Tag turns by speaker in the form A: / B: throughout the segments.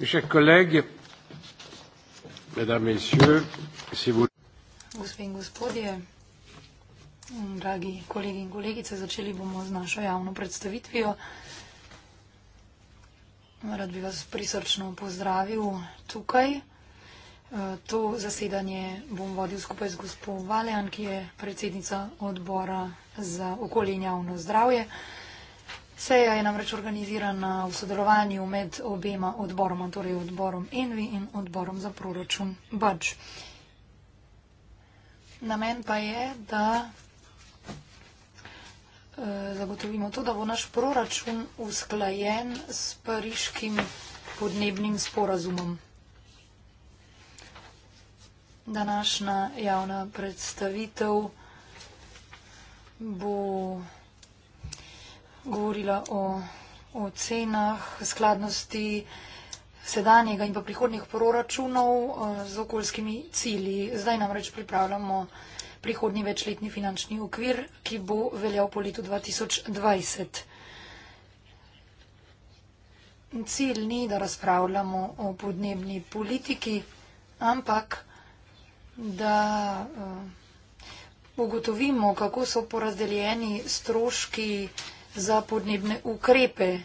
A: Chers collègues, mesdames, messieurs, si
B: vous.
C: Gospe in gospodje, dragi kolegi in kolegice, začeli bomo z našo javno predstavitvijo. Rad bi vas prisrčno pozdravil tukaj. E, to zasedanje bom vodil skupaj z gospod Valjan, ki je predsednica odbora za okolje in javno zdravje. Seja je namreč organizirana v sodelovanju med obema odboroma, torej odborom Envi in odborom za proračun Budž. Namen pa je, da eh, zagotovimo to, da bo naš proračun usklajen s pariškim podnebnim sporazumom. Današnja javna predstavitev bo govorila o, o cenah, skladnosti sedanjega in pa prihodnih proračunov eh, z okoljskimi cilji. Zdaj namreč pripravljamo prihodni večletni finančni okvir, ki bo veljal po letu 2020. Cilj ni, da razpravljamo o podnebni politiki, ampak da eh, ugotovimo, kako so porazdeljeni stroški za podnebne ukrepe.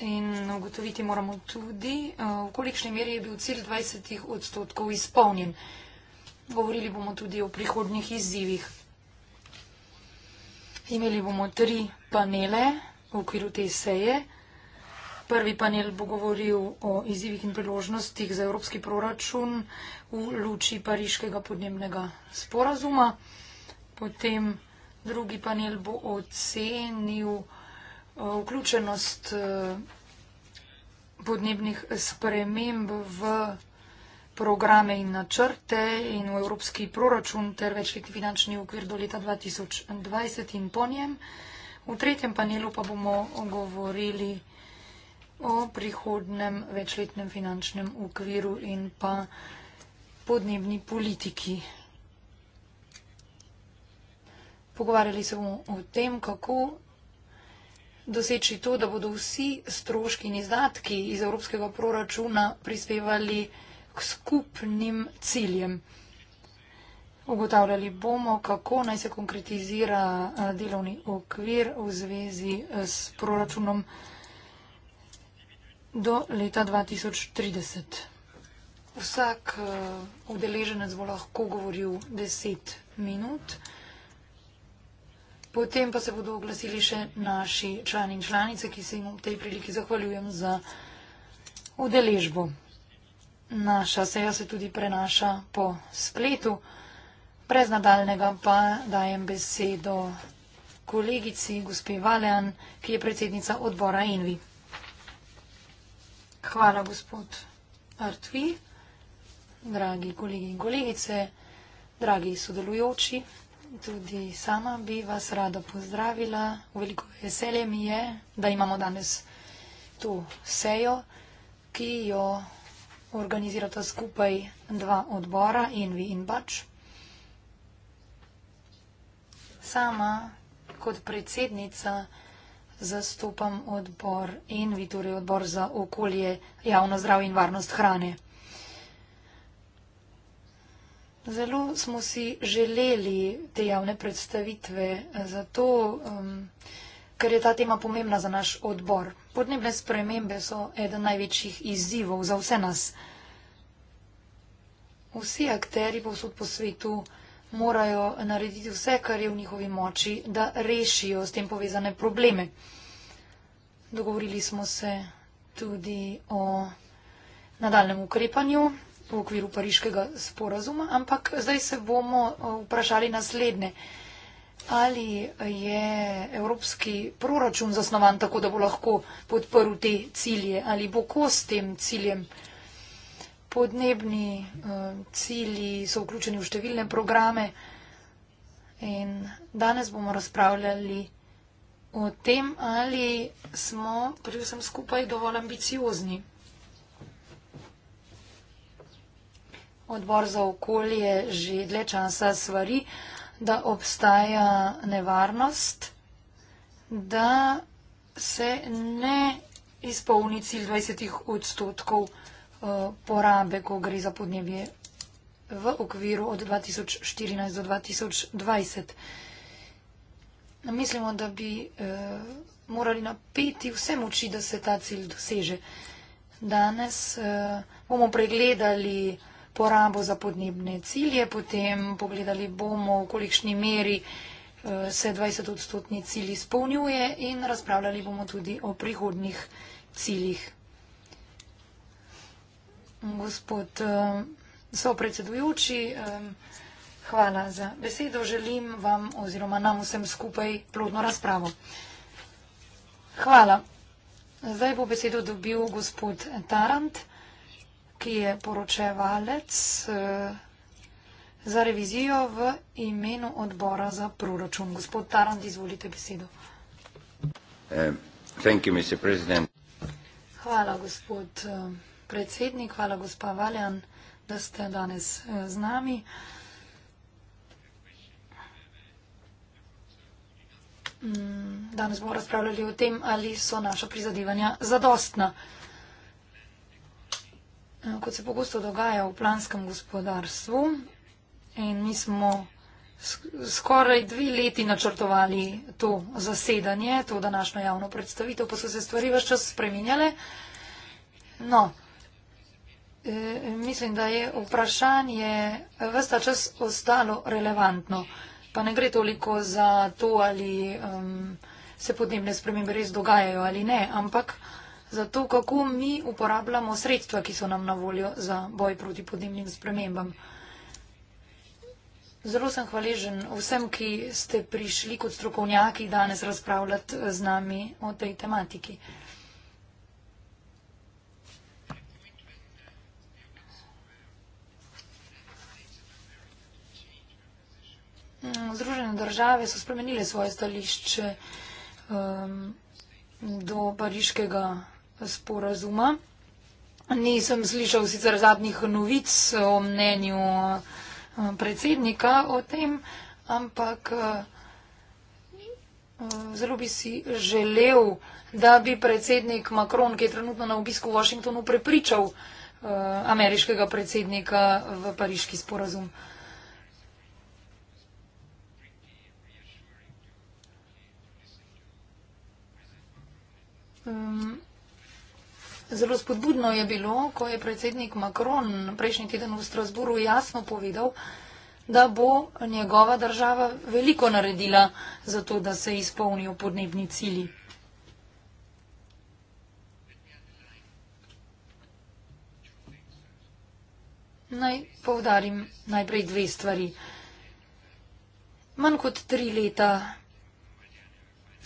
C: In ugotoviti moramo tudi, eh, v kolikšni meri je bil cilj 20 odstotkov izpolnjen. Govorili bomo tudi o prihodnjih izzivih. Imeli bomo tri panele v okviru te seje. Prvi panel bo govoril o izzivih in priložnostih za evropski proračun v luči pariškega podnebnega sporazuma. Potem drugi panel bo ocenil eh, vključenost eh, podnebnih sprememb v programe in načrte in v evropski proračun ter večletni finančni okvir do leta 2020 in po njem. V tretjem panelu pa bomo govorili o prihodnem večletnem finančnem okviru in pa podnebni politiki. Pogovarjali se bomo o tem, kako doseči to, da bodo vsi stroški in izdatki iz evropskega proračuna prispevali k skupnim ciljem. Ugotavljali bomo, kako naj se konkretizira delovni okvir v zvezi s proračunom do leta 2030. Vsak udeleženec bo lahko govoril 10 minut. Potem pa se bodo oglasili še naši člani in članice, ki se jim v tej priliki zahvaljujem za udeležbo. Naša seja se tudi prenaša po spletu. Brez nadaljnega pa dajem besedo kolegici gospe Valean, ki je predsednica odbora Envi. Hvala, gospod Artvi, dragi kolegi in kolegice, dragi sodelujoči. Tudi sama bi vas rada pozdravila. Veliko veselje mi je, da imamo danes tu sejo, ki jo organizirata skupaj dva odbora, Envi in Bač. Sama kot predsednica zastopam odbor Envi, torej odbor za okolje, javno zdravje in varnost hrane. Zelo smo si želeli te javne predstavitve, eh, zato, um, ker je ta tema pomembna za naš odbor. Podnebne spremembe so eden največjih izzivov za vse nas. Vsi akteri povsod po svetu morajo narediti vse, kar je v njihovi moči, da rešijo s tem povezane probleme. Dogovorili smo se tudi o nadaljem ukrepanju v okviru pariškega sporazuma, ampak zdaj se bomo eh, vprašali naslednje. Ali je evropski proračun zasnovan tako, da bo lahko podprl te cilje? Ali bo kos tem ciljem? Podnebni eh, cilji so vključeni v številne programe in danes bomo razpravljali o tem, ali smo pri vsem skupaj dovolj ambiciozni. Odbor za okolje že dlje časa svari, da obstaja nevarnost, da se ne izpolni cilj 20 odstotkov eh, porabe, ko gre za podnebje v okviru od 2014 do 2020. Mislimo, da bi eh, morali napeti vse moči, da se ta cilj doseže. Danes eh, bomo pregledali eh, porabo za podnebne cilje, potem pogledali bomo, v kolikšni meri eh, se 20 odstotni cilj izpolnjuje in razpravljali bomo tudi o prihodnih ciljih. Gospod eh, sopredsedujoči, eh, hvala za besedo. Želim vam oziroma nam vsem skupaj plodno razpravo. Hvala. Zdaj bo besedo dobil gospod Tarant ki je poročevalec eh, za revizijo v imenu odbora za proračun. Gospod Tarant, izvolite besedo. Eh, hvala, gospod eh, predsednik, hvala, gospa Valjan, da ste danes z nami. Mm, danes bomo razpravljali o tem, ali so naša prizadevanja zadostna. Eh, kot se pogosto dogaja v planskem gospodarstvu. In mi smo skoraj dve leti načrtovali to zasedanje, to današnjo javno predstavitev, pa so se stvari vse čas spreminjale. No, eh, mislim, da je vprašanje vse ta čas ostalo relevantno. Pa ne gre toliko za to, ali um, se podnebne spremembe res dogajajo ali ne, ampak uh, za to, kako mi uporabljamo sredstva, ki so nam na voljo za boj proti podnebnim spremembam. Zelo sem hvaležen vsem, ki ste prišli kot strokovnjaki danes razpravljati eh, z nami o tej tematiki. Mm, Združene države so spremenile svoje stališče um, do pariškega sporazuma. Nisem slišal sicer zadnjih novic o mnenju eh, predsednika o tem, ampak eh, eh, zelo bi si želel, da bi predsednik Macron, ki je trenutno na obisku v Washingtonu, prepričal ameriškega predsednika v pariški sporazum. Um, Zelo spodbudno je bilo, ko je predsednik Macron prejšnji teden v Strasburu jasno povedal, da bo njegova država veliko naredila za to, da se izpolnijo podnebni cili. Naj povdarim najprej dve stvari. Manj kot tri leta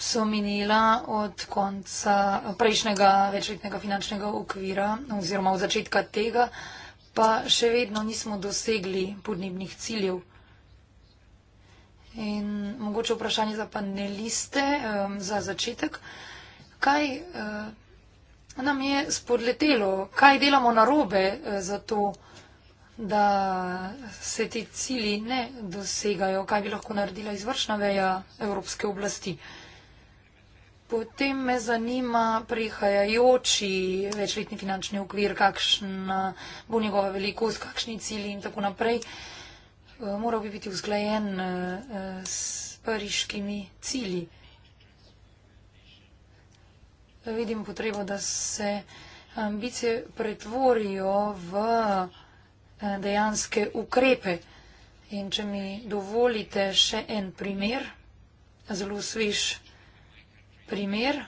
C: so minila od konca prejšnjega večletnega finančnega okvira oziroma od začetka tega, pa še vedno nismo dosegli podnebnih ciljev. In mogoče vprašanje za paneliste um, za začetek. Kaj uh, nam je spodletelo, kaj delamo narobe uh, za to, da se ti cili ne dosegajo, kaj bi lahko naredila izvršna veja evropske oblasti? Uh, Potem me zanima prihajajoči večletni finančni okvir, kakšen eh, bo njegova velikost, kakšni cilji in tako naprej. Eh, moral bi biti vzglajen eh, s pariškimi cilji. Vidim potrebo, da se ambicije pretvorijo v dejanske ukrepe. In če mi dovolite še en primer, zelo svež primer.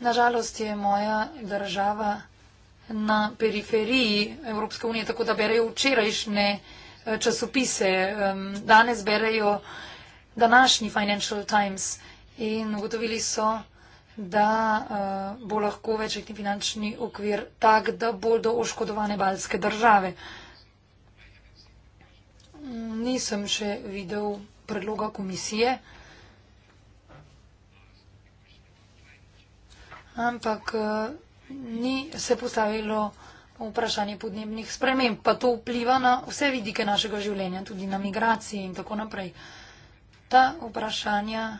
C: Nažalost je moja država na periferiji Evropske unije, tako da berejo včerajšnje eh, časopise. Danes berejo današnji Financial Times in ugotovili so, da eh, bo lahko večletni finančni okvir tak, da bodo oškodovane balske države. Nisem še videl predloga komisije. ampak eh, ni se postavilo vprašanje podnebnih sprememb, pa to vpliva na vse vidike našega življenja, tudi na migracije in tako naprej. Ta vprašanja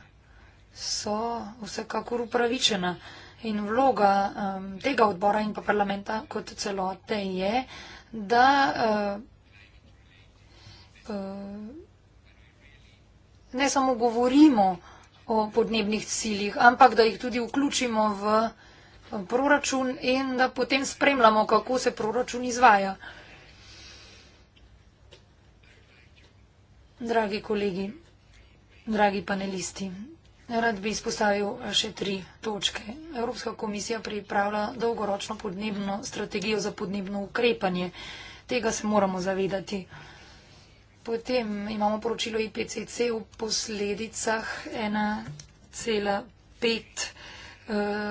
C: so vsekakor upravičena in vloga um, tega odbora in pa parlamenta kot celote je, da uh, uh, ne samo govorimo, o podnebnih ciljih, ampak da jih tudi vključimo v proračun in da potem spremljamo, kako se proračun izvaja. Dragi kolegi, dragi panelisti, rad bi izpostavil še tri točke. Evropska komisija pripravlja dolgoročno podnebno strategijo za podnebno ukrepanje. Tega se moramo zavedati. Potem imamo poročilo IPCC v posledicah 1,5 eh,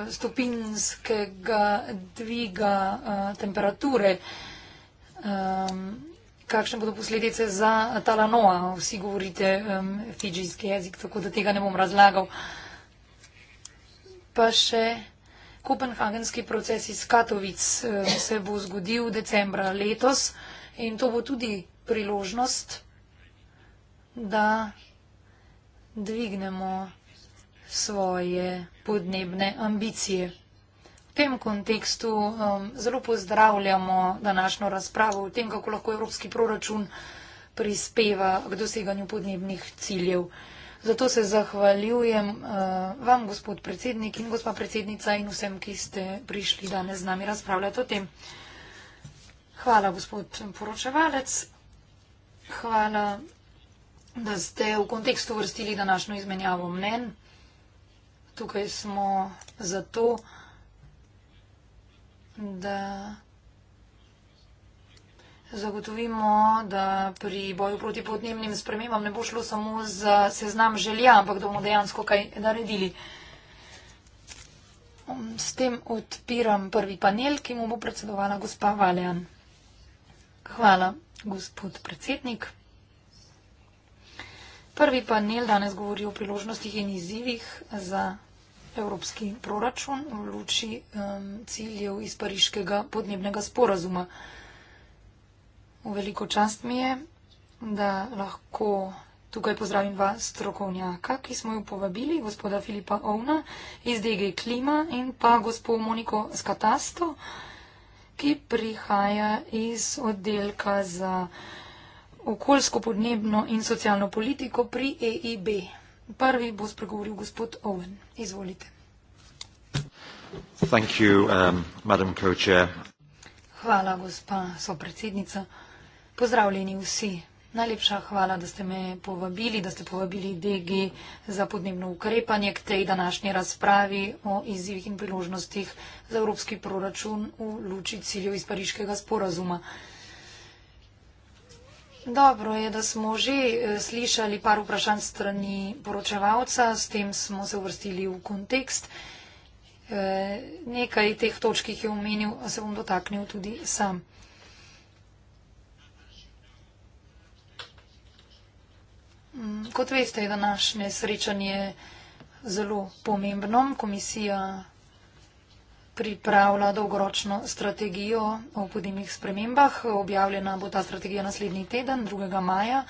C: stopinskega dviga eh, temperature. Ehm, kakšne bodo posledice za Talanoa? Vsi govorite ehm, fidžijski jezik, tako da tega ne bom razlagal. Pa še Kopenhagenski proces iz Katovic eh, se bo zgodil decembra letos in to bo tudi priložnost, da dvignemo svoje podnebne ambicije. V tem kontekstu um, zelo pozdravljamo današnjo razpravo o tem, kako lahko evropski proračun prispeva k doseganju podnebnih ciljev. Zato se zahvaljujem uh, vam, gospod predsednik in gospa predsednica in vsem, ki ste prišli danes z nami razpravljati o tem. Hvala, gospod poročevalec. Hvala, da ste v kontekstu vrstili današnjo izmenjavo mnen. Tukaj smo zato, da zagotovimo, da pri boju proti podnebnim spremembam ne bo šlo samo za seznam želja, ampak da bomo dejansko kaj naredili. S tem odpiram prvi panel, ki mu bo predsedovala gospa Valjan. Hvala. Hvala gospod predsednik. Prvi panel danes govori o priložnostih in izzivih za evropski proračun v luči um, ciljev iz pariškega podnebnega sporazuma. V veliko čast mi je, da lahko tukaj pozdravim dva strokovnjaka, ki smo ju povabili, gospoda Filipa Ovna iz DG Klima in pa gospod Moniko Skatasto, uh, ki prihaja iz oddelka za okoljsko, podnebno in socialno politiko pri EIB. Prvi bo spregovoril gospod Owen. Izvolite.
B: You, um,
C: Hvala, gospa sopredsednica. Pozdravljeni vsi. Najlepša hvala, da ste me povabili, da ste povabili DG za podnebno ukrepanje k tej današnji razpravi o izzivih in priložnostih za evropski proračun v luči ciljev iz pariškega sporazuma. Dobro je, da smo že eh, slišali par vprašanj strani poročevalca, s tem smo se uvrstili v kontekst. Eh, nekaj teh točk, ki jih je omenil, se bom dotaknil tudi sam. Mm, kot veste, je današnje srečanje zelo pomembno. Komisija pripravlja dolgoročno strategijo o podnebnih spremembah. Objavljena bo ta strategija naslednji teden, 2. maja.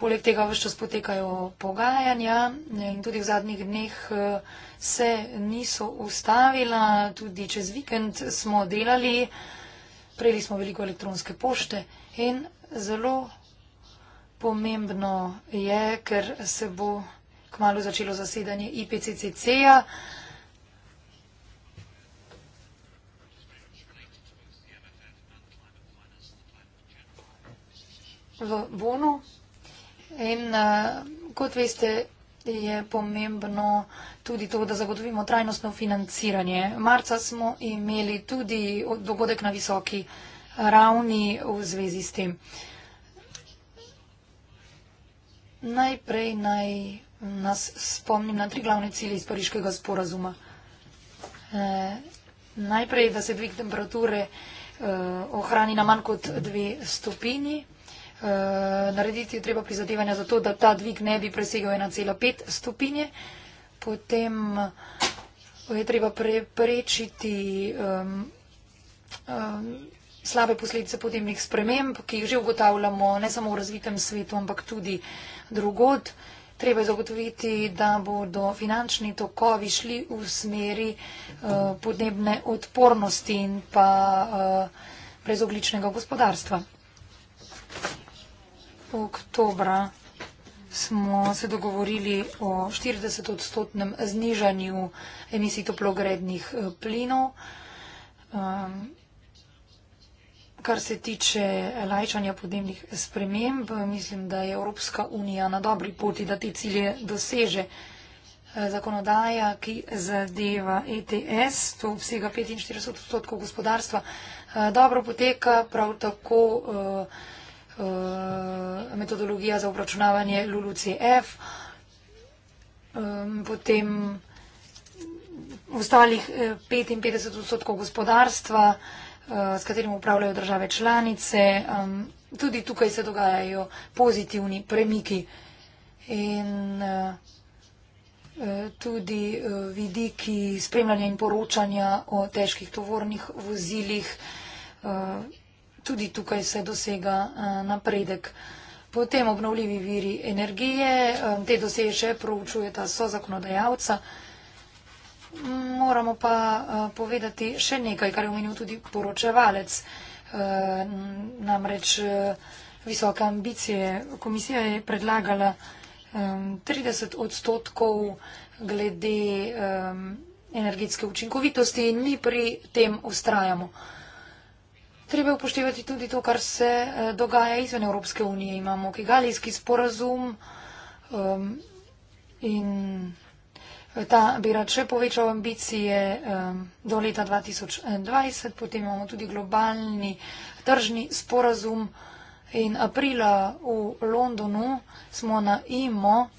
C: Poleg tega vse čas potekajo pogajanja in tudi v zadnjih dneh eh, se niso ustavila. Tudi čez vikend smo delali, prejeli smo veliko elektronske pošte in zelo pomembno je, ker se bo kmalo začelo zasedanje IPCC-ja. v Bonu. In uh, kot veste, je pomembno tudi to, da zagotovimo trajnostno financiranje. Marca smo imeli tudi dogodek na visoki ravni v zvezi s tem. Uh, Najprej naj nas spomnim na tri glavne cilje iz pariškega sporazuma. E, najprej, da se dvig temperature e, ohrani na manj kot dve stopini. E, narediti je treba prizadevanja za to, da ta dvig ne bi presegal 1,5 stopinje. Potem e, je treba preprečiti. E, e, slabe posledice podnebnih sprememb, ki jih že ugotavljamo ne samo v razvitem svetu, ampak tudi drugod. Treba je zagotoviti, da bodo finančni tokovi šli v smeri uh, podnebne odpornosti in pa uh, brezogličnega gospodarstva. Oktobra smo se dogovorili o 40-odstotnem znižanju emisij toplogrednih eh, plinov. Um, kar se tiče lajšanja podnebnih sprememb, mislim, da je Evropska unija na dobri poti, da te cilje doseže. Zakonodaja, ki zadeva ETS, to obsega 45 odstotkov gospodarstva, dobro poteka, prav tako eh, eh, metodologija za obračunavanje LULUCF, eh, potem v ostalih 55 odstotkov gospodarstva. Eh, s katerim upravljajo države članice. Tudi tukaj se dogajajo pozitivni premiki in eh, eh, tudi vidiki spremljanja in poročanja o težkih tovornih vozilih. Tudi tukaj se dosega napredek. Potem obnovljivi viri energije, te doseže proučujeta so zakonodajalca. Moramo pa eh, povedati še nekaj, kar je omenil tudi poročevalec. Eh, namreč eh, visoke ambicije. Komisija je predlagala 30 odstotkov glede energetske učinkovitosti in mi pri tem ustrajamo. Treba upoštevati tudi to, kar se dogaja izven Evropske unije. Imamo kigalijski sporazum in. Um, Ta bi rad še povečal ambicije do leta 2020, potem imamo tudi globalni tržni sporazum in aprila v Londonu smo na IMO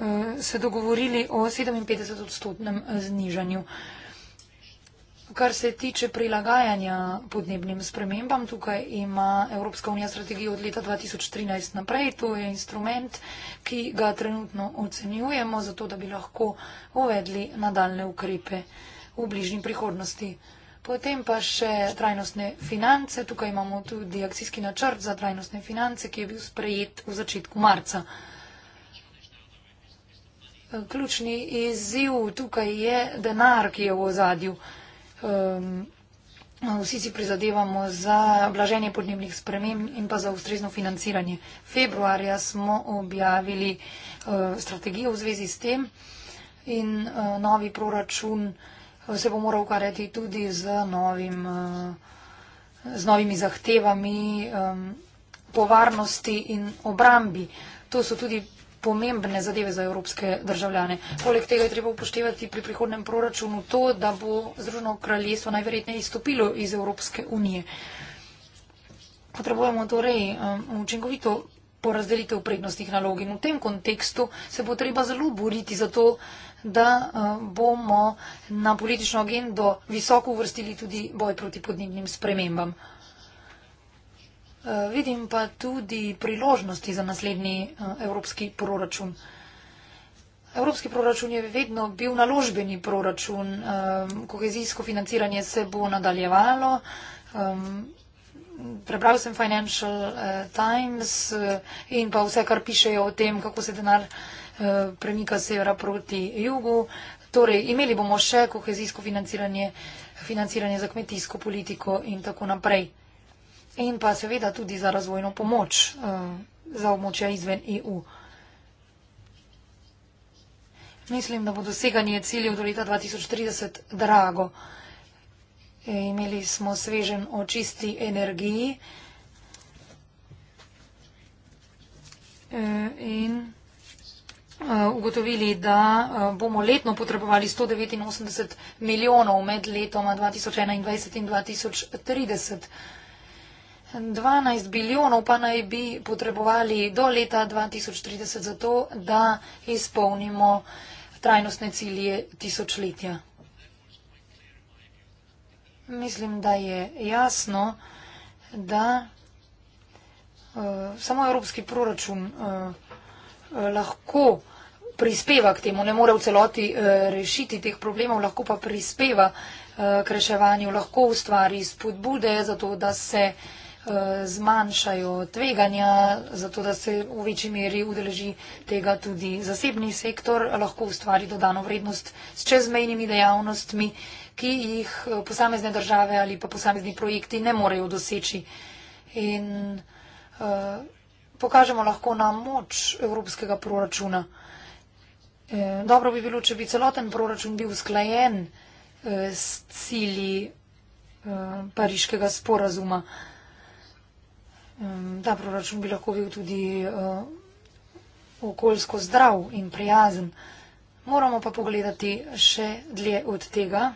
C: eh, se dogovorili o 57-odstotnem znižanju. Kar se tiče prilagajanja podnebnim spremembam, tukaj ima Evropska unija strategijo od leta 2013 naprej. To je instrument, ki ga trenutno ocenjujemo, zato da bi lahko uvedli nadaljne ukrepe v bližnji prihodnosti. Potem pa še trajnostne finance. Tukaj imamo tudi akcijski načrt za trajnostne finance, ki je bil sprejet v začetku marca. Ključni izziv tukaj je denar, ki je v ozadju um, vsi si prizadevamo za blaženje podnebnih sprememb in pa za ustrezno financiranje. Februarja smo objavili uh, strategijo v zvezi s tem in uh, novi proračun eh, se bo moral ukvarjati tudi z, novim, uh, z novimi zahtevami um, po varnosti in obrambi. To so tudi pomembne zadeve za evropske državljane. Poleg tega je treba upoštevati pri prihodnem proračunu to, da bo Združeno kraljestvo najverjetneje izstopilo iz Evropske unije. Potrebujemo torej um, učinkovito porazdelitev prednostnih nalog in v tem kontekstu se bo treba zelo boriti za to, da uh, bomo na politično agendo visoko uvrstili tudi boj proti podnebnim spremembam. Eh, vidim pa tudi priložnosti za naslednji eh, evropski proračun. Evropski proračun je vedno bil naložbeni proračun, eh, kohezijsko financiranje se bo nadaljevalo. Prebral sem Financial Times in pa vse, kar pišejo o tem, kako se denar premika z severa proti jugu. Torej, imeli bomo še kohezijsko financiranje, financiranje za kmetijsko politiko in tako naprej in pa seveda tudi za razvojno pomoč eh, za območja izven EU. Mislim, da bo doseganje ciljev do leta 2030 drago. Imeli smo svežen o čisti energiji eh, in eh, ugotovili, da bomo letno potrebovali 189 milijonov med letoma 2021 in 2030. 12 bilijonov pa naj bi potrebovali do leta 2030 za to, da izpolnimo trajnostne cilje tisočletja. Mislim, da je jasno, da uh, samo evropski proračun uh, lahko prispeva k temu, ne more v celoti uh, rešiti teh problemov, lahko pa prispeva uh, k reševanju, lahko ustvari spodbude za to, da se uh, Eh, zmanjšajo tveganja, zato da se v večji meri udeleži tega tudi zasebni sektor, lahko ustvari dodano vrednost s čezmejnimi dejavnostmi, ki jih eh, posamezne države ali pa posamezni projekti ne morejo doseči. In uh, pokažemo lahko na moč evropskega proračuna. E, dobro bi bilo, če bi celoten proračun bil usklajen e, s cili e, pariškega sporazuma. Ta proračun bi lahko bil tudi uh, okoljsko zdrav in prijazen. Moramo pa pogledati še dlje od tega.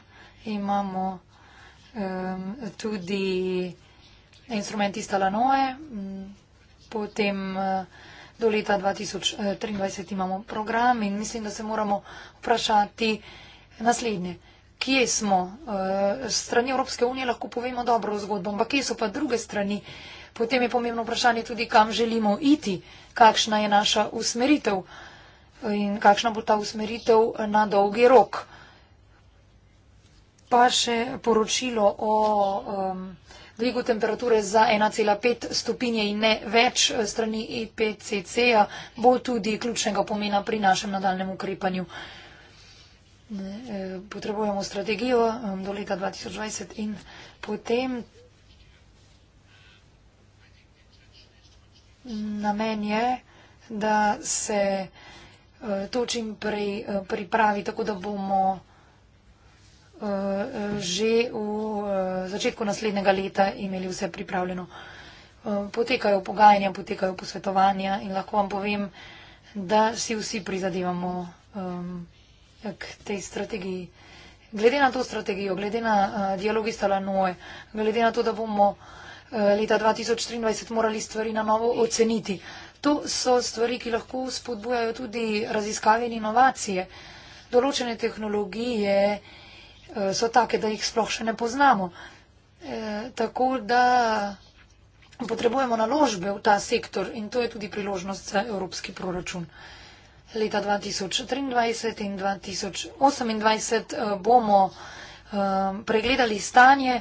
C: Imamo um, tudi instrument Istalanoje, potem uh, do leta 2023 eh, imamo program in mislim, da se moramo vprašati naslednje. Kje smo? Uh, strani Evropske unije lahko povemo dobro zgodbo, ampak kje so pa druge strani? Uh, Potem je pomembno vprašanje tudi, kam želimo iti, kakšna je naša usmeritev in kakšna bo ta usmeritev na dolgi rok. Pa še poročilo o um, dvigu temperature za 1,5 stopinje in ne več eh, strani IPCC-ja e bo tudi ključnega pomena pri našem nadaljem ukrepanju. Eh, potrebujemo strategijo um, do leta 2020 in potem namen je, da se eh, to čim prej eh, pripravi, tako da bomo eh, že v začetku naslednjega leta imeli vse pripravljeno. Potekajo pogajanja, potekajo posvetovanja in lahko vam povem, da si vsi prizadevamo k tej strategiji. Glede na to strategijo, glede na dialog iz Talanoje, glede na to, da bomo uh, Eh, leta 2023 morali stvari na novo oceniti. To so stvari, ki lahko spodbujajo tudi raziskave in inovacije. Določene tehnologije eh, so take, da jih sploh še ne poznamo. Eh, tako da potrebujemo naložbe v ta sektor in to je tudi priložnost za evropski proračun. Leta 2023 in 2028 bomo pregledali stanje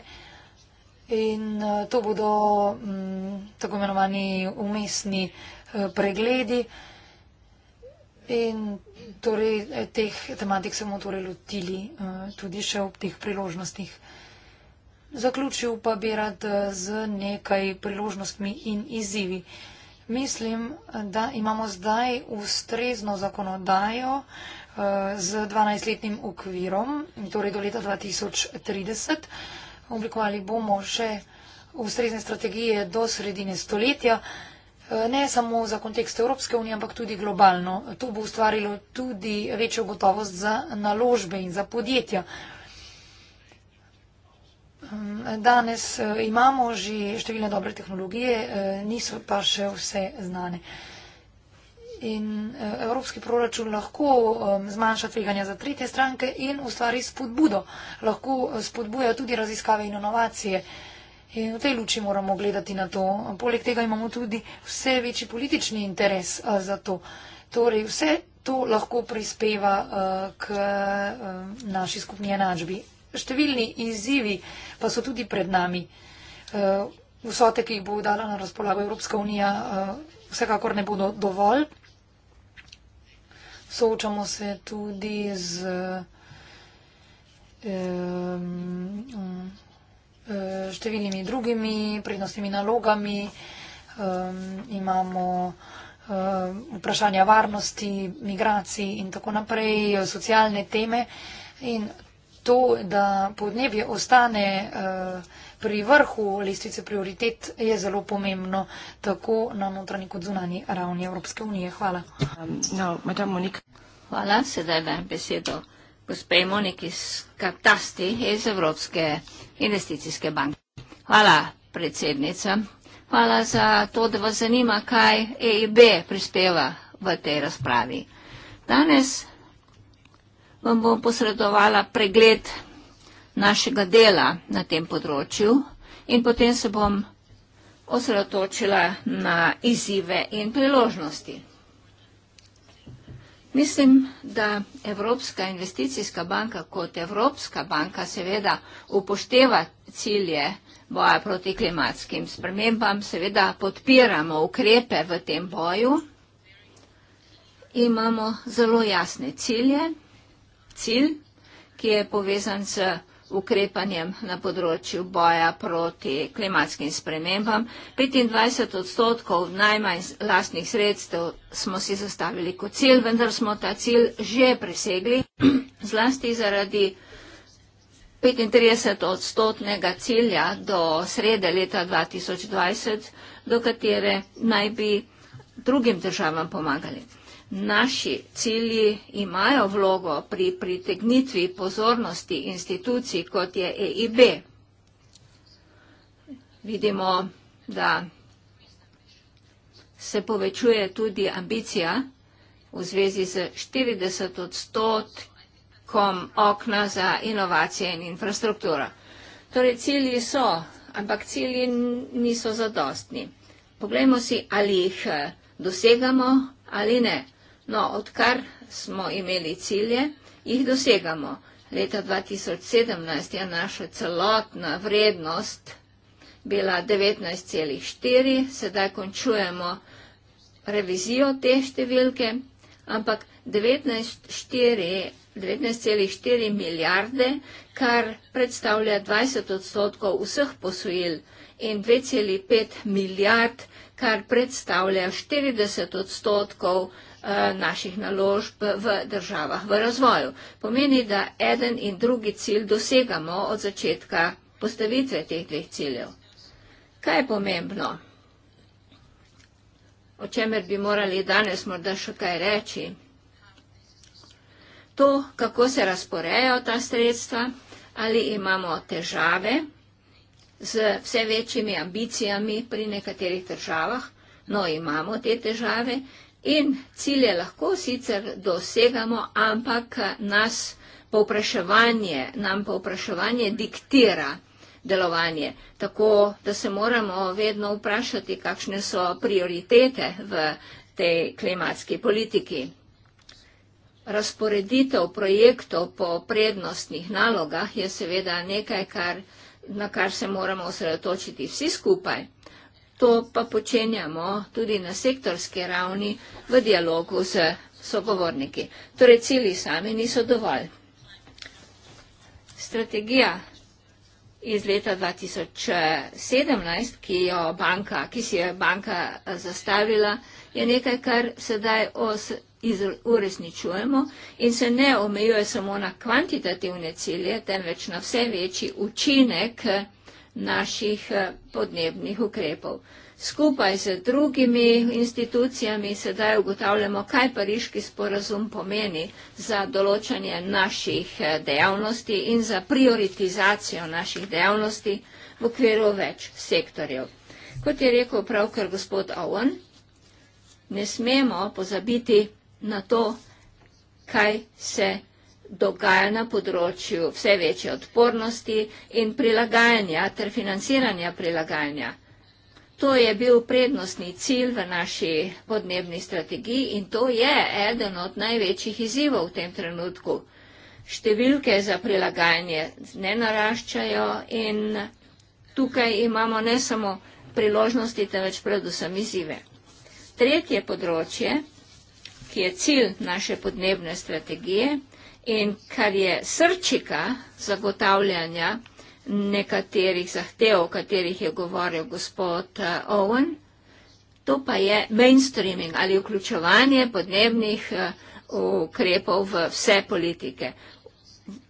C: in eh, to bodo mm, tako imenovani umestni eh, pregledi. In torej eh, teh tematik se bomo torej lotili tudi še ob teh priložnostih. Zaključil pa bi rad z nekaj priložnostmi in izzivi. Mislim, da imamo zdaj ustrezno zakonodajo z 12-letnim okvirom, torej do leta 2030 oblikovali bomo še ustrezne strategije do sredine stoletja, e, ne samo za kontekst Evropske unije, ampak tudi globalno. To bo ustvarilo tudi večjo gotovost za naložbe in za podjetja. Danes e, imamo že številne dobre tehnologije, e, niso pa še vse znane in eh, evropski proračun lahko zmanjša tveganja za tretje stranke in ustvari spodbudo. Lahko eh, spodbuja tudi raziskave in inovacije. In v tej luči moramo gledati na to. Poleg tega imamo tudi vse večji politični interes eh, za to. Torej, vse to lahko prispeva k naši skupni enačbi. Številni izzivi pa so tudi pred nami. Vsote, ki jih bo dala na razpolago Evropska unija, vsekakor ne bodo dovolj soočamo se tudi z številnimi drugimi prednostnimi nalogami. Imamo vprašanja varnosti, migracij in tako naprej, socialne teme. In to, da podnebje ostane vprašanje, pri vrhu lestvice prioritet je zelo pomembno,
A: tako na notranji kot zunani ravni Evropske unije. Hvala. Um, no, Hvala, sedaj vam besedo. Gospe Moniki Skaptasti iz Evropske investicijske banke. Hvala, predsednica. Hvala za to, da vas zanima, kaj EIB prispeva v tej razpravi. Danes vam bom posredovala pregled našega dela na tem področju in potem se bom osredotočila na izzive in priložnosti. Mislim, da Evropska investicijska banka kot Evropska banka seveda upošteva cilje boja proti klimatskim spremembam, seveda podpiramo ukrepe v tem boju. Imamo zelo jasne cilje, cilj, ki je povezan z ukrepanjem na področju boja proti klimatskim spremembam. 25 odstotkov najmanj lastnih sredstev smo si zastavili kot cilj, vendar smo ta cilj že presegli, zlasti zaradi 35 odstotnega cilja do srede leta 2020, do katere naj bi drugim državam pomagali naši cilji imajo vlogo pri pritegnitvi pozornosti institucij, kot je EIB. Vidimo, da se povečuje tudi ambicija v zvezi z 40 odstotkom okna za inovacije in infrastrukturo. Torej, cilji so, ampak cilji niso zadostni. Poglejmo si, ali jih eh, dosegamo ali ne. No, odkar smo imeli cilje, jih dosegamo. Leta 2017 je naša celotna vrednost bila 19,4, sedaj končujemo revizijo te številke, ampak 19,4 19 milijarde, kar predstavlja 20 odstotkov vseh posojil in 2,5 milijard, kar predstavlja 40 odstotkov posojil Eh, naših naložb v državah v razvoju. Pomeni, da eden in drugi cilj dosegamo od začetka postavitve teh dveh ciljev. Kaj je pomembno? O čemer bi morali danes morda še kaj reči? To, kako se razporejajo ta sredstva, ali imamo težave z vse večjimi ambicijami pri nekaterih državah, no imamo te težave, In cilje lahko sicer dosegamo, ampak nas povpraševanje, nam povpraševanje diktira delovanje. Tako da se moramo vedno vprašati, kakšne so prioritete v tej klimatski politiki. Razporeditev projektov po prednostnih nalogah je seveda nekaj, kar, na kar se moramo osredotočiti vsi skupaj. To pa počenjamo tudi na sektorski ravni v dialogu z sogovorniki. Torej, cilji sami niso dovolj. Strategija iz leta 2017, ki, jo banka, ki si jo banka eh, zastavila, je nekaj, kar sedaj uresničujemo in se ne omejuje samo na kvantitativne cilje, temveč na vse večji učinek naših eh, podnebnih ukrepov. Skupaj z drugimi institucijami sedaj ugotavljamo, kaj pariški sporazum pomeni za določanje naših eh, dejavnosti in za prioritizacijo naših dejavnosti v okviru več sektorjev. Kot je rekel pravkar gospod Owen, ne smemo pozabiti na to, kaj se dogaja na področju vse večje odpornosti in prilagajanja ter financiranja prilagajanja. To je bil prednostni cilj v naši podnebni strategiji in to je eden od največjih izzivov v tem trenutku. Številke za prilagajanje ne naraščajo in tukaj imamo ne samo priložnosti, temveč predvsem izzive. Tretje področje, ki je cilj naše podnebne strategije, In kar je srčika zagotavljanja nekaterih zahtev, o katerih je govoril gospod eh, Owen, to pa je mainstreaming ali vključevanje podnebnih eh, ukrepov v vse politike.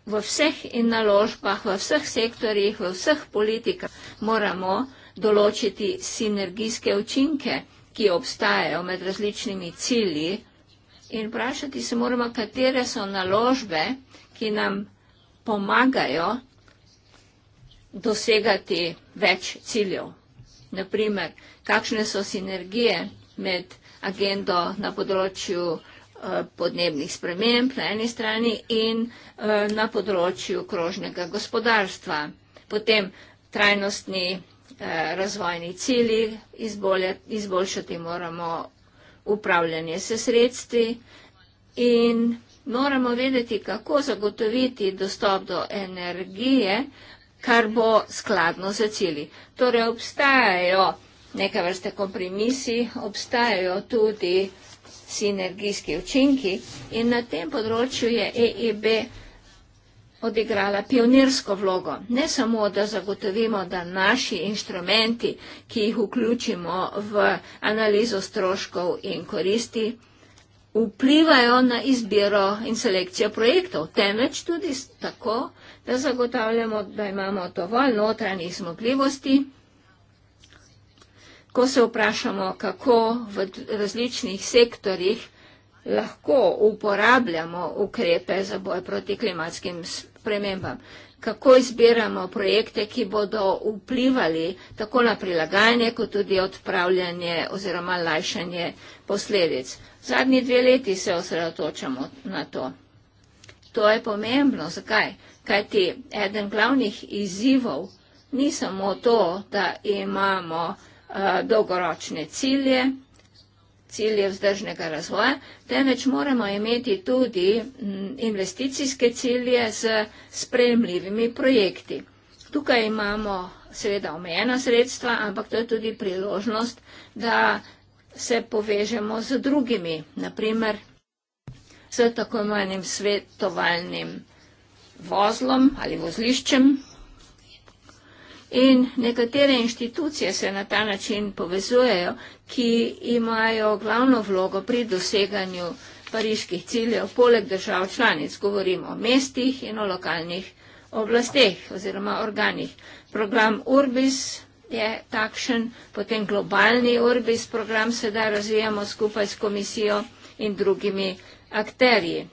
A: V vseh in naložbah, v vseh sektorjih, v vseh politikah moramo določiti sinergijske učinke, ki obstajajo med različnimi cilji in vprašati se moramo, katere so naložbe, ki nam pomagajo dosegati več ciljev. Naprimer, kakšne so sinergije med agendo na področju eh, podnebnih sprememb na eni strani in eh, na področju krožnega gospodarstva. Potem trajnostni eh, razvojni cilji, izboljšati moramo upravljanje se sredstvi in moramo vedeti, kako zagotoviti dostop do energije, kar bo skladno za cilji. Torej obstajajo neke vrste kompromisi, obstajajo tudi sinergijski učinki in na tem področju je EIB odigrala pionirsko vlogo. Ne samo, da zagotovimo, da naši inštrumenti, ki jih vključimo v analizo stroškov in koristi, vplivajo na izbiro in selekcijo projektov, temveč tudi tako, da zagotavljamo, da imamo dovolj notranjih zmogljivosti, ko se vprašamo, kako v različnih sektorjih lahko uporabljamo ukrepe za boj proti klimatskim spremembam spremembam. Kako izbiramo projekte, ki bodo vplivali tako na prilagajanje, kot tudi odpravljanje oziroma lajšanje posledic. Zadnji dve leti se osredotočamo na to. To je pomembno. Zakaj? Kaj ti eden glavnih izzivov ni samo to, da imamo uh, dolgoročne cilje, cilje vzdržnega razvoja, temveč moramo imeti tudi mm, investicijske cilje z spremljivimi projekti. Tukaj imamo seveda omejena sredstva, ampak to je tudi priložnost, da se povežemo z drugimi, naprimer s tako imenim svetovalnim vozlom ali vozliščem, In nekatere inštitucije se na ta način povezujejo, ki imajo glavno vlogo pri doseganju pariških ciljev, poleg držav članic, govorimo o mestih in o lokalnih oblasteh oziroma organih. Program Urbis je takšen, potem globalni Urbis program sedaj razvijamo skupaj s komisijo in drugimi akterji.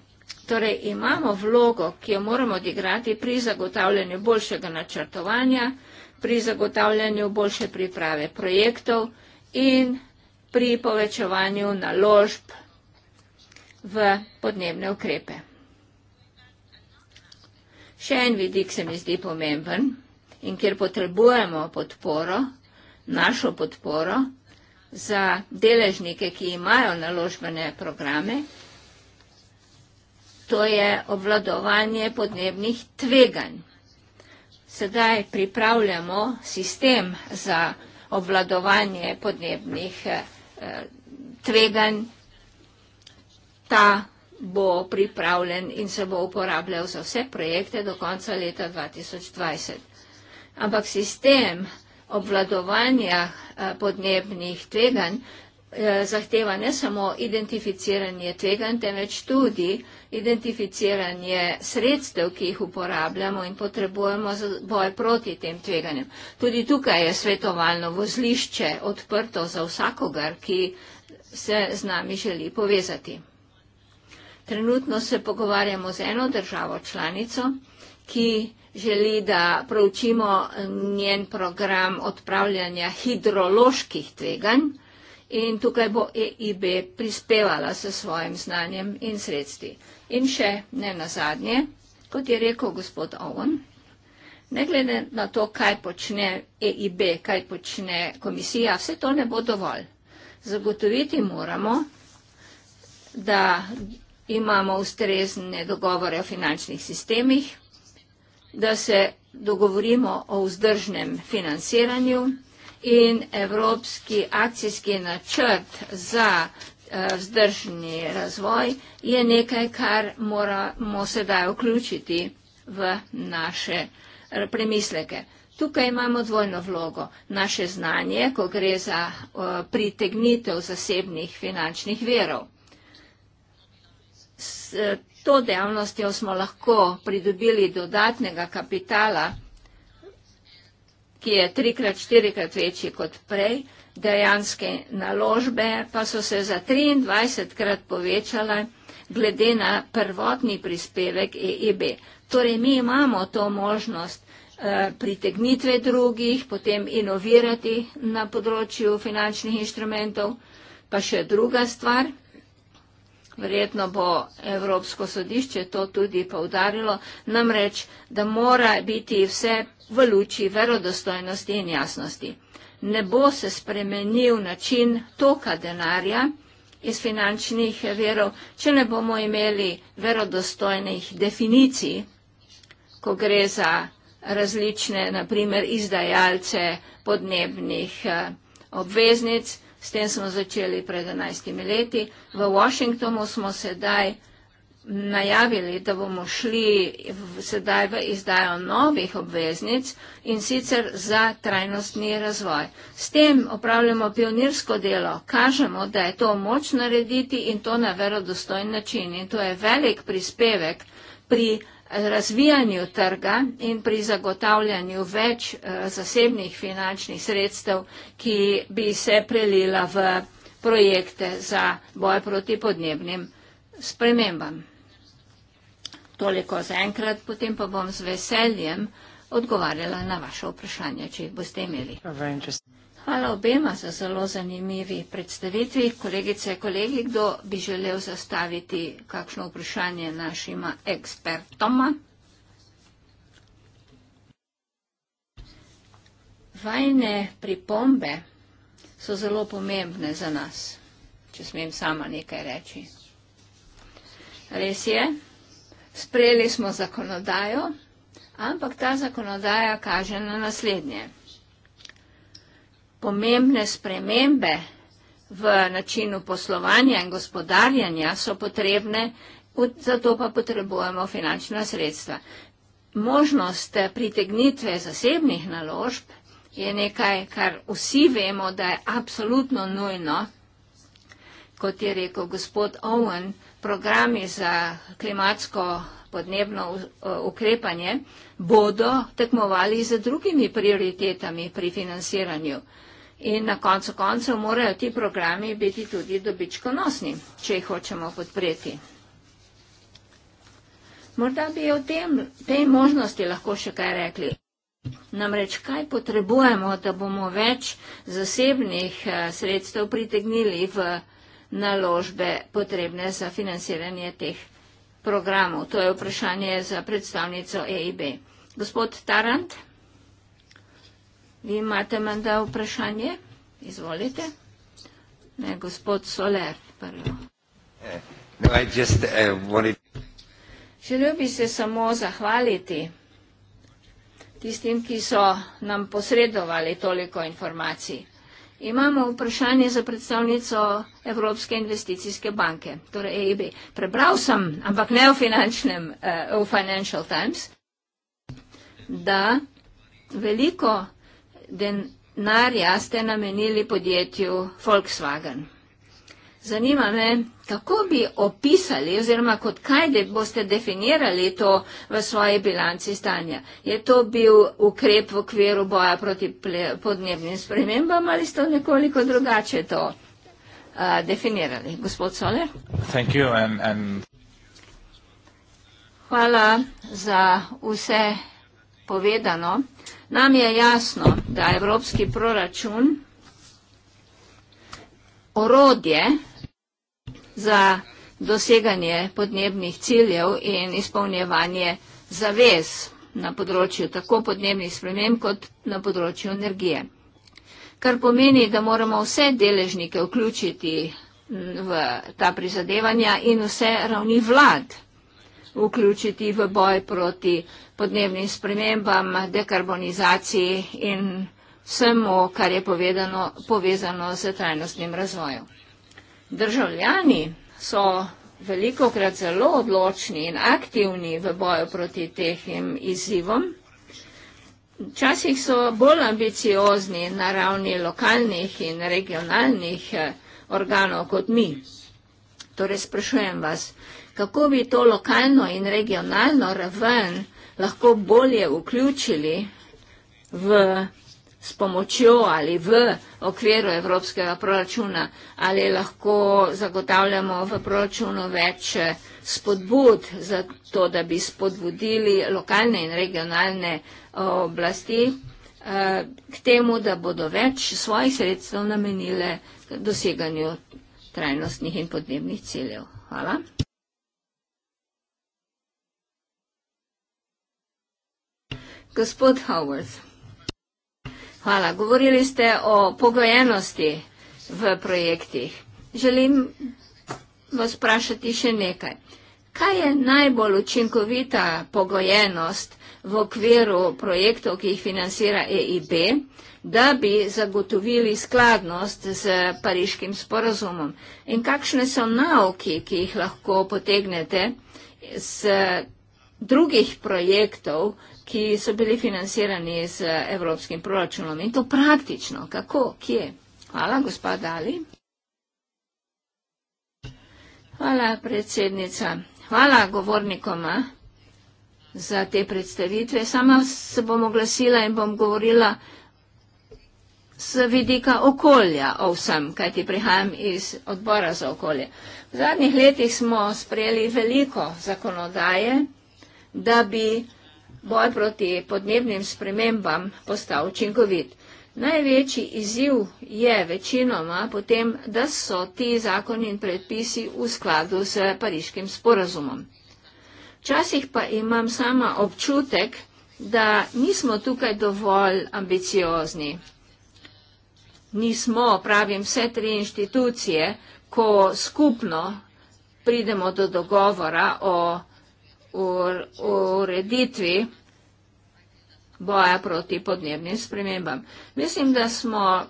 A: Torej imamo vlogo, ki jo moramo odigrati pri zagotavljanju boljšega načrtovanja, pri zagotavljanju boljše priprave projektov in pri povečevanju naložb v podnebne ukrepe. Še en vidik se mi zdi pomemben in kjer potrebujemo podporo, našo podporo za deležnike, ki imajo naložbene programe, to je obvladovanje podnebnih tveganj sedaj pripravljamo sistem za obvladovanje podnebnih eh, tveganj. Ta bo pripravljen in se bo uporabljal za vse projekte do konca leta 2020. Ampak sistem obvladovanja eh, podnebnih tveganj Eh, zahteva ne samo identificiranje tveganj, temveč tudi identificiranje sredstev, ki jih uporabljamo in potrebujemo za boj proti tem tveganjem. Tudi tukaj je svetovalno vozlišče odprto za vsakogar, ki se z nami želi povezati. Trenutno se pogovarjamo z eno državo članico, ki želi, da proučimo njen program odpravljanja hidroloških tveganj, in tukaj bo EIB prispevala s svojim znanjem in sredstvi. In še ne nazadnje, kot je rekel gospod Owen, ne glede na to, kaj počne EIB, kaj počne komisija, vse to ne bo dovolj. Zagotoviti moramo, da imamo ustrezne dogovore o finančnih sistemih, da se dogovorimo o vzdržnem financiranju, in evropski akcijski načrt za eh, vzdržni razvoj je nekaj, kar moramo sedaj vključiti v naše eh, premisleke. Tukaj imamo dvojno vlogo. Naše znanje, ko gre za eh, pritegnitev zasebnih finančnih verov. S to dejavnostjo smo lahko pridobili dodatnega kapitala, ki je trikrat, štirikrat večji kot prej, dejanske naložbe pa so se za 23 krat povečale glede na prvotni prispevek EIB. E torej mi imamo to možnost eh, pritegnitve drugih, potem inovirati na področju finančnih inštrumentov. Pa še druga stvar, verjetno bo Evropsko sodišče to tudi povdarilo, namreč, da mora biti vse v luči verodostojnosti in jasnosti. Ne bo se spremenil način toka denarja iz finančnih verov, če ne bomo imeli verodostojnih definicij, ko gre za različne, naprimer, izdajalce podnebnih eh, obveznic, S tem smo začeli pred 11 leti. V Washingtonu smo sedaj najavili, da bomo šli v, sedaj v izdajo novih obveznic in sicer za trajnostni razvoj. S tem opravljamo pionirsko delo, kažemo, da je to moč narediti in to na verodostojen način. In to je velik prispevek pri razvijanju trga in pri zagotavljanju več eh, zasebnih finančnih sredstev, ki bi se prelila v projekte za boj proti podnebnim spremembam. Toliko za enkrat, potem pa bom z veseljem odgovarjala na vaše vprašanje, če jih boste imeli. Very interesting. Hvala obema za zelo zanimivi predstavitvi. Kolegice, kolegi, kdo bi želel zastaviti kakšno vprašanje našima ekspertoma? Vajne pripombe so zelo pomembne za nas, če smem sama nekaj reči. Res je, sprejeli smo zakonodajo, ampak ta zakonodaja kaže na naslednje – pomembne spremembe v načinu poslovanja in gospodarjanja so potrebne, zato pa potrebujemo finančna sredstva. Možnost pritegnitve zasebnih naložb je nekaj, kar vsi vemo, da je absolutno nujno. Kot je rekel gospod Owen, programi za klimatsko podnebno ukrepanje bodo tekmovali z drugimi prioritetami pri financiranju. In na koncu koncev morajo ti programi biti tudi dobičkonosni, če jih hočemo podpreti. Morda bi o tem, tej možnosti lahko še kaj rekli. Namreč, kaj potrebujemo, da bomo več zasebnih eh, sredstev pritegnili v naložbe potrebne za financiranje teh programov? To je vprašanje za predstavnico EIB. Gospod Tarant. Vi imate menda vprašanje? Izvolite. Ne, gospod Soler prvo.
B: Eh, no, I just, uh, wanted...
A: Želel bi se samo zahvaliti tistim, ki so nam posredovali toliko informacij. Imamo vprašanje za predstavnico Evropske investicijske banke, torej EIB. Prebral sem, ampak ne v, finančnem, uh, v Financial Times, da veliko denarja ste namenili podjetju Volkswagen. Zanima me, kako bi opisali oziroma kot kaj de boste definirali to v svoji bilanci stanja. Je to bil ukrep v okviru boja proti podnebnim spremembam ali ste nekoliko drugače to uh, definirali? Gospod Soler. Hvala za vse povedano. Nam je jasno, da je evropski proračun orodje za doseganje podnebnih ciljev in izpolnjevanje zavez na področju tako podnebnih sprememb kot na področju energije. Kar pomeni, da moramo vse deležnike vključiti v ta prizadevanja in vse ravni vlad vključiti v boj proti podnebnim spremembam, dekarbonizaciji in vsemu, kar je povedano, povezano z trajnostnim razvojem. Državljani so veliko krat zelo odločni in aktivni v boju proti tehim izzivom. Včasih so bolj ambiciozni na ravni lokalnih in regionalnih eh, organov kot mi. Torej sprašujem vas, kako bi to lokalno in regionalno raven lahko bolje vključili v, s pomočjo ali v okviru evropskega proračuna, ali lahko zagotavljamo v proračunu več eh, spodbud za to, da bi spodbudili lokalne in regionalne eh, oblasti eh, k temu, da bodo več svojih sredstev namenile doseganju trajnostnih in podnebnih ciljev. Hvala. Gospod Howard, hvala. Govorili ste o pogojenosti v projektih. Želim vas vprašati še nekaj. Kaj je najbolj učinkovita pogojenost v okviru projektov, ki jih financira EIB, da bi zagotovili skladnost z pariškim sporozumom? In kakšne so nauki, ki jih lahko potegnete z drugih projektov ki so bili financirani z evropskim proračunom in to praktično, kako, kje. Hvala, gospa Dali. Hvala, predsednica. Hvala govornikoma za te predstavitve. Sama se bom oglasila in bom govorila z vidika okolja o vsem, kajti prihajam iz odbora za okolje. V zadnjih letih smo sprejeli veliko zakonodaje, da bi boj proti podnebnim spremembam postal učinkovit. Največji izziv je večinoma potem, da so ti zakoni in predpisi v skladu s pariškim sporazumom. Včasih pa imam sama občutek, da nismo tukaj dovolj ambiciozni. Nismo, pravim, vse tri inštitucije, ko skupno pridemo do dogovora o ureditvi boja proti podnebnim spremembam. Mislim, da smo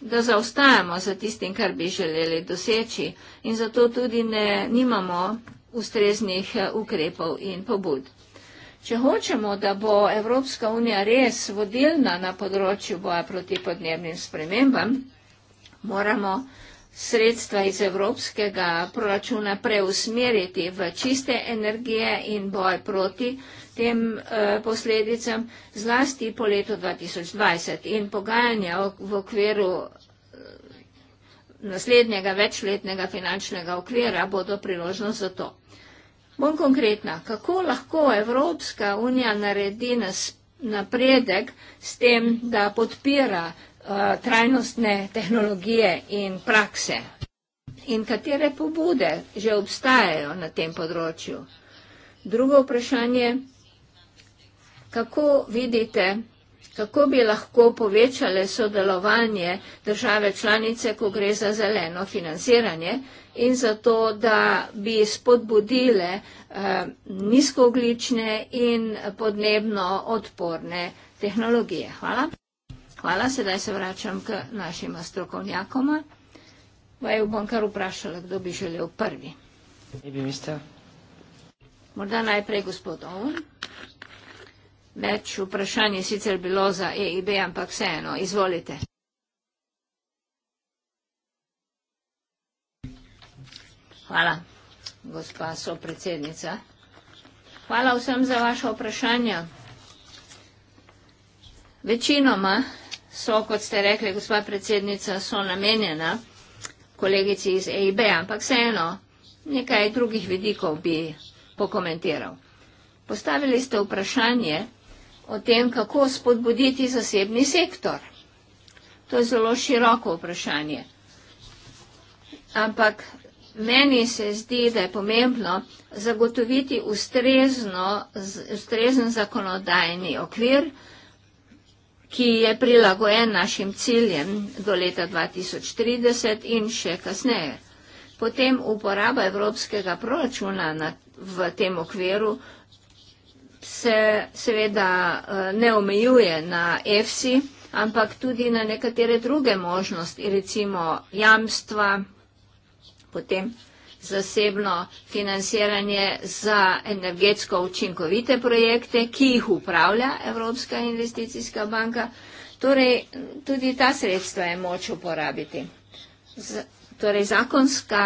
A: da zaostajamo za tistim, kar bi želeli doseči in zato tudi ne, nimamo ustreznih eh, ukrepov in pobud. Če hočemo, da bo Evropska unija res vodilna na področju boja proti podnebnim spremembam, moramo sredstva iz evropskega proračuna preusmeriti v čiste energije in boj proti tem eh, posledicam, zlasti po letu 2020 in pogajanja v okviru eh, naslednjega večletnega finančnega okvira bodo priložnost za to. Bom konkretna, kako lahko Evropska unija naredi napredek s tem, da podpira Eh, trajnostne tehnologije in prakse in katere pobude že obstajajo na tem področju. Drugo vprašanje, kako vidite, kako bi lahko povečale sodelovanje države članice, ko gre za zeleno financiranje in za to, da bi spodbudile eh, nizkooglične in podnebno odporne tehnologije. Hvala. Hvala, sedaj se vračam k našima strokovnjakoma. Vaj bom kar vprašala, kdo bi želel prvi. Ne bi mislil. Morda najprej gospod Ovn. Več vprašanj je sicer bilo za EIB, ampak vseeno, izvolite. Hvala, gospa sopredsednica. Hvala vsem za vaše vprašanje. Večinoma so, kot ste rekli, gospa predsednica, so namenjena kolegici iz EIB, ampak vseeno nekaj drugih vidikov bi pokomentiral. Postavili ste vprašanje o tem, kako spodbuditi zasebni sektor. To je zelo široko vprašanje. Ampak meni se zdi, da je pomembno zagotoviti ustrezno, ustrezen zakonodajni okvir, ki je prilagojen našim ciljem do leta 2030 in še kasneje. Potem uporaba evropskega proračuna na, v tem okviru se seveda eh, ne omejuje na EFSI, ampak tudi na nekatere druge možnosti, recimo jamstva, potem zasebno financiranje za energetsko učinkovite projekte, ki jih upravlja Evropska investicijska banka. Torej, tudi ta sredstva je moč uporabiti. Z, torej, zakonska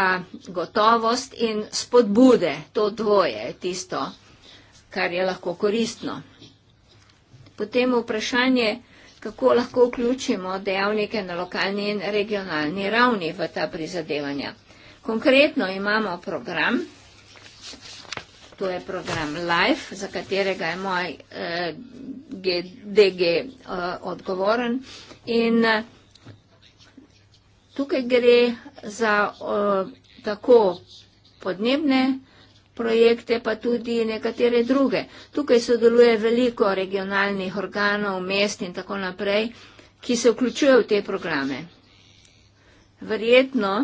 A: gotovost in spodbude, to dvoje je tisto, kar je lahko koristno. Potem vprašanje, kako lahko vključimo dejavnike na lokalni in regionalni ravni v ta prizadevanja. Konkretno imamo program, to je program LIFE, za katerega je moj eh, DG eh, odgovoren. In eh, tukaj gre za eh, tako podnebne projekte, pa tudi nekatere druge. Tukaj sodeluje veliko regionalnih organov, mest in tako naprej, ki se vključujejo v te programe. Verjetno,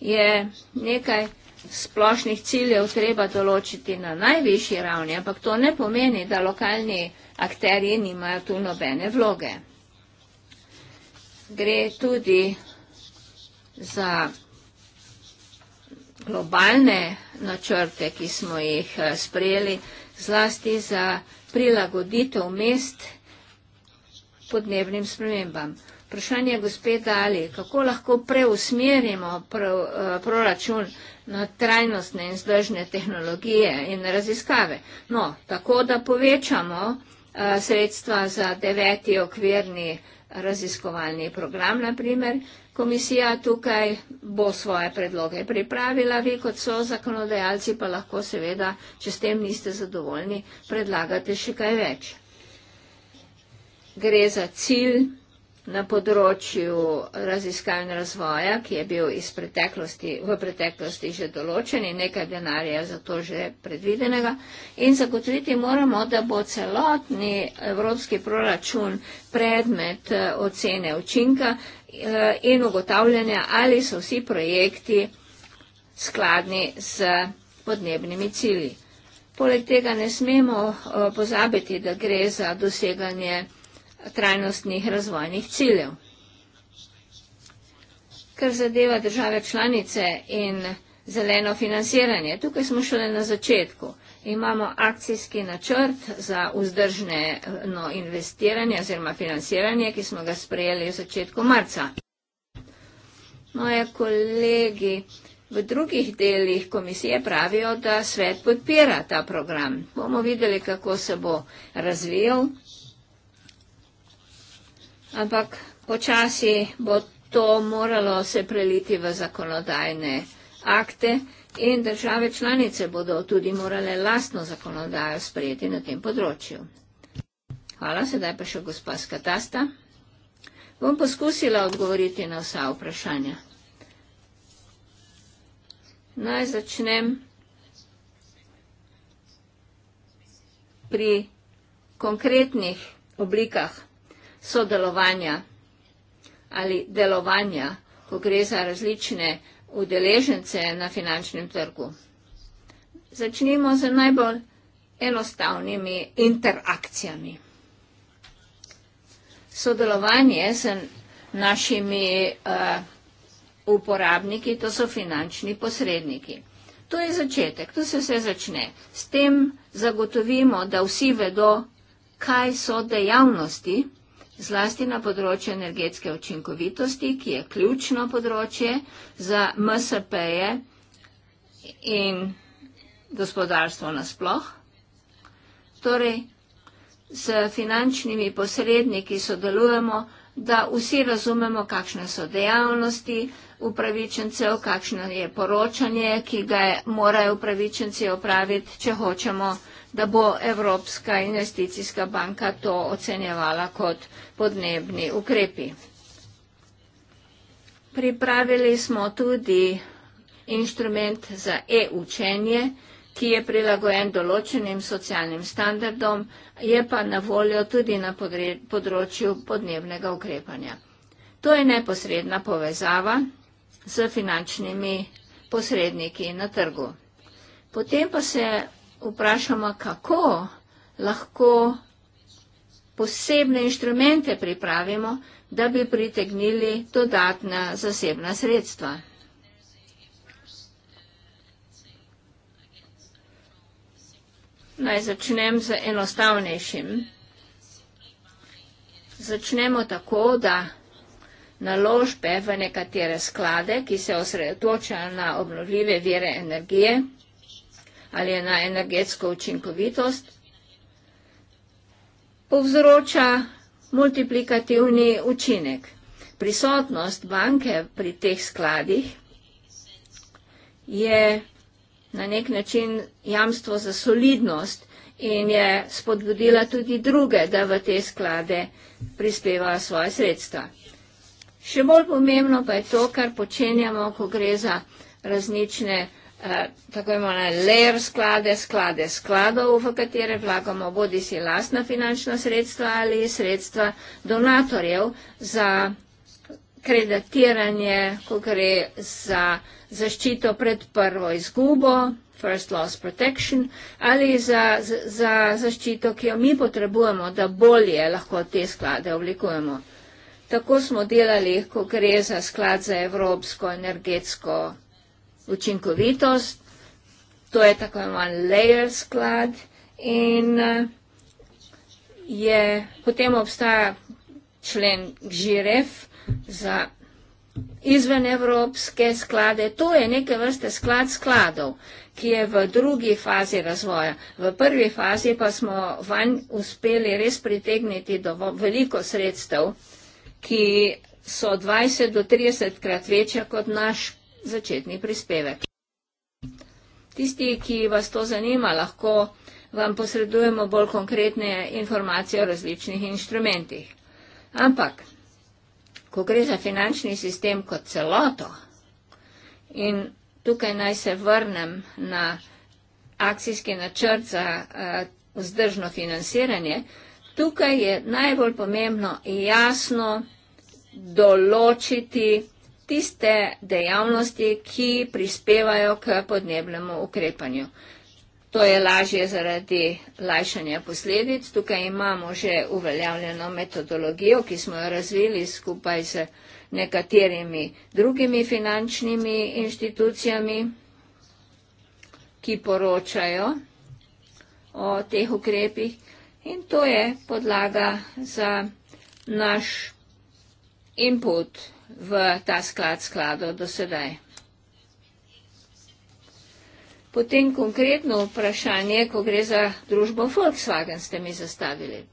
A: je nekaj splošnih ciljev treba določiti na najvišji ravni, ampak to ne pomeni, da lokalni akteri nimajo tu nobene vloge. Gre tudi za globalne načrte, ki smo jih eh, sprejeli, zlasti za prilagoditev mest podnebnim spremembam. Vprašanje gospe Dali, kako lahko preusmerimo eh, proračun na trajnostne in zdržne tehnologije in raziskave? No, tako da povečamo eh, sredstva za deveti okvirni raziskovalni program, naprimer, komisija tukaj bo svoje predloge pripravila, vi kot so zakonodajalci pa lahko seveda, če s tem niste zadovoljni, predlagate še kaj več. Gre za cilj, na področju raziskav in razvoja, ki je bil preteklosti, v preteklosti že določen in nekaj denarja za to že predvidenega. In zagotoviti moramo, da bo celotni evropski proračun predmet eh, ocene učinka eh, in ugotavljanja, ali so vsi projekti skladni z podnebnimi cilji. Poleg tega ne smemo eh, pozabiti, da gre za doseganje trajnostnih razvojnih ciljev. Kar zadeva države članice in zeleno financiranje, tukaj smo šele na začetku. Imamo akcijski načrt za vzdržne no, investiranje oziroma financiranje, ki smo ga sprejeli v začetku marca. Moje kolegi v drugih delih komisije pravijo, da svet podpira ta program. Bomo videli, kako se bo razvijal, ampak počasi bo to moralo se preliti v zakonodajne akte in države članice bodo tudi morale lastno zakonodajo sprejeti na tem področju. Hvala, sedaj pa še gospa Skatasta. Bom poskusila odgovoriti na vsa vprašanja. Naj začnem pri konkretnih oblikah sodelovanja ali delovanja, ko gre za različne udeležence na finančnem trgu. Začnimo z najbolj enostavnimi interakcijami. Sodelovanje z našimi uh, uporabniki, to so finančni posredniki. To je začetek, to se vse začne. S tem zagotovimo, da vsi vedo, kaj so dejavnosti, zlasti na področju energetske učinkovitosti, ki je ključno področje za MSP-je in gospodarstvo nasploh. Torej, s finančnimi posredniki sodelujemo, da vsi razumemo, kakšne so dejavnosti upravičencev, kakšno je poročanje, ki ga morajo upravičenci opraviti, če hočemo da bo Evropska investicijska banka to ocenjevala kot podnebni ukrepi. Pripravili smo tudi inštrument za e-učenje, ki je prilagojen določenim socialnim standardom, je pa na voljo tudi na področju podnebnega ukrepanja. To je neposredna povezava z finančnimi posredniki na trgu. Potem pa se vprašamo, kako lahko posebne inštrumente pripravimo, da bi pritegnili dodatna zasebna sredstva. Naj začnem z enostavnejšim. Začnemo tako, da naložbe v nekatere sklade, ki se osredotočajo na obnovljive vire energije, ali je na energetsko učinkovitost, povzroča multiplikativni učinek. Prisotnost banke pri teh skladih je na nek način jamstvo za solidnost in je spodbudila tudi druge, da v te sklade prispevajo svoje sredstva. Še bolj pomembno pa je to, kar počenjamo, ko gre za različne Eh, tako imenovane layer sklade, sklade skladov, v katere vlagamo bodi si lastna finančna sredstva ali sredstva donatorjev za kreditiranje, ko gre za zaščito pred prvo izgubo, first loss protection, ali za, za, za zaščito, ki jo mi potrebujemo, da bolje lahko te sklade oblikujemo. Tako smo delali, ko gre za sklad za evropsko energetsko učinkovitost, to je tako imenovan layer sklad in eh, je, potem obstaja člen GIREF za izven evropske sklade. To je neke vrste sklad skladov, ki je v drugi fazi razvoja. V prvi fazi pa smo vanj uspeli res pritegniti dovolj veliko sredstev, ki so 20 do 30 krat večja kot naš začetni prispevek. Tisti, ki vas to zanima, lahko vam posredujemo bolj konkretne informacije o različnih inštrumentih. Ampak, ko gre za finančni sistem kot celoto, in tukaj naj se vrnem na akcijski načrt za vzdržno financiranje, tukaj je najbolj pomembno jasno določiti, tiste dejavnosti, ki prispevajo k podnebnemu ukrepanju. To je lažje zaradi lajšanja posledic. Tukaj imamo že uveljavljeno metodologijo, ki smo jo razvili skupaj z nekaterimi drugimi finančnimi inštitucijami, ki poročajo o teh ukrepih. In to je podlaga za naš input v ta sklad skladov do sedaj. Potem konkretno vprašanje, ko gre za družbo Volkswagen, ste mi zastavili.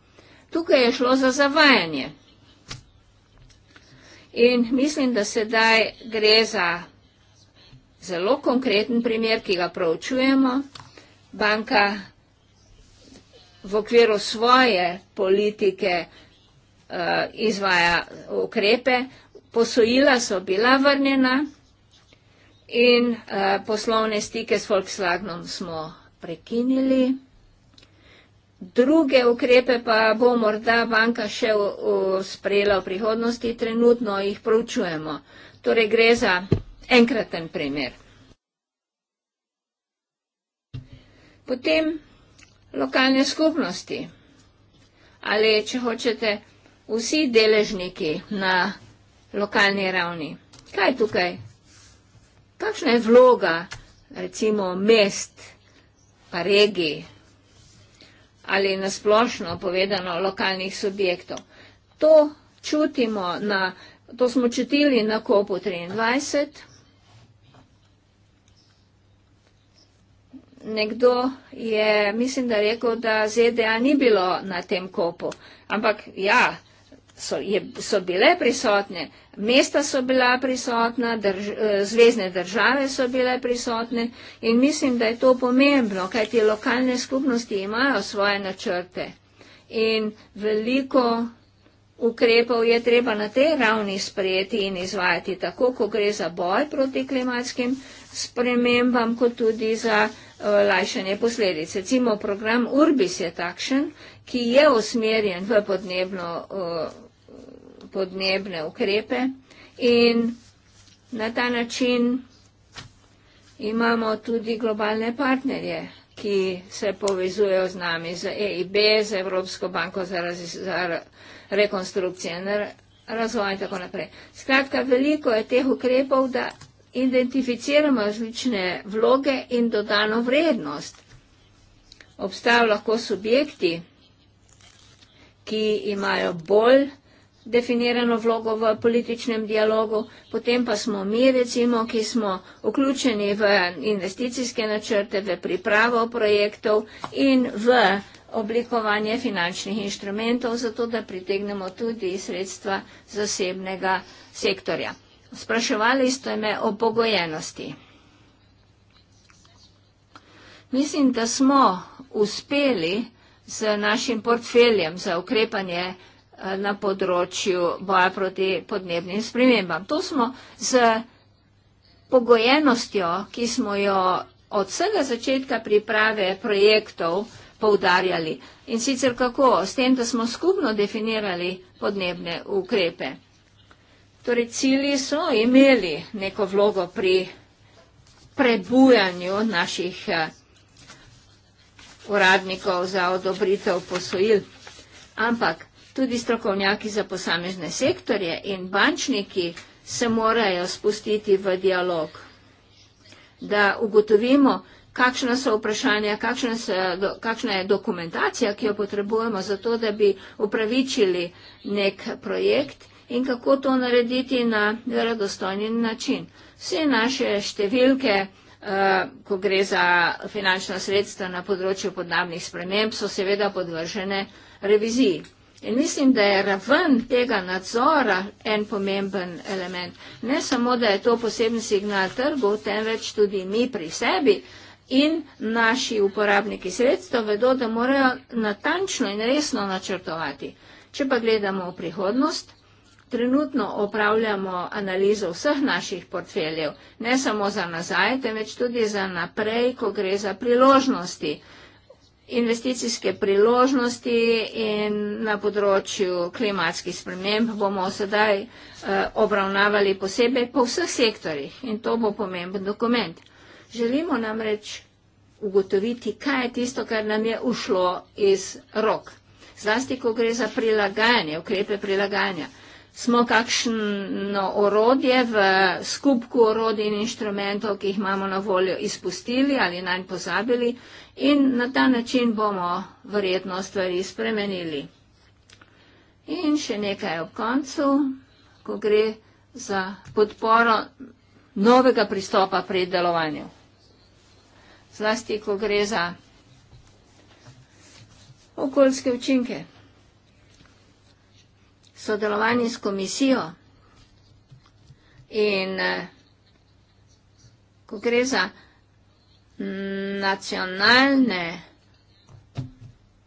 A: Tukaj je šlo za zavajanje. In mislim, da sedaj gre za zelo konkreten primer, ki ga pravčujemo. Banka v okviru svoje politike uh, izvaja ukrepe, posojila so bila vrnjena in eh, poslovne stike s Volkswagenom smo prekinili. Druge ukrepe pa bo morda banka še sprejela v prihodnosti, trenutno jih pravčujemo. Torej gre za enkraten primer. Potem lokalne skupnosti ali, če hočete, vsi deležniki na lokalni ravni. Kaj tukaj? Kakšna je vloga recimo mest, pa regij ali nasplošno povedano lokalnih subjektov? To čutimo na, to smo čutili na kopu 23. Nekdo je, mislim, da rekel, da ZDA ni bilo na tem kopu, ampak ja, so, je, so bile prisotne, mesta so bila prisotna, drž, eh, zvezdne države so bile prisotne in mislim, da je to pomembno, kaj te lokalne skupnosti imajo svoje načrte in veliko ukrepov je treba na tej ravni sprejeti in izvajati, tako ko gre za boj proti klimatskim spremembam, kot tudi za eh, lajšanje posledic. Recimo program Urbis je takšen, ki je usmerjen v podnebno uh, podnebne ukrepe in na ta način imamo tudi globalne partnerje, ki se povezujejo z nami, z EIB, z Evropsko banko za, raz, za rekonstrukcije in razvoj in tako naprej. Skratka, veliko je teh ukrepov, da identificiramo različne vloge in dodano vrednost. Obstajajo lahko subjekti, ki imajo bolj definirano vlogo v političnem dialogu, potem pa smo mi, recimo, ki smo vključeni v investicijske načrte, v pripravo projektov in v oblikovanje finančnih inštrumentov, zato da pritegnemo tudi sredstva zasebnega sektorja. Spraševali ste me o pogojenosti. Mislim, da smo uspeli z našim portfeljem za ukrepanje Eh, na področju boja proti podnebnim spremembam. To smo z pogojenostjo, ki smo jo od vsega začetka priprave projektov poudarjali. In sicer kako? S tem, da smo skupno definirali podnebne ukrepe. Torej, cilji so imeli neko vlogo pri prebujanju naših eh, uradnikov za odobritev posojil. Ampak tudi strokovnjaki za posamezne sektorje in bančniki se morajo spustiti v dialog, da ugotovimo, kakšna so vprašanja, kakšna, so, kakšna je dokumentacija, ki jo potrebujemo za to, da bi upravičili nek projekt in kako to narediti na verodostojni način. Vse naše številke, eh, ko gre za finančna sredstva na področju podnabnih sprememb, so seveda podvržene reviziji. In mislim, da je raven tega nadzora en pomemben element. Ne samo, da je to poseben signal trgov, temveč tudi mi pri sebi in naši uporabniki sredstva vedo, da morajo natančno in resno načrtovati. Če pa gledamo v prihodnost, trenutno opravljamo analizo vseh naših portfeljev, ne samo za nazaj, temveč tudi za naprej, ko gre za priložnosti investicijske priložnosti in na področju klimatskih sprememb bomo sedaj eh, obravnavali posebej po vseh sektorjih in to bo pomemben dokument. Želimo namreč ugotoviti, kaj je tisto, kar nam je ušlo iz rok. Zlasti, ko gre za prilagajanje, ukrepe prilagajanja. Smo kakšno orodje v skupku orodij in inštrumentov, ki jih imamo na voljo, izpustili ali naj pozabili, in na ta način bomo verjetno stvari spremenili. In še nekaj ob koncu, ko gre za podporo novega pristopa pri delovanju. Zlasti, ko gre za okoljske učinke. Sodelovanje s komisijo in eh, ko gre za nacionalne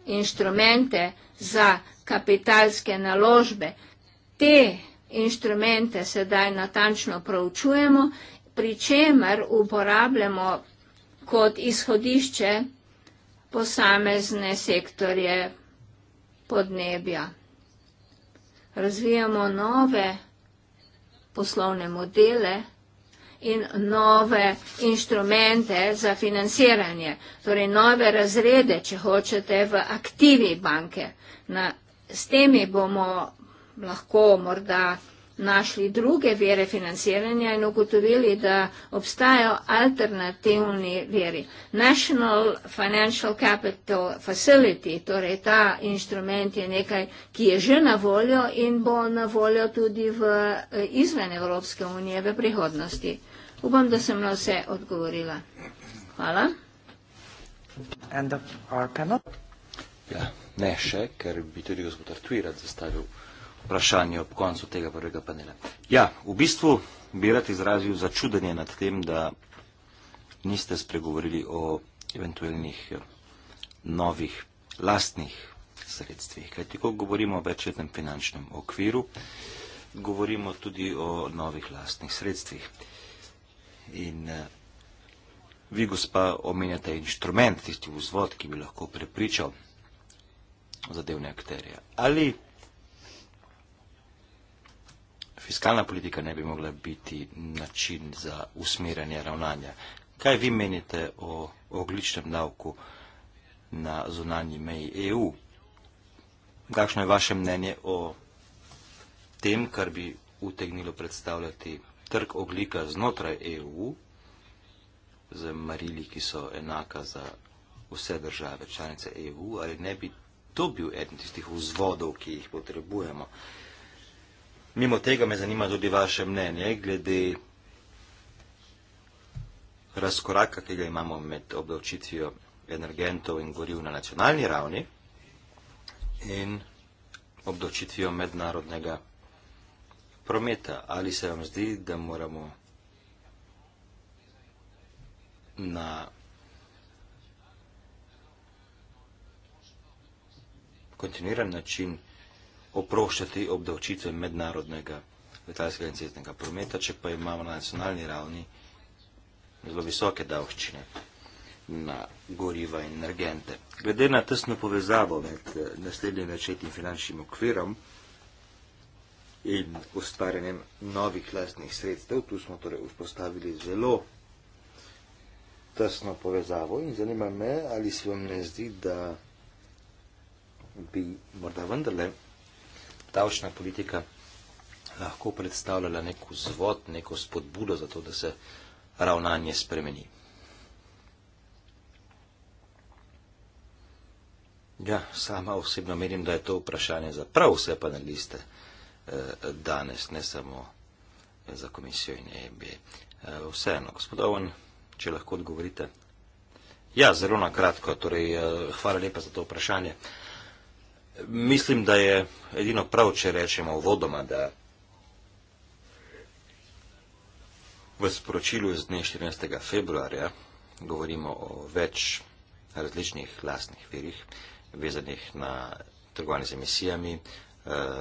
A: inštrumente za kapitalske naložbe. Te inštrumente sedaj natančno proučujemo, pri čemer uporabljamo kot izhodišče posamezne sektorje podnebja. Razvijamo nove poslovne modele, in nove inštrumente za financiranje, torej nove razrede, če hočete, v aktivi banke. Na, s temi bomo lahko morda našli druge vere financiranja in ugotovili, da obstajajo alternativni veri. National Financial Capital Facility, torej ta inštrument je nekaj, ki je že na voljo in bo na voljo tudi v, eh, izven Evropske unije v prihodnosti. Upam, da sem na vse odgovorila. Hvala.
C: End of our panel.
B: Ja, ne še, ker bi tudi gospod Artuirat zastavil vprašanje ob koncu tega prvega panela. Ja, v bistvu bi rad izrazil začudenje nad tem, da niste spregovorili o eventualnih eh, novih lastnih sredstvih. Kaj tako govorimo o večjetnem finančnem okviru, govorimo tudi o novih lastnih sredstvih. In eh, vi, gospa, omenjate inštrument, tisti vzvod, ki bi lahko prepričal zadevne akterje. Ali fiskalna politika ne bi mogla biti način za usmerjanje ravnanja. Kaj vi menite o ogličnem davku na zunanji meji EU? Kakšno je vaše mnenje o tem, kar bi utegnilo predstavljati trg oglika znotraj EU z marili, ki so enaka za vse države članice EU, ali ne bi to bil eden tistih vzvodov, ki jih potrebujemo? Mimo tega me zanima tudi vaše mnenje glede razkoraka, ki ga imamo med obdavčitvijo energentov in goriv na nacionalni ravni in obdavčitvijo mednarodnega prometa. Ali se vam zdi, da moramo na kontinuiran način oproščati obdavčitve mednarodnega letalskega in cestnega prometa, če pa imamo na nacionalni ravni zelo visoke davščine na goriva in energente. Glede na tesno povezavo med eh, naslednjim načetim finančnim okvirom in ustvarjanjem novih lastnih sredstev, tu smo torej vzpostavili zelo tesno povezavo in zanima me, ali se vam ne zdi, da bi morda vendarle davčna politika lahko predstavljala nek vzvod, neko spodbudo za to, da se ravnanje spremeni. Ja, sama osebno menim, da je to vprašanje za prav vse paneliste eh, danes, ne samo za komisijo in EB. Eh, vseeno, gospodovan, če lahko odgovorite. Ja, zelo na kratko, torej eh, hvala lepa za to vprašanje. Eh, Mislim, da je edino prav, če rečemo vodoma, da v sporočilu z dne 14. februarja govorimo o več različnih lastnih verih, vezanih na trgovanje z emisijami, eh,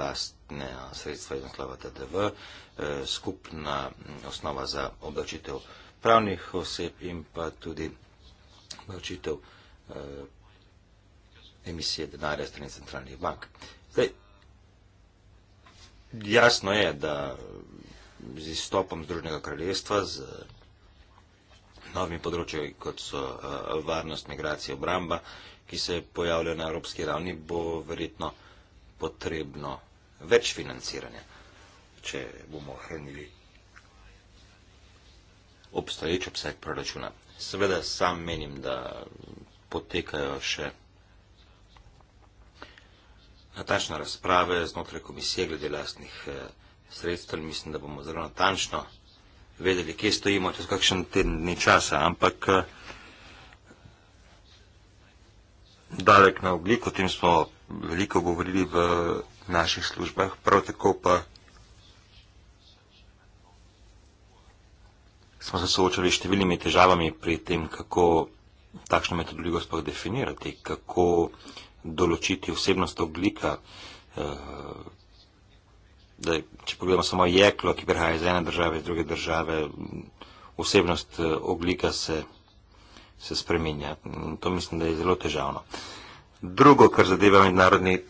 B: lastne sredstva iz naslova TDV, eh, skupna osnova za obdavčitev pravnih oseb in pa tudi obdavčitev eh, emisije denarja strani centralnih bank. Zdaj, jasno je, da z izstopom Združnega kraljestva, z novimi področji, kot so uh, varnost, migracija, obramba, ki se pojavljajo na evropski ravni, bo verjetno potrebno več financiranja, če bomo ohranili obstoječ obseg proračuna. Seveda sam menim, da potekajo še natančne razprave znotraj komisije glede lastnih eh, sredstev in mislim, da bomo zelo natančno vedeli, kje stojimo čez kakšen teden dni časa, ampak eh, dalek na ogliko, o tem smo veliko govorili v naših službah, prav tako pa smo se soočali s številnimi težavami pri tem, kako takšno metodologijo sploh definirati, kako določiti osebnost oglika, eh, da če pogledamo samo jeklo, ki prihaja iz ene države, iz druge države, osebnost eh, oglika se, se spreminja. In to mislim, da je zelo težavno. Drugo, kar zadeva mednarodni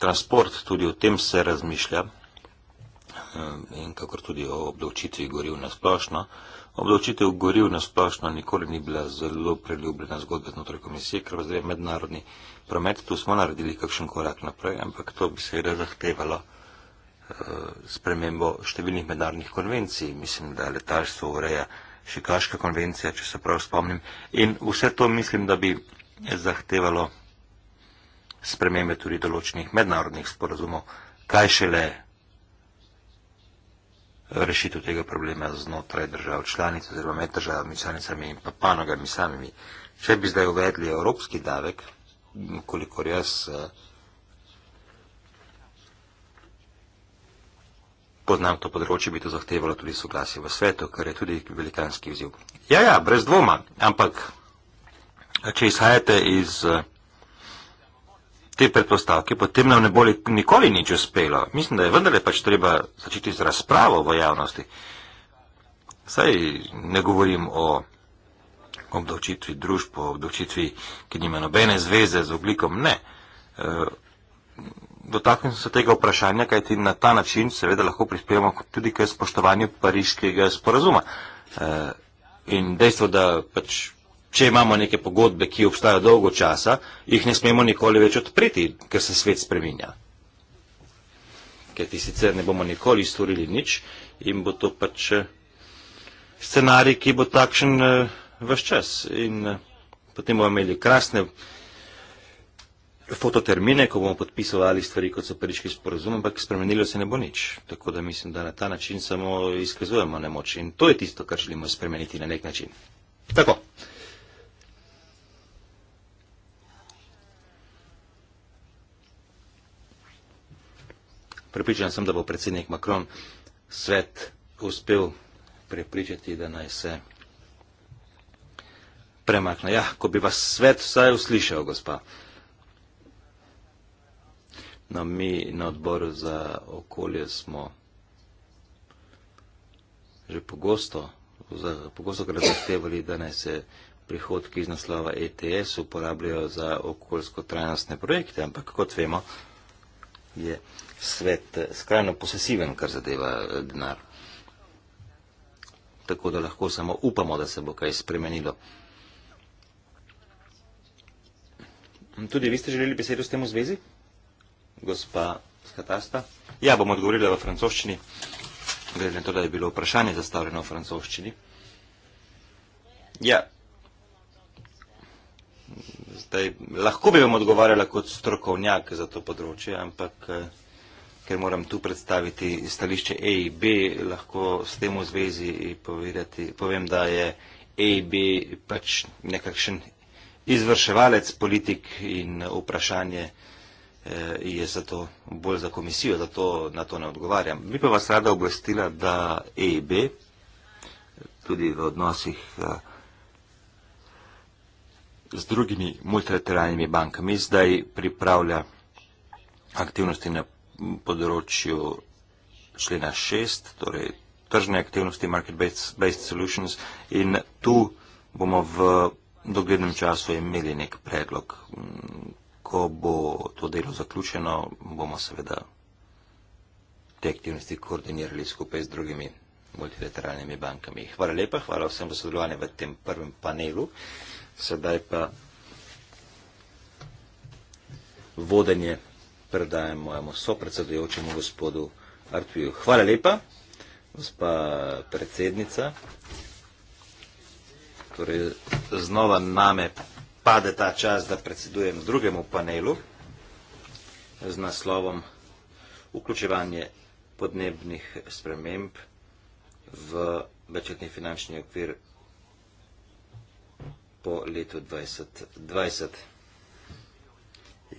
B: transport, tudi o tem se razmišlja eh, in kakor tudi o obdavčitvi goriv na splošno. Uh, Obdavčitev goriv na splošno nikoli ni bila zelo priljubljena zgodba znotraj komisije, ker zdaj mednarodni promet, tu smo naredili kakšen korak naprej, ampak to bi seveda zahtevalo uh, spremembo številnih mednarodnih konvencij. Mislim, da letalstvo ureja Šikaška konvencija, če se prav spomnim. In vse to mislim, da bi zahtevalo spremembe tudi določenih mednarodnih sporazumov, kaj šele rešitev tega problema znotraj držav članic oziroma med državami članicami in pa panogami samimi. Če bi zdaj uvedli evropski davek, kolikor jaz eh, poznam to področje, bi to zahtevalo tudi soglasje v svetu, kar je tudi velikanski vziv. Ja, ja, brez dvoma, ampak eh, če izhajate iz uh, te predpostavke, potem nam ne bo nikoli nič uspelo. Mislim, da je vendarle pač treba začeti z razpravo v javnosti. Saj ne govorim o obdavčitvi družb, o obdavčitvi, ki nima nobene zveze z oblikom, ne. E, eh, dotaknem se tega vprašanja, kajti na ta način seveda lahko prispevamo tudi k spoštovanju pariškega sporazuma. E, in dejstvo, da pač Če imamo neke pogodbe, ki obstajajo dolgo časa, jih ne smemo nikoli več odpreti, ker se svet spreminja. Ker ti sicer ne bomo nikoli storili nič in bo to pač eh, scenarij, ki bo takšen eh, vaš čas. In eh, potem bomo imeli krasne fototermine, ko bomo podpisovali stvari, kot so pariški sporozum, ampak spremenilo se ne bo nič. Tako da mislim, da na ta način samo izkazujemo nemoč. In to je tisto, kar želimo spremeniti na nek način. Tako. Pripričan sem, da bo predsednik Macron svet uspel prepričati, da naj se premakne. Ja, ko bi vas svet vsaj uslišal, gospa. No, mi na odboru za okolje smo že pogosto, pogosto krat zahtevali, da naj se prihodki iz naslova ETS uporabljajo za okoljsko trajnostne projekte, ampak kot vemo, je svet eh, skrajno posesiven, kar zadeva eh, denar. Tako da lahko samo upamo, da se bo kaj spremenilo. Tudi vi ste želeli besedo s tem v zvezi? Gospa Skatasta? Ja, bom odgovorila v francoščini. Glede na to, da je bilo vprašanje zastavljeno v francoščini. Ja, Zdaj, lahko bi vam odgovarjala kot strokovnjak za to področje, ampak eh, ker moram tu predstaviti stališče EIB, lahko s tem v zvezi povedati, povem, da je EIB pač nekakšen izvrševalec politik in vprašanje eh, je zato bolj za komisijo, zato na to ne odgovarjam. Bi pa vas rada obvestila, da EIB tudi v odnosih eh, z drugimi multilateralnimi bankami zdaj pripravlja aktivnosti na področju člena 6, torej tržne aktivnosti market-based solutions in tu bomo v doglednem času imeli nek predlog. Ko bo to delo zaključeno, bomo seveda te aktivnosti koordinirali skupaj z drugimi multilateralnimi bankami. Hvala lepa, hvala vsem za sodelovanje v tem prvem panelu sedaj pa vodenje predajem mojemu sopredsedujočemu gospodu Artuju. Hvala lepa, gospa predsednica. Torej, znova name pade ta čas, da predsedujem drugemu panelu z naslovom Vključevanje podnebnih sprememb v večletni finančni okvir po letu 2020.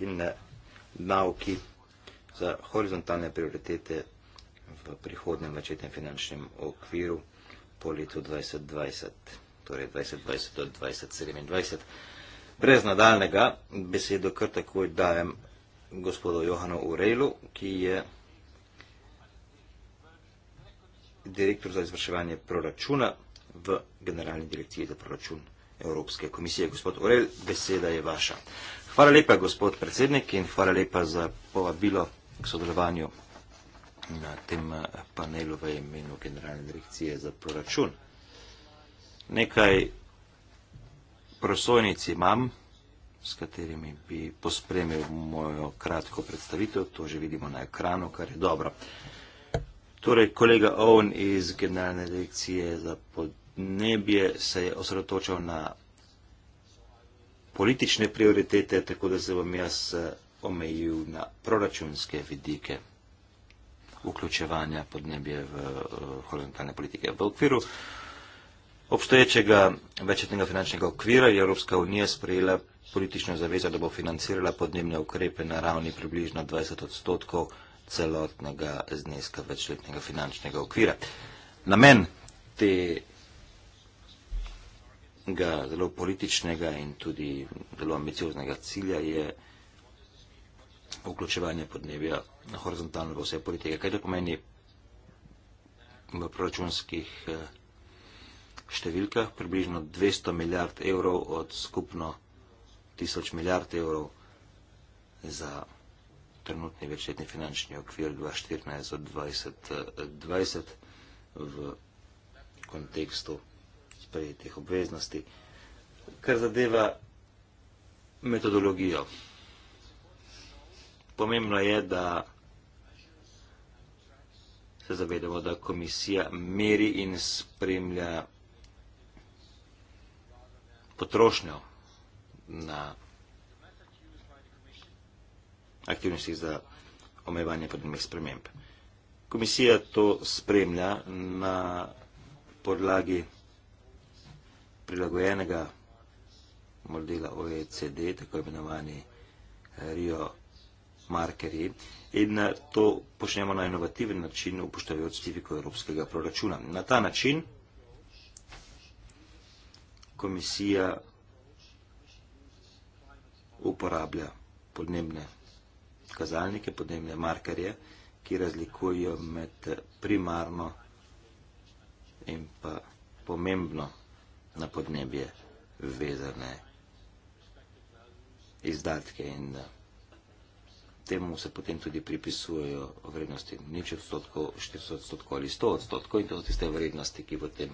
B: In eh, nauki za horizontalne prioritete v prihodnem večetnem finančnem okviru po letu 2020, torej 2020 do 2027. Brez nadaljnega besedo kar takoj dajem gospodu Johanu Urejlu, ki je direktor za izvrševanje proračuna v Generalni direkciji za proračun. Evropske komisije. Gospod Orel, beseda je vaša. Hvala lepa, gospod predsednik, in hvala lepa za povabilo k sodelovanju na tem eh, panelu v imenu Generalne direkcije za proračun. Nekaj prosojnic imam, s katerimi bi pospremil mojo kratko predstavitev. To že vidimo na ekranu, kar je dobro. Torej, kolega Owen iz Generalne direkcije za podjetje nebje se je osredotočal na politične prioritete, tako da se bom jaz eh, omejil na proračunske vidike vključevanja podnebje v eh, horizontalne politike. V okviru obstoječega večetnega finančnega okvira je Evropska unija sprejela politično zavezo, da bo financirala podnebne ukrepe na ravni približno 20 odstotkov celotnega zneska večletnega finančnega okvira. Namen te ga zelo političnega in tudi zelo ambicioznega cilja je vključevanje podnebja horizontalno v vse politike. Kaj to pomeni v proračunskih eh, številkah? Približno 200 milijard evrov od skupno 1000 milijard evrov za trenutni večletni finančni okvir 2014-2020 eh, v kontekstu sprejetih obveznosti. Kar zadeva metodologijo. Pomembno je, da se zavedamo, da komisija meri in spremlja potrošnjo na aktivnosti za omejevanje podnebnih sprememb. Komisija to spremlja na podlagi prilagojenega modela OECD, tako imenovani Rio markerji in eh, to počnemo na inovativen način upoštevajoč civiko evropskega proračuna. Na ta način komisija uporablja podnebne kazalnike, podnebne markerje, ki razlikujejo med primarno in pa pomembno na podnebje vezane izdatke in eh, temu se potem tudi pripisujejo vrednosti nič odstotkov, 400 odstotkov ali 100 odstotkov in to so tiste vrednosti, ki potem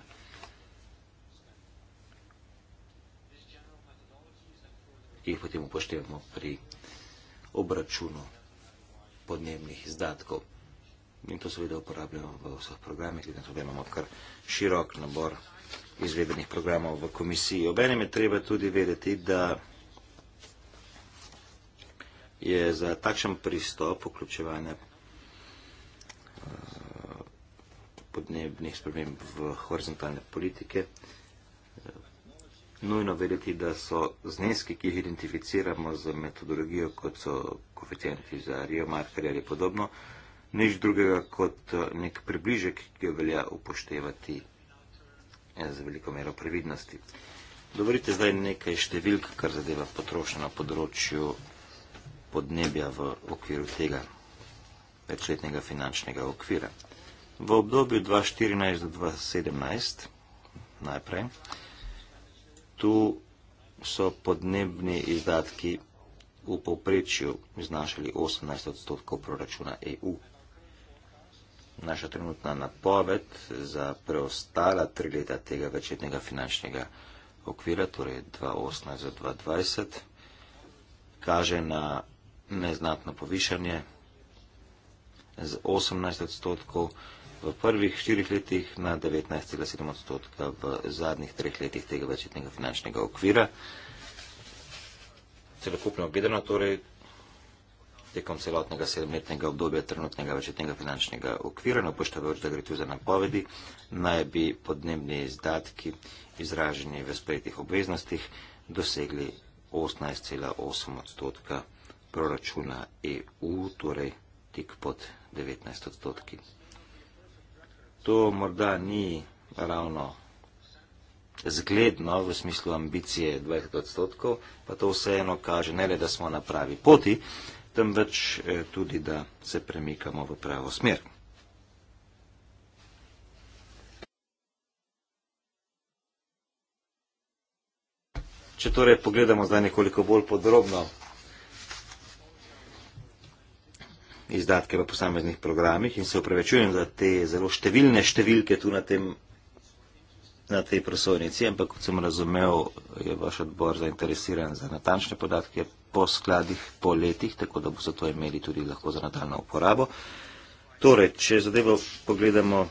B: jih potem upoštevamo pri obračunu podnebnih izdatkov. In to seveda uporabljamo v vseh programih, glede na to, da imamo kar širok nabor izvedenih programov v komisiji. Obenem je treba tudi vedeti, da je za takšen pristop vključevanja eh, podnebnih sprememb v horizontalne politike eh, nujno vedeti, da so zneski, ki jih identificiramo z metodologijo, kot so koeficienti za Rio Marker ali podobno, nič drugega kot eh, nek približek, ki ga velja upoštevati in ja, z veliko mero previdnosti. Dovolite zdaj nekaj številk, kar zadeva potrošnjo na področju podnebja v okviru tega večletnega finančnega okvira. V obdobju 2014 do 2017 najprej, tu so podnebni izdatki v povprečju znašali 18 odstotkov proračuna EU naša trenutna napoved za preostala tri leta tega večetnega finančnega okvira, torej 2018-2020, kaže na neznatno povišanje z 18 odstotkov v prvih štirih letih na 19,7 odstotka v zadnjih treh letih tega večetnega finančnega okvira. Celokupno gledano, torej tekom celotnega sedmletnega obdobja trenutnega večetnega finančnega okvira, na upoštevajoč, da gre tu za napovedi, naj bi podnebni izdatki, izraženi v sprejetih obveznostih, dosegli 18,8 odstotka proračuna EU, torej tik pod 19 odstotki. To morda ni ravno zgledno v smislu ambicije 20 odstotkov, pa to vseeno kaže ne le, da smo na pravi poti, temveč eh, tudi, da se premikamo v pravo smer. Če torej pogledamo zdaj nekoliko bolj podrobno izdatke v posameznih programih in se upravičujem za te zelo številne številke tu na tem na tej prosovnici, ampak kot sem razumel, je vaš odbor zainteresiran za natančne podatke po skladih, po letih, tako da bo za to imeli tudi lahko za nadaljno uporabo. Torej, če zadevo pogledamo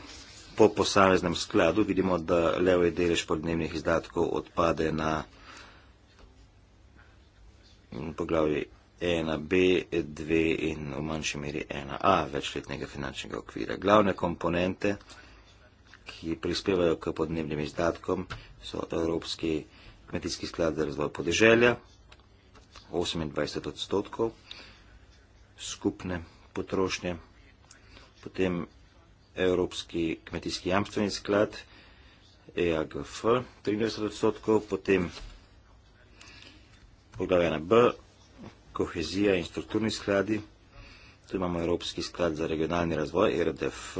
B: po posameznem skladu, vidimo, da levo je delež podnebnih izdatkov odpade na poglavje 1b, 2 in v manjši meri 1a večletnega finančnega okvira. Glavne komponente ki prispevajo k podnebnim izdatkom, so Evropski kmetijski sklad za razvoj podeželja, 28 odstotkov skupne potrošnje, potem Evropski kmetijski jamstveni sklad, EAGF, 23 odstotkov, potem poglavje na B, kohezija in strukturni skladi, tu imamo Evropski sklad za regionalni razvoj, RDF,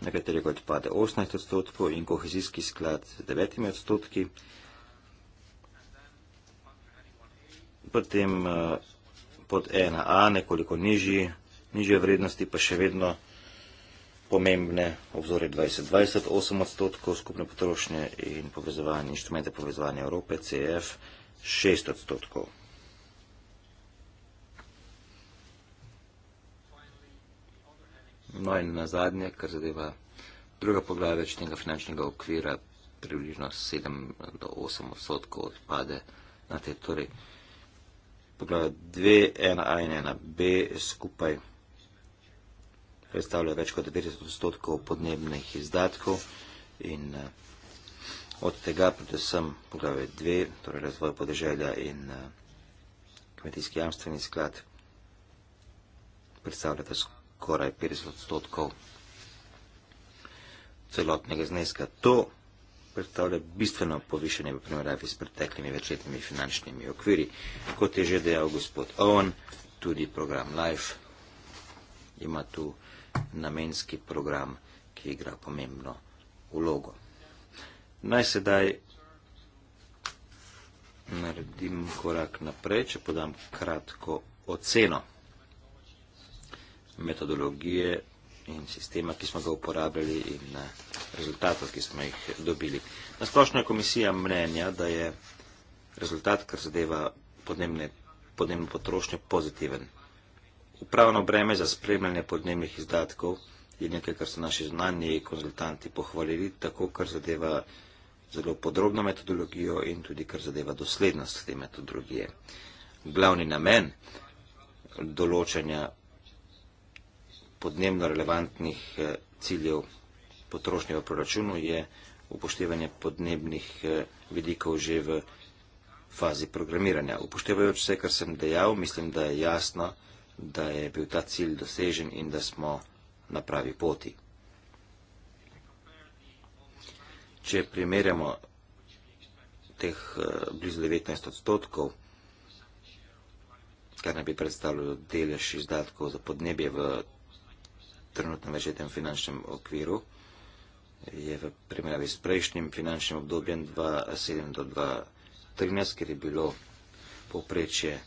B: na katerega odpade 18 odstotkov in kohezijski sklad z 9 odstotki. Potem eh, pod 1a nekoliko nižji, nižje vrednosti pa še vedno pomembne obzore 2020, 8 odstotkov skupne potrošnje in povezovanje, inštrumente povezovanja Evrope, CF, 6 odstotkov. No in na zadnje, kar zadeva druga poglavja večnega finančnega okvira, približno 7 do 8 odstotkov odpade na te, torej poglavja 2, 1a in 1b skupaj predstavlja več kot 90 odstotkov podnebnih izdatkov in eh, od tega predvsem poglavje 2, torej razvoj podeželja in eh, kmetijski jamstveni sklad predstavljata skupaj skoraj 50 odstotkov celotnega zneska. To predstavlja bistveno povišanje v primerjavi s preteklimi večletnimi finančnimi okviri. Kot je že dejal gospod Owen, tudi program Life ima tu namenski program, ki igra pomembno vlogo. Naj sedaj naredim korak naprej, če podam kratko oceno metodologije in sistema, ki smo ga uporabljali in eh, rezultatov, ki smo jih dobili. Na splošno je komisija mnenja, da je rezultat, kar zadeva podnebne, podnebno potrošnje, pozitiven. Upravno breme za spremljanje podnebnih izdatkov je nekaj, kar so naši znani konzultanti pohvalili, tako kar zadeva zelo podrobno metodologijo in tudi kar zadeva doslednost te metodologije. Glavni namen določanja podnebno relevantnih eh, ciljev potrošnje v proračunu je upoštevanje podnebnih eh, vidikov že v fazi programiranja. Upoštevajoč vse, kar sem dejal, mislim, da je jasno, da je bil ta cilj dosežen in da smo na pravi poti. Če primerjamo teh eh, blizu 19 odstotkov, kar naj bi predstavljalo delež izdatkov za podnebje v trenutno večjetem finančnem okviru je v primerjavi s prejšnjim finančnim obdobjem 2007 do 2013, ker je bilo poprečje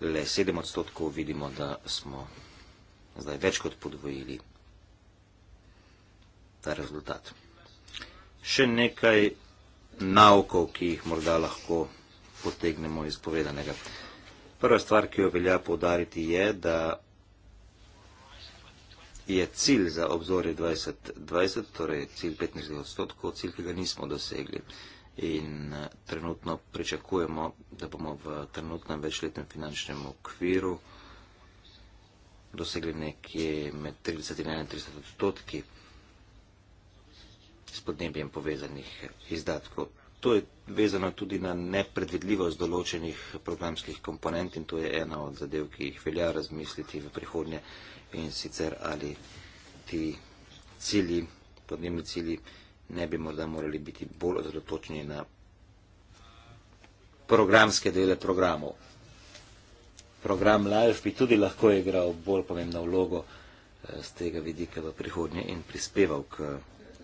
B: le 7 odstotkov, vidimo, da smo zdaj več kot podvojili ta rezultat. Še nekaj naukov, ki jih morda lahko potegnemo iz povedanega. Prva stvar, ki jo velja poudariti, je, da je cilj za obzorje 2020, torej cilj 15 odstotkov, cilj, ki ga nismo dosegli. In eh, trenutno pričakujemo, da bomo v trenutnem večletnem finančnem okviru dosegli nekje med 30 in 31 odstotki s podnebjem povezanih izdatkov. To je vezano tudi na nepredvidljivost določenih programskih komponent in to je ena od zadev, ki jih velja razmisliti v prihodnje in sicer ali ti cilji, podnebni cilji, ne bi morda morali biti bolj ozredotočeni na programske dele programov. Program Live bi tudi lahko igral bolj pomembno vlogo z eh, tega vidika v prihodnje in prispeval k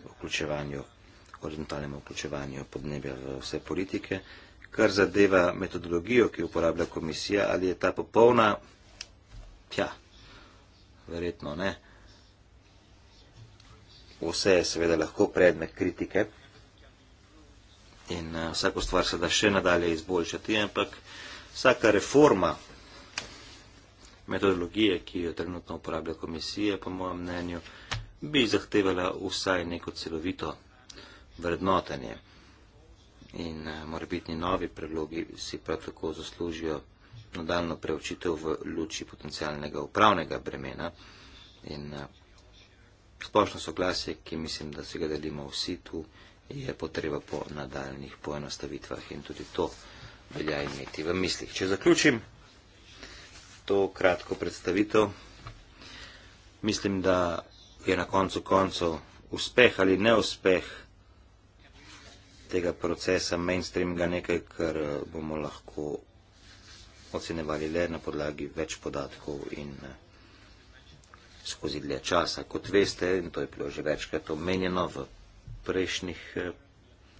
B: vključevanju, orientalnemu vključevanju podnebja v vse politike. Kar zadeva metodologijo, ki uporablja komisija, ali je ta popolna, tja, verjetno ne. Vse je seveda lahko predmet kritike in uh, vsako stvar se da še nadalje izboljšati, ampak vsaka reforma metodologije, ki jo trenutno uporablja komisija, po mojem mnenju, bi zahtevala vsaj neko celovito vrednotenje. In uh, morebitni novi predlogi si prav tako zaslužijo nadaljno preučitev v luči potencialnega upravnega bremena in eh, splošno soglasje, ki mislim, da se ga delimo vsi tu, je potreba po nadaljnih poenostavitvah in tudi to velja imeti v mislih. Če zaključim to kratko predstavitev, mislim, da je na koncu koncev uspeh ali neuspeh tega procesa mainstreaminga nekaj, kar eh, bomo lahko ocenevali le na podlagi več podatkov in eh, skozi dlje časa. Kot veste, in to je bilo že večkrat omenjeno v, prejšnjih, eh,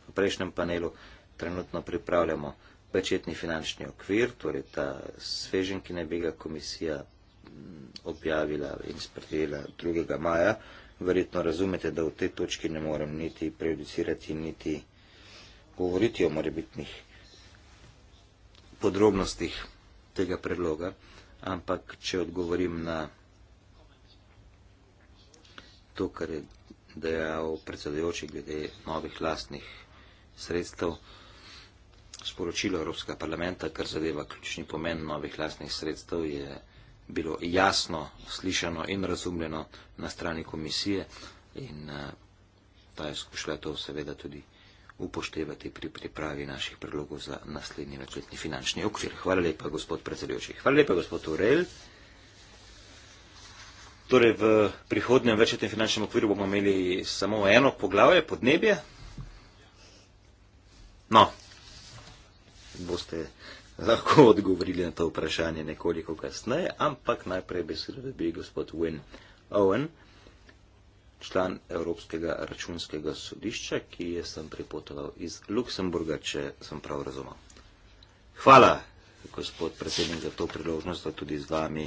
B: v prejšnjem panelu, trenutno pripravljamo večetni finančni okvir, torej ta svežen, ki naj bi ga komisija mm, objavila in sprejela 2. maja. Verjetno razumete, da v tej točki ne morem niti prejudicirati, niti govoriti o morebitnih podrobnostih tega predloga, ampak če odgovorim na to, kar je dejal predsedujoči glede novih lastnih sredstev, sporočilo Evropskega parlamenta, kar zadeva ključni pomen novih lastnih sredstev, je bilo jasno slišano in razumljeno na strani komisije in eh, ta je skušala to seveda tudi upoštevati pri pripravi naših predlogov za naslednji načetni finančni okvir. Hvala lepa, gospod predsedujoči. Hvala lepa, gospod Urel. Torej, v prihodnjem večetnem finančnem okviru bomo imeli samo eno poglavje, podnebje. No, boste lahko odgovorili na to vprašanje nekoliko kasneje, ampak najprej besedo dobi gospod Wynne Owen član Evropskega računskega sodišča, ki je sem pripotoval iz Luksemburga, če sem prav razumel. Hvala, gospod predsednik, za to priložnost, da tudi z vami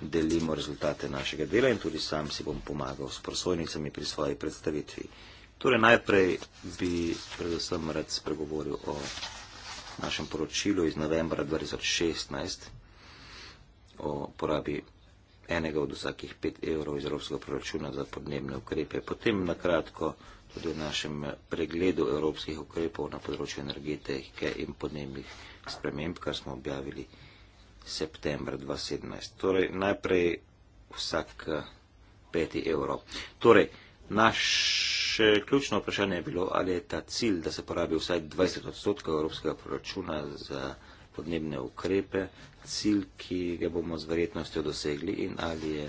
B: delimo rezultate našega dela in tudi sam si bom pomagal s prosojnicami pri svoji predstavitvi. Torej, najprej bi predvsem rad spregovoril o našem poročilu iz novembra 2016 o porabi enega od vsakih pet evrov iz evropskega proračuna za podnebne ukrepe. Potem na kratko tudi v našem pregledu evropskih ukrepov na področju energetike in podnebnih sprememb, kar smo objavili septembra 2017. Torej, najprej vsak eh, peti evro. Torej, naše ključno vprašanje je bilo, ali je ta cilj, da se porabi vsaj 20 odstotkov evropskega proračuna za energetike, podnebne ukrepe, cilj, ki ga bomo z verjetnostjo dosegli in ali je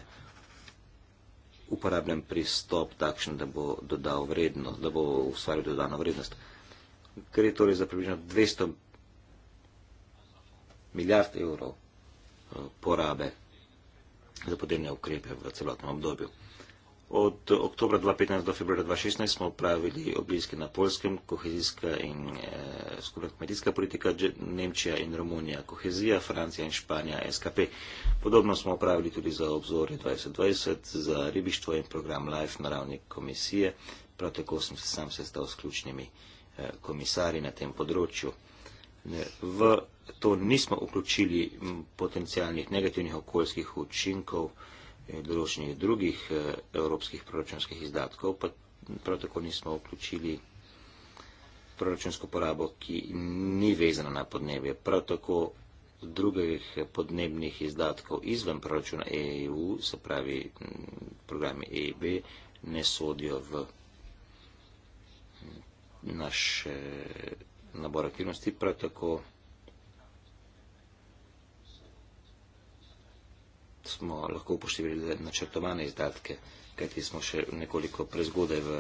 B: uporabljen pristop takšen, da bo dodal vrednost, da bo ustvaril dodano vrednost. Gre torej za približno 200 milijard evrov eh, porabe za podnebne ukrepe v celotnem obdobju. Od oktobra 2015 do februarja 2016 smo opravili obiske na Polskem, kohezijska in eh, skupna kmetijska politika, Nemčija in Romunija, kohezija, Francija in Španija, SKP. Podobno smo opravili tudi za obzorje 2020, za ribištvo in program LIFE na ravni komisije. Prav tako sem se sam sestal s ključnimi eh, komisari na tem področju. Ne, v to nismo vključili potencijalnih negativnih okoljskih učinkov. Eh, Eh, določenih drugih eh, evropskih proračunskih izdatkov, pa prav tako nismo vključili proračunsko porabo, ki ni vezana na podnebje. Prav tako drugih podnebnih izdatkov izven proračuna EU, se pravi programi EIB, ne sodijo v naš nabor aktivnosti, prav tako smo lahko upoštevali načrtovane izdatke, kajti smo še nekoliko prezgodaj v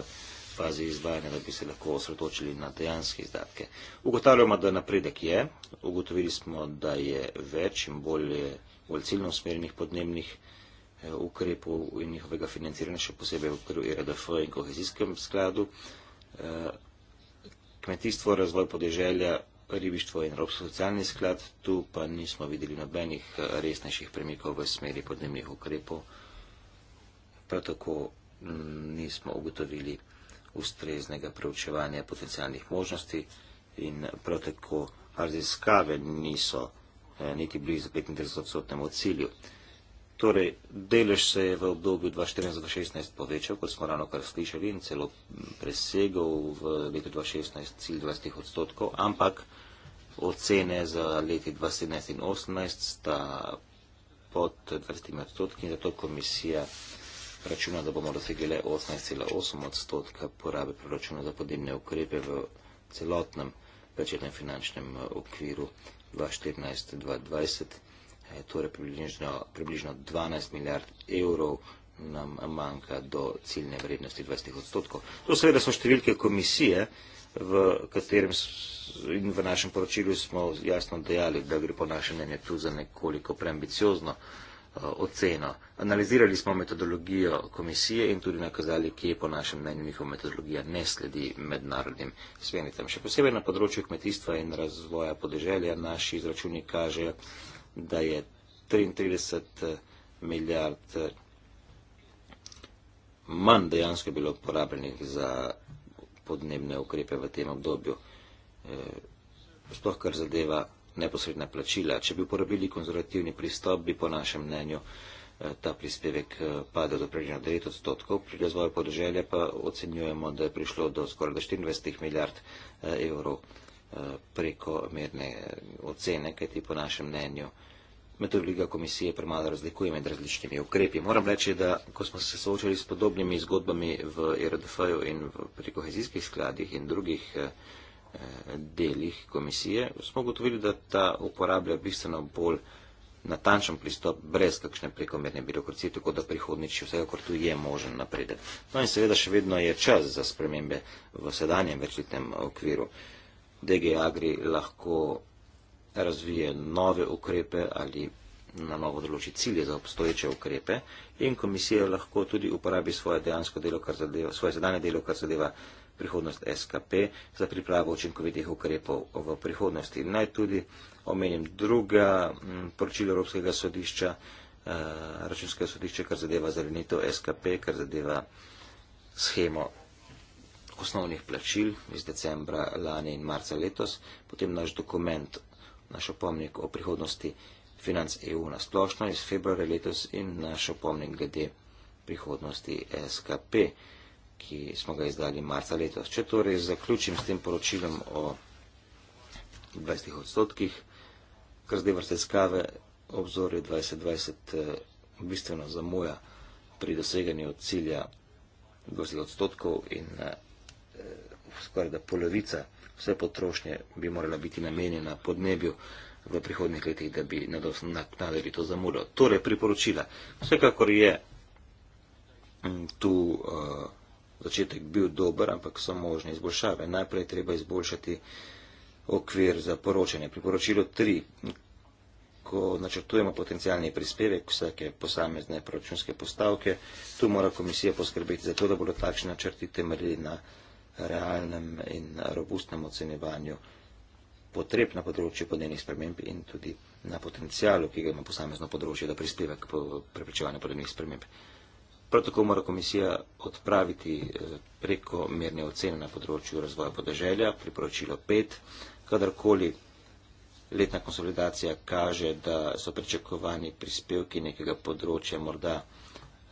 B: fazi izvajanja, da bi se lahko osredotočili na dejanske izdatke. Ugotavljamo, da napredek je, ugotovili smo, da je več in bolje, bolj ciljno usmerjenih podnebnih eh, ukrepov in njihovega financiranja, še posebej v okviru IRDF e in kohezijskem skladu. Eh, kmetijstvo, razvoj podeželja ribištvo in ropsko socialni sklad, tu pa nismo videli nobenih eh, resnejših premikov v smeri podnebnih ukrepov. Prav tako mm, nismo ugotovili ustreznega preučevanja potencijalnih možnosti in prav tako raziskave niso eh, niti blizu 35-odstotnemu cilju. Torej, delež se je v obdobju 2014-2016 povečal, kot smo ravno kar slišali, in celo presegal v letu 2016 cilj 20 odstotkov, ampak ocene za leti 2017 in 2018 sta pod 20 odstotki in zato komisija računa, da bomo dosegli le 18,8 odstotka porabe proračuna za podnebne ukrepe v celotnem večernem finančnem eh, okviru 2014-2020 je torej približno, približno 12 milijard evrov nam manjka do ciljne vrednosti 20 odstotkov. To seveda so številke komisije, v katerem in v našem poročilu smo jasno dejali, da gre po našem mnenju tu za nekoliko preambiciozno eh, oceno. Analizirali smo metodologijo komisije in tudi nakazali, kje po našem mnenju njihova metodologija ne sledi mednarodnim smernicam. Še posebej na področju kmetijstva in razvoja podeželja naši izračuni kažejo, da je 33 eh, milijard eh, manj dejansko bilo porabljenih za podnebne ukrepe v tem obdobju. Eh, sploh kar zadeva neposredna plačila. Če bi uporabili konzervativni pristop, bi po našem mnenju ta prispevek padel do približno 9 odstotkov, pri razvoju podeželja pa ocenjujemo, da je prišlo do skoraj do 24 milijard evrov preko merne ocene, kajti po našem mnenju metodologija komisije premalo razlikuje med različnimi ukrepi. Moram reči, da ko smo se soočali s podobnimi zgodbami v e RDF-ju in v, pri kohezijskih skladih in drugih eh, delih komisije, smo gotovili, da ta uporablja bistveno bolj natančen pristop brez kakšne prekomerne birokracije, tako da prihodnič vsekakor tu je možen napredek. No in seveda še vedno je čas za spremembe v sedanjem večletnem okviru. DG Agri lahko razvije nove ukrepe ali na novo določi cilje za obstoječe ukrepe in komisija lahko tudi uporabi svoje dejansko delo, kar zadeva, svoje zadanje delo, kar zadeva prihodnost SKP za pripravo učinkovitih ukrepov v prihodnosti. Naj tudi omenim druga poročila Evropskega sodišča, eh, računskega sodišča, kar zadeva zelenitev SKP, kar zadeva schemo osnovnih plačil iz decembra lani in marca letos, potem naš dokument naš opomnik o prihodnosti financ EU na splošno iz februarja letos in naš opomnik glede prihodnosti SKP, ki smo ga izdali marca letos. Če torej zaključim s tem poročilom o 20 odstotkih, kar zdaj vrste skave, obzorje 2020 eh, bistveno zamuja pri doseganju cilja 20 odstotkov in eh, skoraj da polovica vse potrošnje bi morala biti namenjena podnebju v prihodnih letih, da bi nadoknadili to zamudo. Torej, priporočila. Vsekakor je mm, tu uh, začetek bil dober, ampak so možne izboljšave. Najprej treba izboljšati okvir za poročanje. Priporočilo 3. Ko načrtujemo potencijalni prispevek vsake posamezne proračunske postavke, tu mora komisija poskrbeti za to, da bodo takšni načrti temeljili na realnem in robustnem ocenjevanju potreb na področju podnebnih sprememb in tudi na potencijalu, ki ga ima posamezno področje, da prispeva k preprečevanju podnebnih sprememb. Prav tako mora komisija odpraviti eh, preko merne ocene na področju razvoja podeželja, priporočilo 5, kadarkoli letna konsolidacija kaže, da so pričakovani prispevki nekega področja morda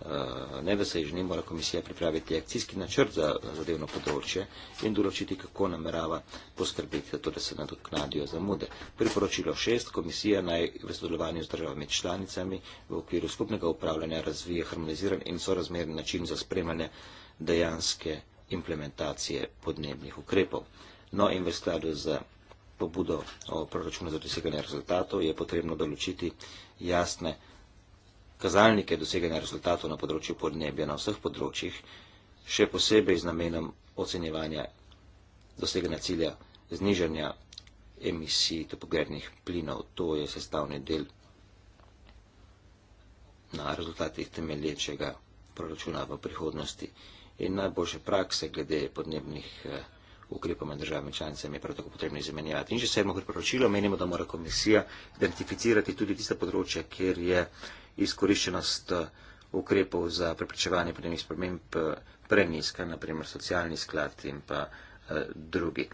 B: Eh, nedosežni, mora komisija pripraviti akcijski načrt za zadevno področje in določiti, kako namerava poskrbiti za to, da se nadoknadijo zamude. Priporočilo šest, komisija naj v sodelovanju z državami članicami v okviru skupnega upravljanja razvije harmoniziran in sorazmeren način za spremljanje dejanske implementacije podnebnih ukrepov. No in v skladu z pobudo o proračunu za doseganje rezultatov je potrebno določiti jasne kazalnike doseganja rezultatov na področju podnebja na vseh področjih, še posebej z namenom ocenjevanja doseganja cilja znižanja emisij topogrednih plinov. To je sestavni del na rezultatih temelječega proračuna v prihodnosti. In najboljše prakse glede podnebnih eh, ukrepov med državami članicami je prav tako potrebno izmenjevati. In že sedmo priporočilo menimo, da mora komisija identificirati tudi tiste področje, kjer je izkoriščenost eh, ukrepov za preprečevanje podnebnih sprememb eh, preniska, naprimer socialni sklad in pa eh, drugi.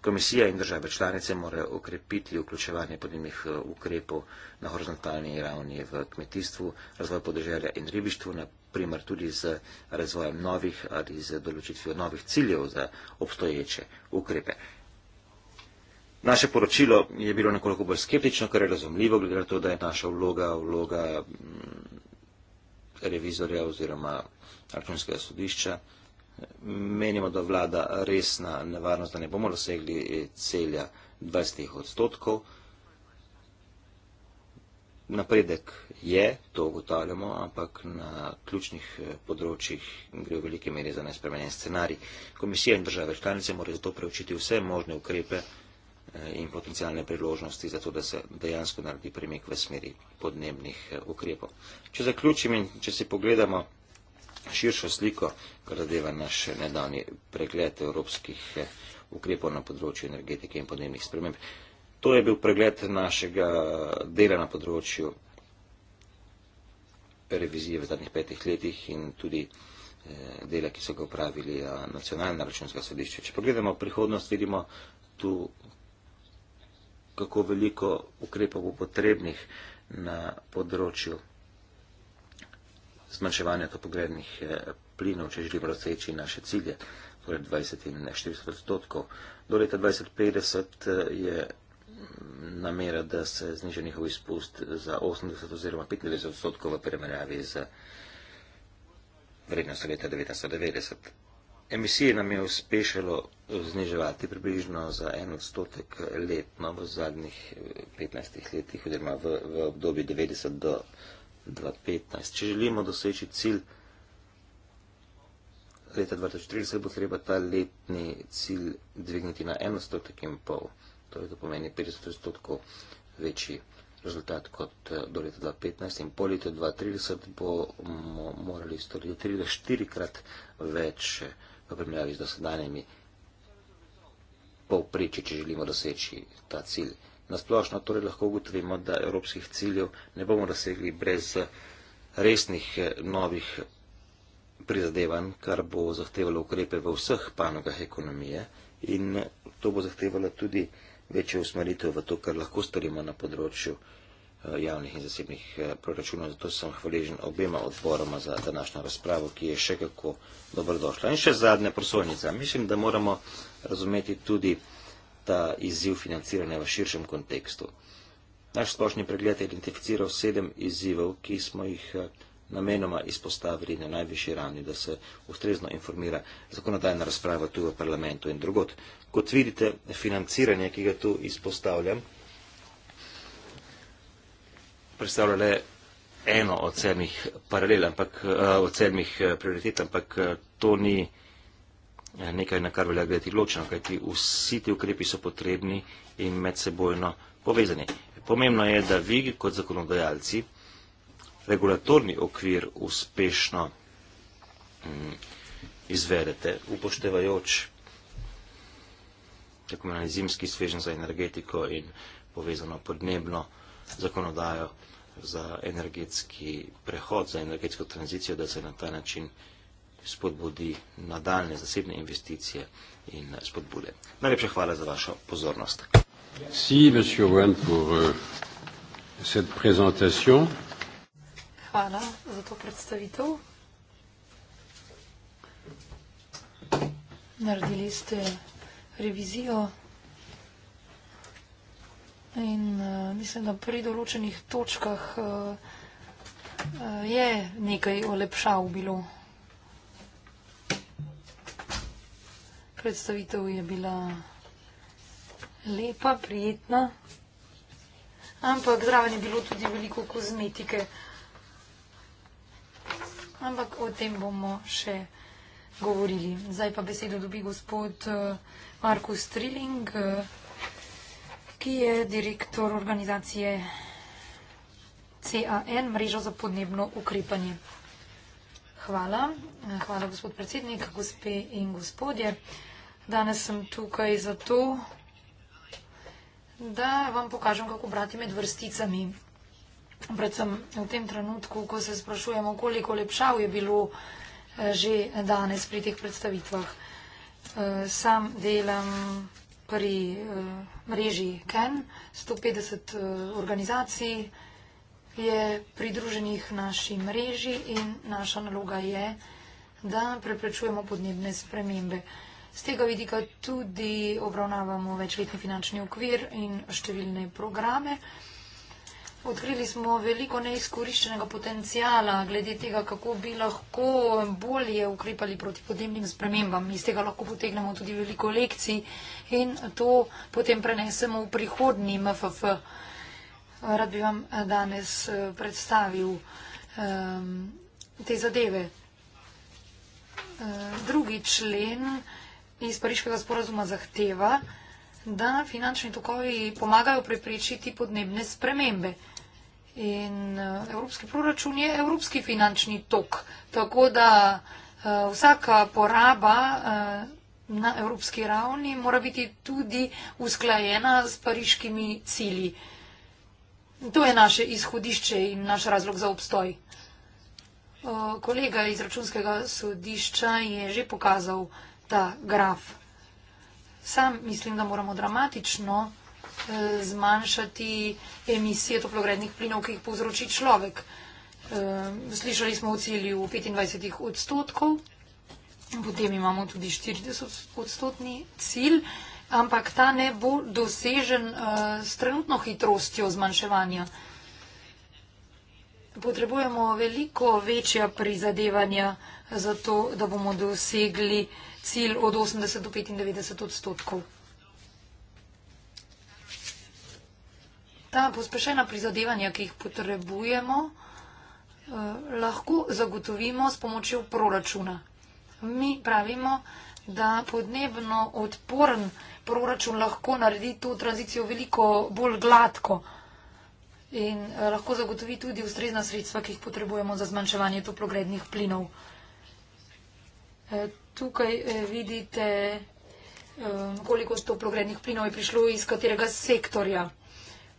B: Komisija in države članice morajo okrepiti vključevanje podnebnih ukrepov na horizontalni ravni v kmetijstvu, razvoj podeželja in ribištvu, naprimer tudi z razvojem novih ali z določitvijo novih ciljev za obstoječe ukrepe. Naše poročilo je bilo nekoliko bolj skeptično, kar je razumljivo, glede na to, da je naša vloga, vloga mm, revizorja oziroma računskega sodišča. Menimo, da vlada resna nevarnost, da ne bomo dosegli eh, celja 20 odstotkov. Napredek je, to ugotavljamo, ampak na ključnih eh, področjih gre v veliki meri za nespremenjen scenarij. Komisija in države članice morajo zato preučiti vse možne ukrepe, Eh, in potencijalne priložnosti za to, da se dejansko naredi premik v smeri podnebnih eh, ukrepov. Če zaključim in če si pogledamo širšo sliko, kar zadeva naš nedavni pregled evropskih eh, ukrepov na področju energetike in podnebnih sprememb. To je bil pregled našega dela na področju revizije v zadnjih petih letih in tudi dela, ki so ga upravili nacionalna računska sodišča. Če pogledamo prihodnost, vidimo tu kako veliko ukrepov bo potrebnih na področju zmanjševanja topogrednih eh, plinov, če želimo doseči naše cilje, torej 20 in 40 odstotkov. Do leta 2050 eh, je namera, da se zniža njihov izpust za 80 oziroma 95 odstotkov v primerjavi z vrednostjo leta 1990. Emisije nam je uspešalo eh, zniževati približno za en odstotek letno v zadnjih 15 eh, letih, oziroma v, v obdobju 90 do 2015. Če želimo doseči cilj leta 2030, bo treba ta letni cilj dvigniti na en odstotek in pol. Torej, to pomeni 50 odstotkov večji rezultat kot eh, do leta 2015 in po letu 2030 bomo morali storiti 3 do 4 krat več v primerjavi z dosedanjimi povpreči, če želimo doseči ta cilj. Nasplošno torej lahko ugotovimo, da evropskih ciljev ne bomo dosegli brez resnih eh, novih prizadevanj, kar bo zahtevalo ukrepe v vseh panogah ekonomije in to bo zahtevalo tudi večjo usmeritev v to, kar lahko storimo na področju ekonomije. Eh, javnih in zasebnih eh, proračunov. Zato sem hvaležen obema odboroma za današnjo razpravo, ki je še kako dobrodošla. In še zadnja prosojnica. Mislim, da moramo razumeti tudi ta izziv financiranja v širšem kontekstu. Naš splošni pregled je identificiral sedem izzivov, ki smo jih eh, namenoma izpostavili na najvišji ravni, da se ustrezno informira zakonodajna razprava tu v parlamentu in drugot. Kot vidite, financiranje, ki ga tu izpostavljam, predstavljale eno od sedmih paralel, ampak, uh, od sedmih eh, prioritet, ampak uh, to ni nekaj, na kar velja gledati ločeno, kajti vsi ti ukrepi so potrebni in medsebojno povezani. Pomembno je, da vi kot zakonodajalci regulatorni okvir uspešno um, izvedete, upoštevajoč tako imenovani zimski svežen za energetiko in povezano podnebno zakonodajo za energetski prehod, za energetsko tranzicijo, da se na ta način spodbudi nadaljne zasebne investicije in spodbude. Najlepša hvala za vašo pozornost.
A: Si, Wen, pour, uh,
C: hvala za to predstavitev. Naredili ste revizijo. In uh, mislim, da pri določenih točkah uh, uh, je nekaj olepšav bilo. Predstavitev je bila lepa, prijetna, ampak zraven je bilo tudi veliko kozmetike. Ampak o tem bomo še govorili. Zdaj pa besedo dobi gospod Markus Trilling. Uh, ki je direktor organizacije CAN, Mreža za podnebno ukrepanje. Hvala. Hvala, gospod predsednik, gospe in gospodje. Danes sem tukaj zato, da vam pokažem, kako brati med vrsticami. Predvsem v tem trenutku, ko se sprašujemo, koliko lepšav je bilo eh, že danes pri teh predstavitvah. Eh, sam delam pri eh, mreži KEN, 150 eh, organizacij je pridruženih naši mreži in naša naloga je, da preprečujemo podnebne spremembe. Z tega vidika tudi obravnavamo večletni finančni okvir in številne programe. Odkrili smo veliko neizkoriščenega potencijala glede tega, kako bi lahko bolje ukrepali proti podnebnim spremembam. Iz tega lahko potegnemo tudi veliko lekcij in to potem prenesemo v prihodnji MFF. Rad bi vam danes eh, predstavil um, te zadeve. Eh, drugi člen iz Pariškega sporazuma zahteva, da finančni tokovi pomagajo preprečiti podnebne spremembe. In eh, evropski proračun je evropski finančni tok, tako da eh, vsaka poraba eh, na evropski ravni mora biti tudi usklajena s pariškimi cili. To je naše izhodišče in naš razlog za obstoj. Kolega iz računskega sodišča je že pokazal ta graf. Sam mislim, da moramo dramatično Eh, zmanjšati emisije toplogrednih plinov, ki jih povzroči človek. Eh, slišali smo v cilju 25 odstotkov, potem imamo tudi 40 odstotni cilj, ampak ta ne bo dosežen eh, s trenutno hitrostjo zmanjševanja. Potrebujemo veliko večja prizadevanja za to, da bomo dosegli cilj od 80 do 95 odstotkov. ta pospešena prizadevanja, ki jih potrebujemo, eh, lahko zagotovimo s pomočjo proračuna. Mi pravimo, da podnebno odporen proračun lahko naredi to tranzicijo veliko bolj gladko in eh, lahko zagotovi tudi ustrezna sredstva, ki jih potrebujemo za zmanjševanje toplogrednih plinov. Eh, tukaj vidite, koliko toplogrednih plinov je prišlo iz katerega sektorja.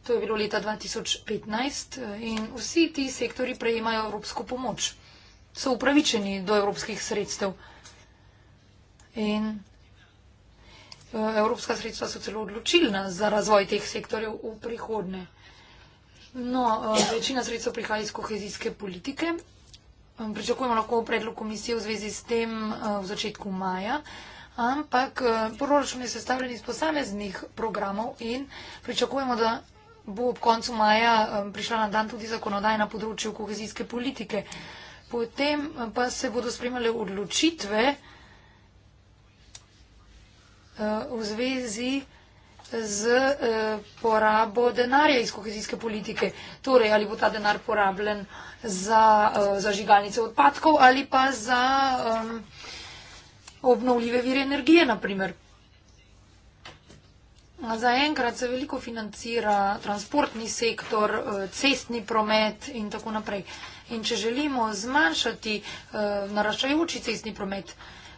C: To je bilo leta 2015 eh, in vsi ti sektori prejemajo evropsko pomoč. So upravičeni do evropskih sredstev. In eh, evropska sredstva so celo odločilna za razvoj teh sektorjev v prihodnje. No, eh, večina sredstev prihaja iz kohezijske politike. Pričakujemo lahko predlog komisije v zvezi s tem v začetku maja, ampak proračun je sestavljen iz posameznih programov in pričakujemo, da bo ob koncu maja um, prišla na dan tudi zakonodaj na področju kohezijske politike. Potem um, pa se bodo spremljale odločitve uh, v zvezi z uh, porabo denarja iz kohezijske politike. Torej, ali bo ta denar porabljen za, uh, za žigalnice odpadkov ali pa za um, obnovljive vire energije, naprimer. Zaenkrat se veliko financira transportni sektor, eh, cestni promet in tako naprej. In če želimo zmanjšati eh, naraščajoči cestni promet,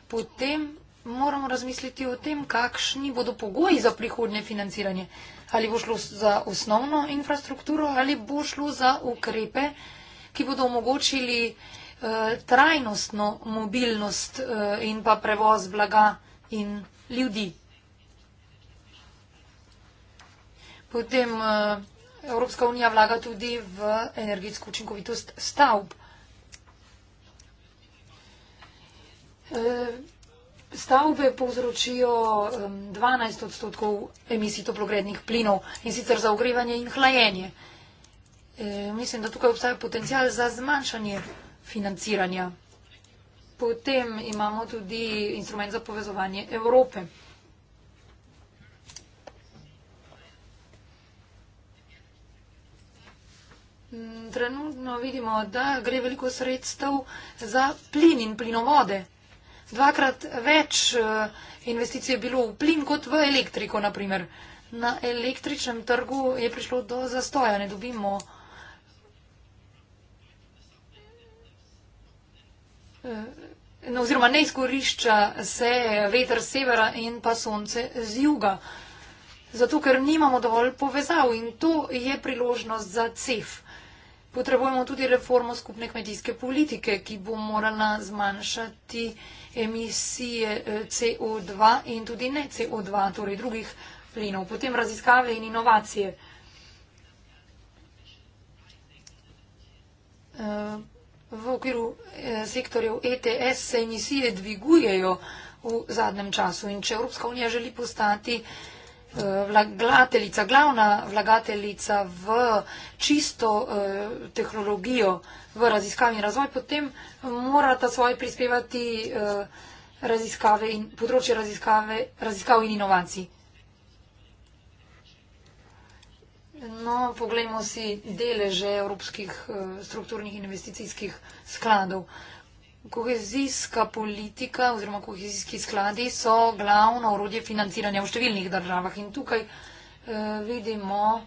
C: potem moramo razmisliti o tem, kakšni bodo pogoji za prihodnje financiranje. Ali bo šlo za osnovno infrastrukturo ali bo šlo za ukrepe, ki bodo omogočili eh, trajnostno mobilnost in pa prevoz blaga in ljudi. Potem eh, Evropska unija vlaga tudi v energetsko učinkovitost stavb. Eh, stavbe povzročijo 12 odstotkov emisij toplogrednih plinov in sicer za ogrevanje in hlajenje. Eh, mislim, da tukaj obstaja potencial za zmanjšanje financiranja. Potem imamo tudi instrument za povezovanje Evrope. Trenutno vidimo, da gre veliko sredstev za plin in plinovode. Dvakrat več eh, investicij je bilo v plin kot v elektriko, naprimer. Na električnem trgu je prišlo do zastoja, ne dobimo. Eh, no, oziroma ne izkorišča se veter severa in pa sonce z juga. Zato, ker nimamo dovolj povezav in to je priložnost za CEF. Potrebujemo tudi reformo skupne kmetijske politike, ki bo morala zmanjšati emisije eh, CO2 in tudi ne CO2, torej drugih plinov. Potem raziskave in inovacije. Eh, v okviru eh, sektorjev ETS se emisije dvigujejo v zadnjem času in če Evropska unija želi postati Eh, vlagateljica, glavna vlagateljica v čisto eh, tehnologijo, v raziskavi in razvoj, potem morata svoje prispevati eh, raziskave in področje raziskave, raziskav in inovacij. No, poglejmo si deleže evropskih eh, strukturnih investicijskih skladov. Kohezijska politika oziroma kohezijski skladi so glavno urodje financiranja v številnih državah in tukaj eh, vidimo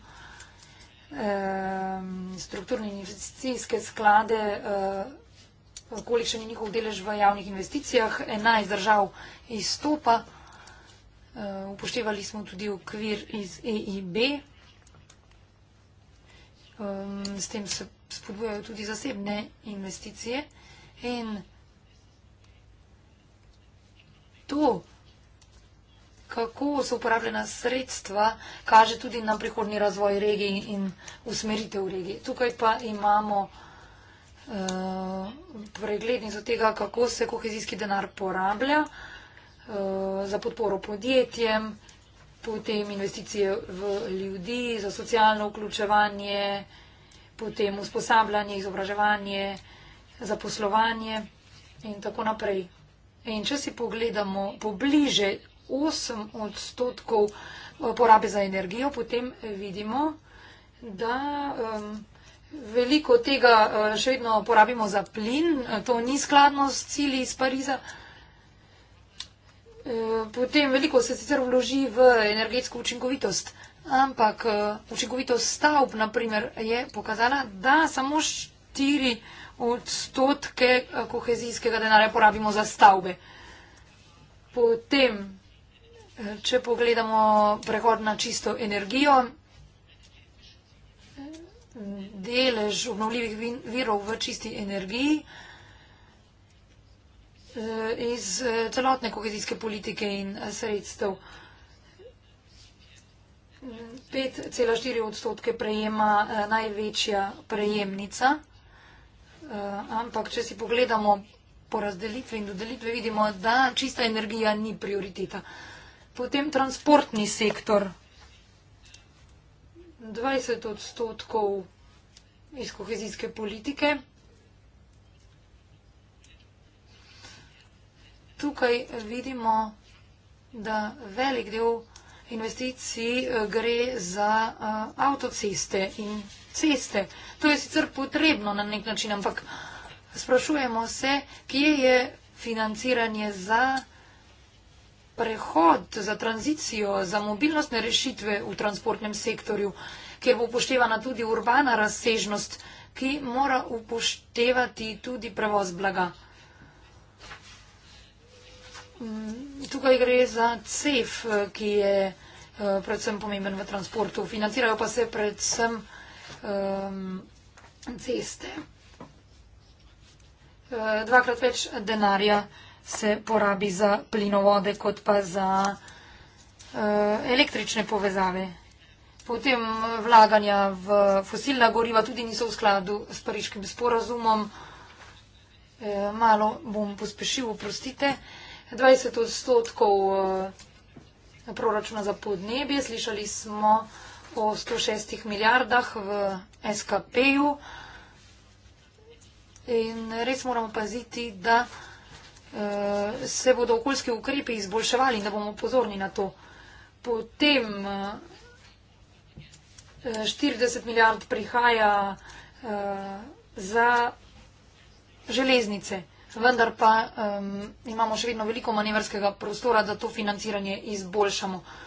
C: eh, strukturne investicijske sklade, eh, kolikšen je njihov delež v javnih investicijah, 11 držav izstopa, eh, upoštevali smo tudi okvir iz EIB, eh, s tem se spodbujajo tudi zasebne investicije. In to, kako so uporabljena sredstva, kaže tudi na prihodni razvoj regije in usmeritev regije. Tukaj pa imamo uh, preglednico tega, kako se kohezijski denar porablja uh, za podporo podjetjem, potem investicije v ljudi, za socialno vključevanje, potem usposabljanje, izobraževanje za poslovanje in tako naprej. In če si pogledamo pobliže 8 odstotkov eh, porabe za energijo, potem eh, vidimo, da um, veliko tega eh, še vedno porabimo za plin, to ni skladno s cilji iz Pariza. Potem veliko se sicer vloži v energetsko učinkovitost, ampak učinkovitost stavb, naprimer, je pokazala, da samo 4 uh, odstotke eh, kohezijskega denarja porabimo za stavbe. Potem, eh, če pogledamo prehod na čisto energijo, delež obnovljivih virov v čisti energiji eh, iz celotne kohezijske politike in sredstev. 5,4 odstotke prejema največja prejemnica. Eh, ampak če si pogledamo po razdelitvi in dodelitvi, vidimo, da čista energija ni prioriteta. Potem transportni sektor. 20 odstotkov iz kohezijske politike. Tukaj vidimo, da velik del investicij eh, gre za eh, avtoceste in ceste. To je sicer potrebno na nek način, ampak sprašujemo se, kje je financiranje za prehod, za tranzicijo, za mobilnostne rešitve v transportnem sektorju, kjer bo upoštevana tudi urbana razsežnost, ki mora upoštevati tudi prevoz blaga. Mm, tukaj gre za CEF, ki je eh, predvsem pomemben v transportu. Financirajo pa se predvsem uh, um, ceste. Uh, dvakrat več denarja se porabi za plinovode, kot pa za uh, električne povezave. Potem uh, vlaganja v fosilna goriva tudi niso v skladu s pariškim sporazumom. E, malo bom pospešil, oprostite. 20 odstotkov proračuna za podnebje, slišali smo po 106 milijardah v SKP-ju. In res moramo paziti, da eh, se bodo okoljski ukrepi izboljševali in da bomo pozorni na to. Potem eh, 40 milijard prihaja eh, za železnice, vendar pa eh, imamo še vedno veliko manevrskega prostora, da to financiranje izboljšamo. Eh,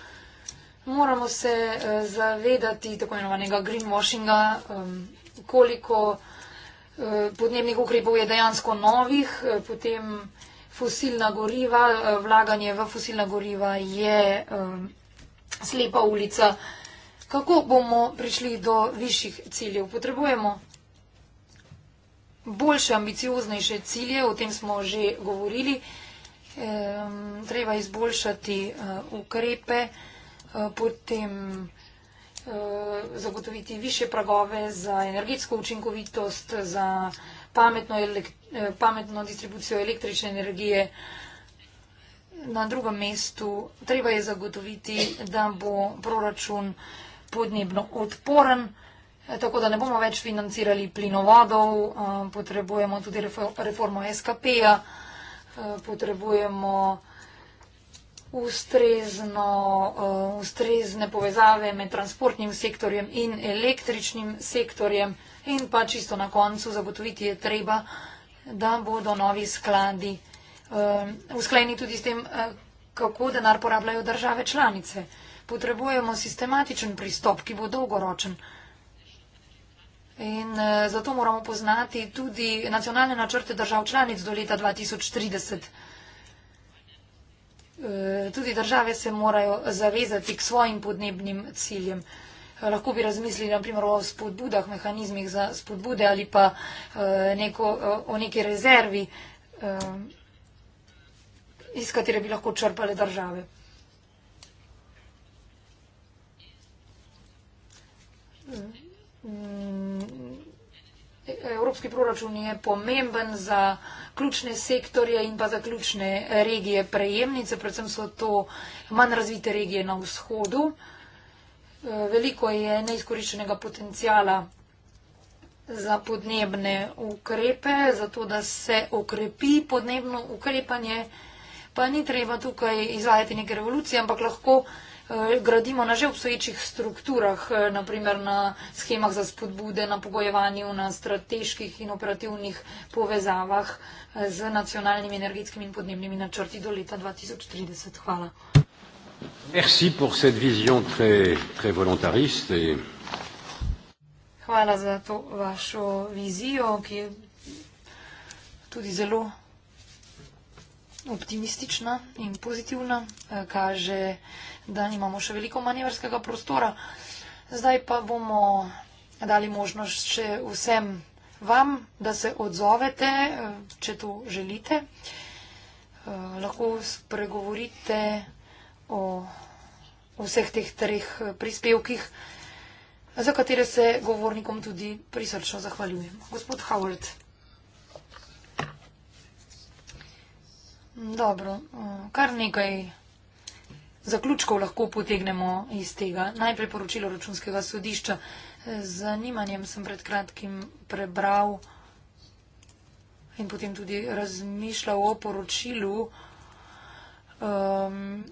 C: moramo se uh, zavedati tako imenovanega greenwashinga, um, koliko uh, podnebnih ukrepov je dejansko novih, uh, potem fosilna goriva, uh, vlaganje v fosilna goriva je um, slepa ulica. Kako bomo prišli do višjih ciljev? Potrebujemo boljše, ambicioznejše cilje, o tem smo že govorili. Um, treba izboljšati uh, ukrepe. Uh, Eh, potem eh, zagotoviti više pragove za energetsko učinkovitost, za pametno, eh, pametno distribucijo električne energije. Na drugem mestu treba je zagotoviti, da bo proračun podnebno odporen, tako da ne bomo več financirali plinovodov, potrebujemo tudi reformo SKP-ja, potrebujemo ustrezno, uh, ustrezne povezave med transportnim sektorjem in električnim sektorjem in pa čisto na koncu zagotoviti je treba, da bodo novi skladi uh, eh, uskleni tudi s tem, uh, kako denar porabljajo države članice. Potrebujemo sistematičen pristop, ki bo dolgoročen. In zato moramo poznati tudi nacionalne načrte držav članic do leta 2030. Eh, tudi države se morajo zavezati k svojim podnebnim ciljem. Eh, lahko bi razmislili naprimer o spodbudah, mehanizmih za spodbude ali pa eh, neko, o neki rezervi, iz katere bi lahko črpale države. Mm evropski proračun je pomemben za ključne sektorje in pa za ključne regije prejemnice, predvsem so to manj razvite regije na vzhodu. E, veliko je neizkoriščenega potencijala za podnebne ukrepe, zato da se okrepi podnebno ukrepanje, pa ni treba tukaj izvajati neke revolucije, ampak lahko Eh, gradimo na že obstoječih strukturah, eh, naprimer na schemah za spodbude, na pogojevanju, na strateških in operativnih povezavah eh, z nacionalnimi energetskimi in podnebnimi načrti do leta 2030. Hvala.
A: Merci pour cette vision très, très volontariste.
B: Et...
C: Hvala za to vašo vizijo, ki je tudi zelo optimistična in pozitivna, kaže da imamo še veliko manevrskega prostora. Zdaj pa bomo dali možnost še vsem vam, da se odzovete, eh, če to želite. Eh, lahko spregovorite o vseh teh treh eh, prispevkih, za katere se govornikom tudi prisrčno zahvaljujem. Gospod Howard. Dobro, kar nekaj zaključkov lahko potegnemo iz tega. Najprej poročilo računskega sodišča. Z zanimanjem sem pred kratkim prebral in potem tudi razmišljal o poročilu, um,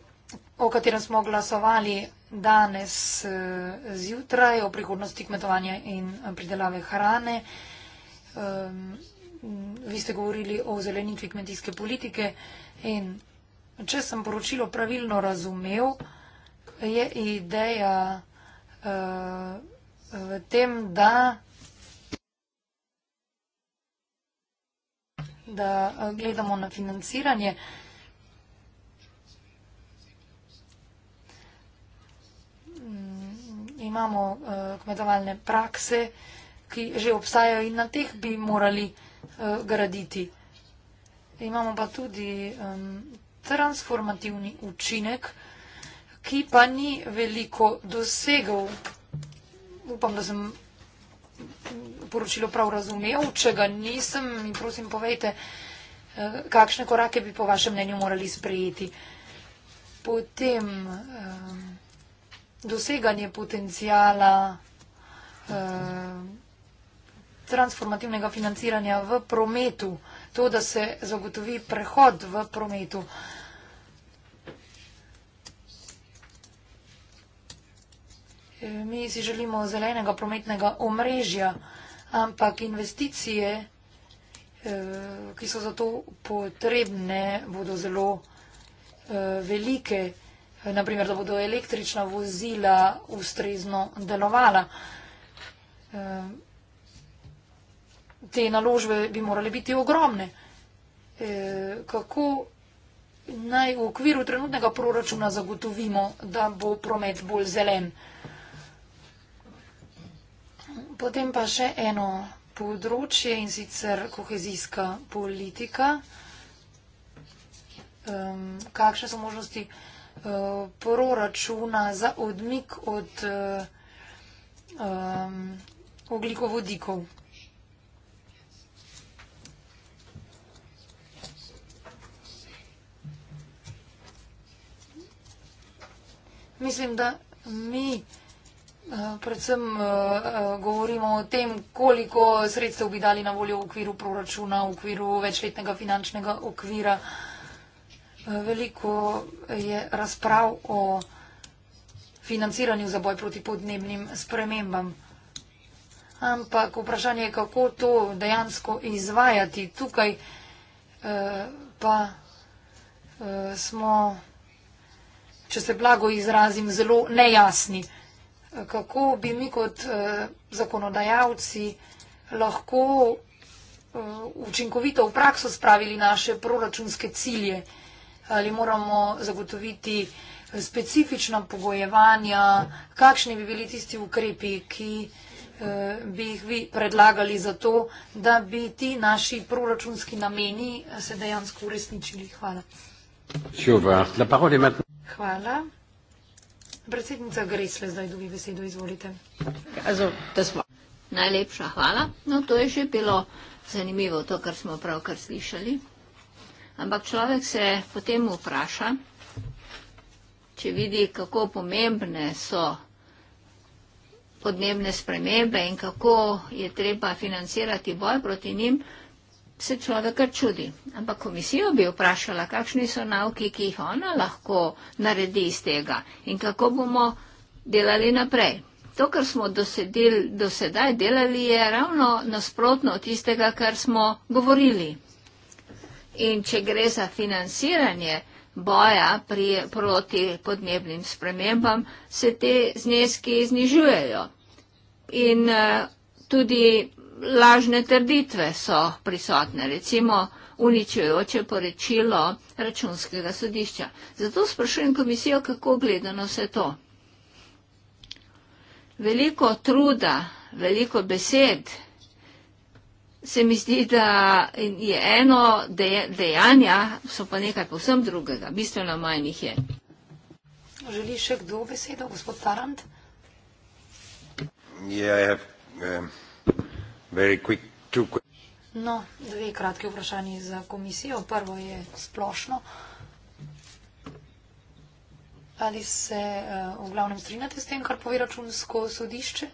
C: o katerem smo glasovali danes eh, zjutraj, o prihodnosti kmetovanja in eh, pridelave hrane. Um, vi ste govorili o zelenitvi kmetijske politike in Če sem poročilo pravilno razumel, je ideja uh, v tem, da, da eh, gledamo na financiranje. Mm, imamo uh, kmetovalne prakse, ki že obstajajo in na teh bi morali uh, graditi. Imamo pa tudi. Um, transformativni učinek, ki pa ni veliko dosegel. Upam, da sem poročilo prav razumel. Če ga nisem, mi prosim povejte, eh, kakšne korake bi po vašem mnenju morali sprejeti. Potem eh, doseganje potencijala eh, transformativnega financiranja v prometu, to, da se zagotovi prehod v prometu. Mi si želimo zelenega prometnega omrežja, ampak investicije, eh, ki so za to potrebne, bodo zelo eh, velike. Naprimer, da bodo električna vozila ustrezno delovala. Eh, te naložbe bi morale biti ogromne. Kako naj v okviru trenutnega proračuna zagotovimo, da bo promet bolj zelen? potem pa še eno področje in sicer kohezijska politika. Um, kakšne so možnosti uh, proračuna za odmik od uh, um, oglikovodikov? Mislim, da mi Predvsem eh, eh, govorimo o tem, koliko sredstev bi dali na voljo v okviru proračuna, v okviru večletnega finančnega okvira. Eh, veliko je razprav o financiranju za boj proti podnebnim spremembam. Ampak vprašanje je, kako to dejansko izvajati. Tukaj pa smo, če se blago izrazim, zelo nejasni kako bi mi kot eh, zakonodajalci lahko eh, učinkovito v prakso spravili naše proračunske cilje. Ali moramo zagotoviti eh, specifična pogojevanja, kakšni bi bili tisti ukrepi, ki bi jih vi predlagali za to, da bi ti naši proračunski nameni se dejansko uresničili. Hvala. Hvala. Predsednica Gresle zdaj dobi besedo, izvolite.
A: Najlepša hvala. No, to je že bilo zanimivo, to, kar smo pravkar slišali. Ampak človek se potem vpraša, če vidi, kako pomembne so podnebne spremembe in kako je treba financirati boj proti njim se človek kar čudi. Ampak komisijo bi vprašala, kakšni so navki, ki jih ona lahko naredi iz tega in kako bomo delali naprej. To, kar smo do sedaj delali, je ravno nasprotno od tistega, kar smo govorili. In če gre za financiranje boja pri, proti podnebnim spremembam, se te zneski znižujejo. In uh, tudi lažne trditve so prisotne, recimo uničujoče poročilo računskega sodišča. Zato sprašujem komisijo, kako gledano vse to. Veliko truda, veliko besed se mi zdi, da je eno dejanja, so pa nekaj povsem drugega, bistveno manj jih je.
C: Želi še kdo besedo, gospod Tarant?
B: Je, je, um,
C: No, dve kratki vprašanji za komisijo. Prvo je splošno. Ali se uh, v glavnem strinjate s tem, kar pove računsko sodišče?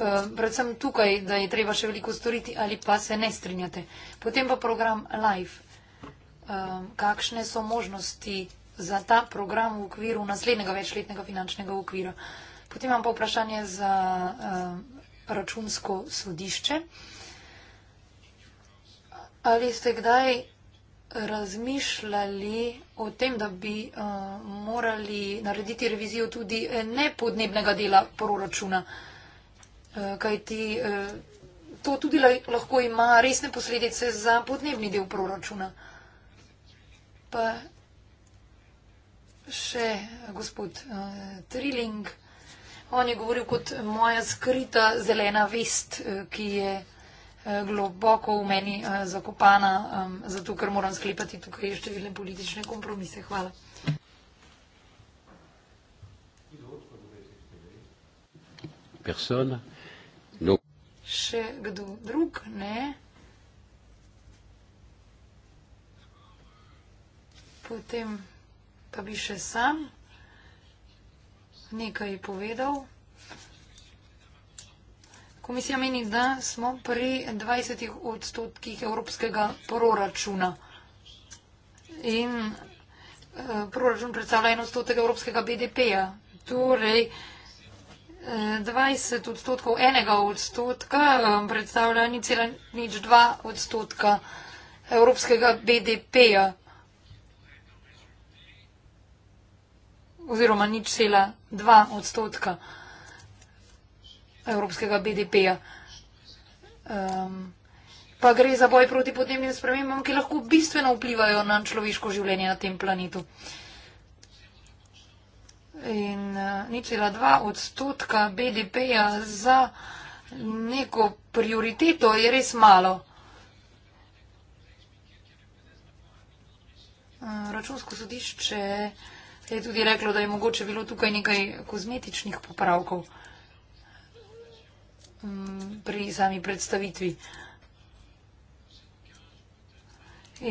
C: Uh, predvsem tukaj, da je treba še veliko storiti ali pa se ne strinjate. Potem pa program LIFE. Uh, kakšne so možnosti za ta program v okviru naslednjega večletnega finančnega okvira? Potem imam pa vprašanje za uh, računsko sodišče. Ali ste kdaj razmišljali o tem, da bi uh, morali narediti revizijo tudi eh, nepodnebnega dela proračuna? Uh, kajti uh, to tudi lahko ima resne posledice za podnebni del proračuna. Pa še gospod uh, Triling. On je govoril kot moja skrita zelena vest, eh, ki je eh, globoko v meni eh, zakopana, zato ker moram sklepati tukaj številne politične kompromise. Hvala. No. Še kdo drug? Ne. Potem pa bi še sam nekaj povedal. Komisija meni, da smo pri 20 odstotkih evropskega proračuna. In eh, proračun predstavlja en odstotek evropskega BDP-ja. Torej, 20 eh, odstotkov enega odstotka eh, predstavlja nič dva odstotka evropskega BDP-ja. oziroma nič cela dva odstotka evropskega BDP-ja. Um, pa gre za boj proti podnebnim spremembam, ki lahko bistveno vplivajo na človeško življenje na tem planetu. In uh, nič cela dva odstotka BDP-ja za neko prioriteto je res malo. Eh, računsko sodišče Te je tudi reklo, da je mogoče bilo tukaj nekaj kozmetičnih popravkov mm, pri sami predstavitvi.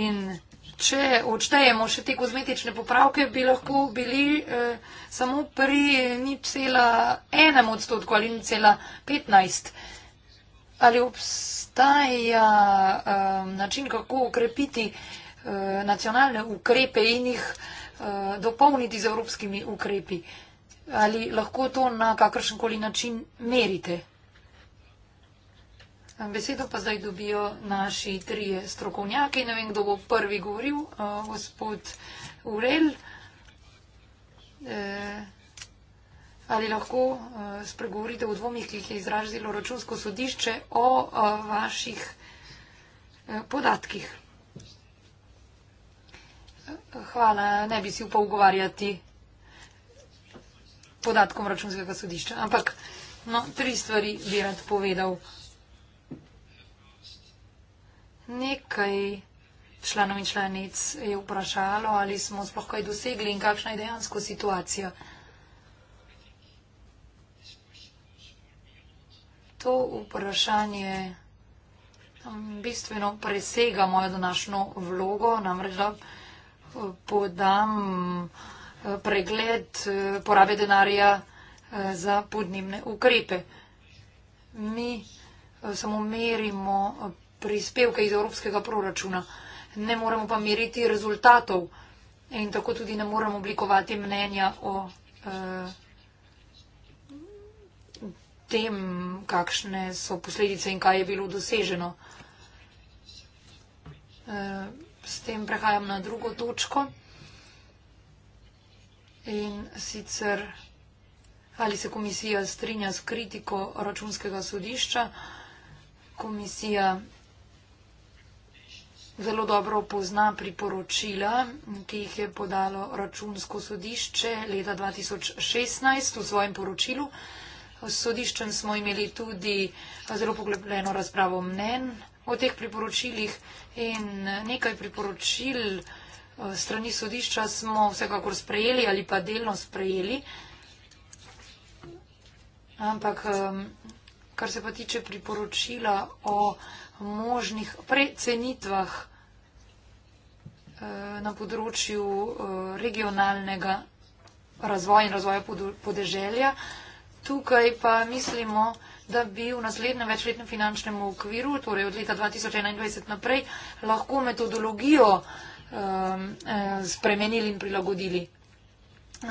C: In če odštejemo še te kozmetične popravke, bi lahko bili eh, samo pri nič cela enem odstotku ali nič cela petnajst. Ali obstaja eh, način, kako ukrepiti eh, nacionalne ukrepe in jih eh, Eh, dopolniti z evropskimi ukrepi. Ali lahko to na kakršen koli način merite? Besedo pa zdaj dobijo naši trije strokovnjaki. Ne vem, kdo bo prvi govoril. Eh, gospod Urel, eh, ali lahko spregovorite o dvomih, ki jih je izrazilo računsko sodišče o vaših podatkih? Hvala, ne bi si upal ugovarjati podatkom računskega sodišča. Ampak, no, tri stvari bi rad povedal. Nekaj članov in članic je vprašalo, ali smo sploh kaj dosegli in kakšna je dejansko situacija. To vprašanje bistveno presega mojo današnjo vlogo, namreč da podam eh, pregled eh, porabe denarja eh, za podnebne ukrepe. Mi samo merimo prispevke iz evropskega proračuna, ne moremo pa meriti rezultatov in tako tudi ne moremo oblikovati mnenja o tem, kakšne so posledice in kaj je bilo doseženo. S tem prehajam na drugo točko. In sicer, ali se komisija strinja s kritiko računskega sodišča. Komisija zelo dobro pozna priporočila, ki jih je podalo računsko sodišče leta 2016 v svojem poročilu. S sodiščem smo imeli tudi zelo poglobljeno razpravo mnen o teh priporočilih in nekaj priporočil eh, strani sodišča smo vsekakor sprejeli ali pa delno sprejeli. Ampak kar se pa tiče priporočila o možnih precenitvah eh, na področju eh, regionalnega razvoja in razvoja podeželja, tukaj pa mislimo, da da bi v naslednjem večletnem finančnem okviru, torej od leta 2021 naprej, lahko metodologijo um, eh, spremenili in prilagodili.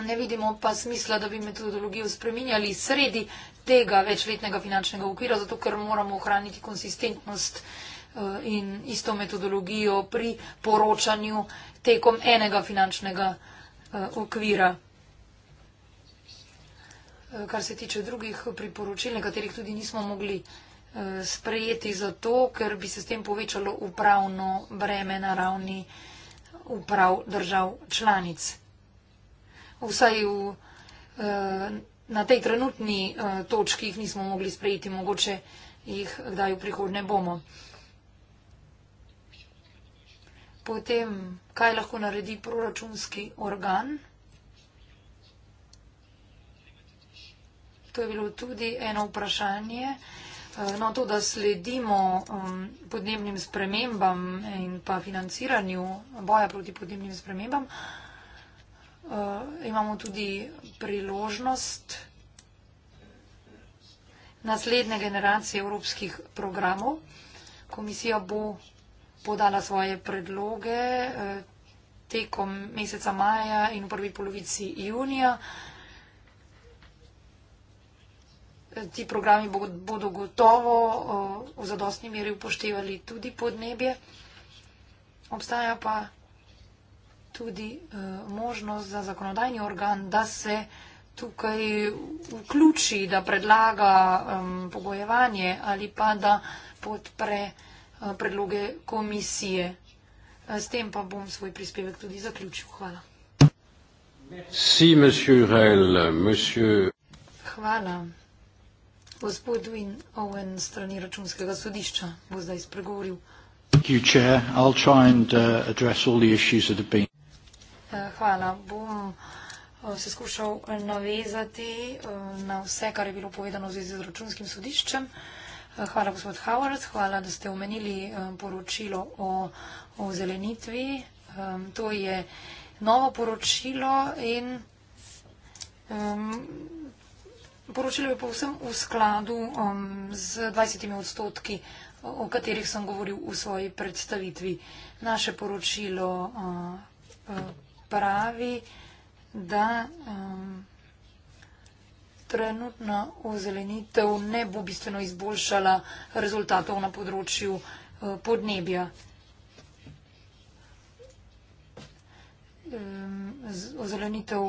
C: Ne vidimo pa smisla, da bi metodologijo spremenjali sredi tega večletnega finančnega okvira, zato ker moramo ohraniti konsistentnost eh, in isto metodologijo pri poročanju tekom enega finančnega eh, okvira. Eh, kar se tiče drugih priporočil, nekaterih tudi nismo mogli eh, sprejeti zato, ker bi se s tem povečalo upravno breme na ravni uprav držav članic. Vsaj v, eh, na tej trenutni točki jih nismo mogli sprejeti, mogoče jih kdaj v prihodnje bomo. Potem, kaj lahko naredi proračunski organ? To je bilo tudi eno vprašanje. Eh, no, to, da sledimo um, podnebnim spremembam in pa financiranju boja proti podnebnim spremembam, eh, imamo tudi priložnost naslednje generacije evropskih programov. Komisija bo podala svoje predloge eh, tekom meseca maja in v prvi polovici junija. ti programi bodo, bodo gotovo v zadostni meri upoštevali tudi podnebje. Obstaja pa tudi e, možnost za zakonodajni organ, da se tukaj vključi, da predlaga pogojevanje ali pa da podpre e, predloge komisije. E, s tem pa bom svoj prispevek tudi zaključil. Hvala.
A: Merci, monsieur Rel, monsieur...
C: Hvala. Gospod Win Owen strani računskega sodišča bo zdaj spregovoril.
A: Uh, eh,
C: hvala. Bom eh, se skušal navezati eh, na vse, kar je bilo povedano v zvezi z računskim sodiščem. Hvala, gospod Howard. Hvala, da ste omenili poročilo o, o zelenitvi. To je novo poročilo in um, Poročilo je povsem v skladu um, z 20 odstotki, o katerih sem govoril v svoji predstavitvi. Naše poročilo uh, uh, pravi, da um, trenutna ozelenitev ne bo bistveno izboljšala rezultatov na področju uh, podnebja. Um, ozelenitev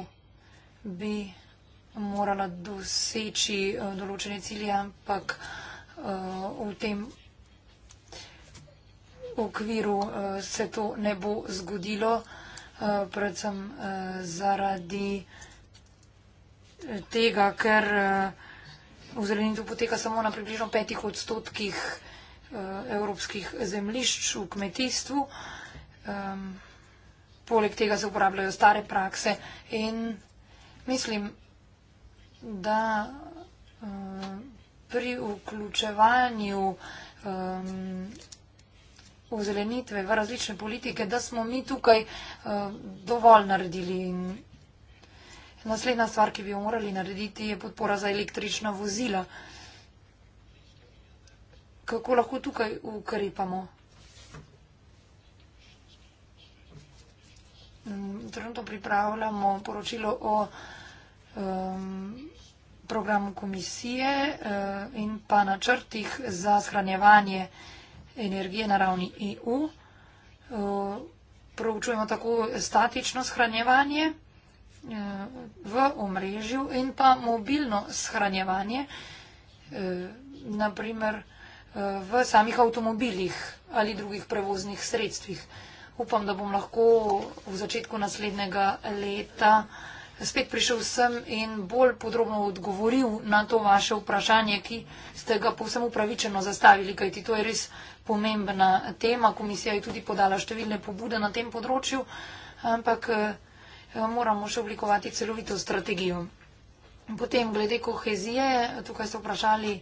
C: bi morala doseči eh, določene cilje, ampak eh, v tem okviru eh, se to ne bo zgodilo, predvsem zaradi tega, ker v zelenitu poteka samo na približno petih odstotkih evropskih zemlišč v kmetijstvu. Ehm, poleg tega se uporabljajo stare prakse in mislim, da eh, pri vključevanju ozelenitve v različne politike, da smo mi tukaj eh, dovolj naredili. Naslednja stvar, ki bi jo morali narediti, je podpora za električna vozila. Kako lahko tukaj ukrepamo? Trenutno pripravljamo poročilo o vzeljenju, Um, program komisije uh, in pa načrtih za shranjevanje energije na ravni EU. Uh, proučujemo tako statično shranjevanje uh, v omrežju in pa mobilno shranjevanje, naprimer v samih avtomobilih ali drugih prevoznih sredstvih. Upam, da bom lahko v začetku naslednjega leta vsega spet prišel sem in bolj podrobno odgovoril na to vaše vprašanje, ki ste ga povsem upravičeno zastavili, kajti to je res pomembna tema. Komisija je tudi podala številne pobude na tem področju, ampak eh, moramo še oblikovati celovito strategijo. Potem glede kohezije, tukaj ste vprašali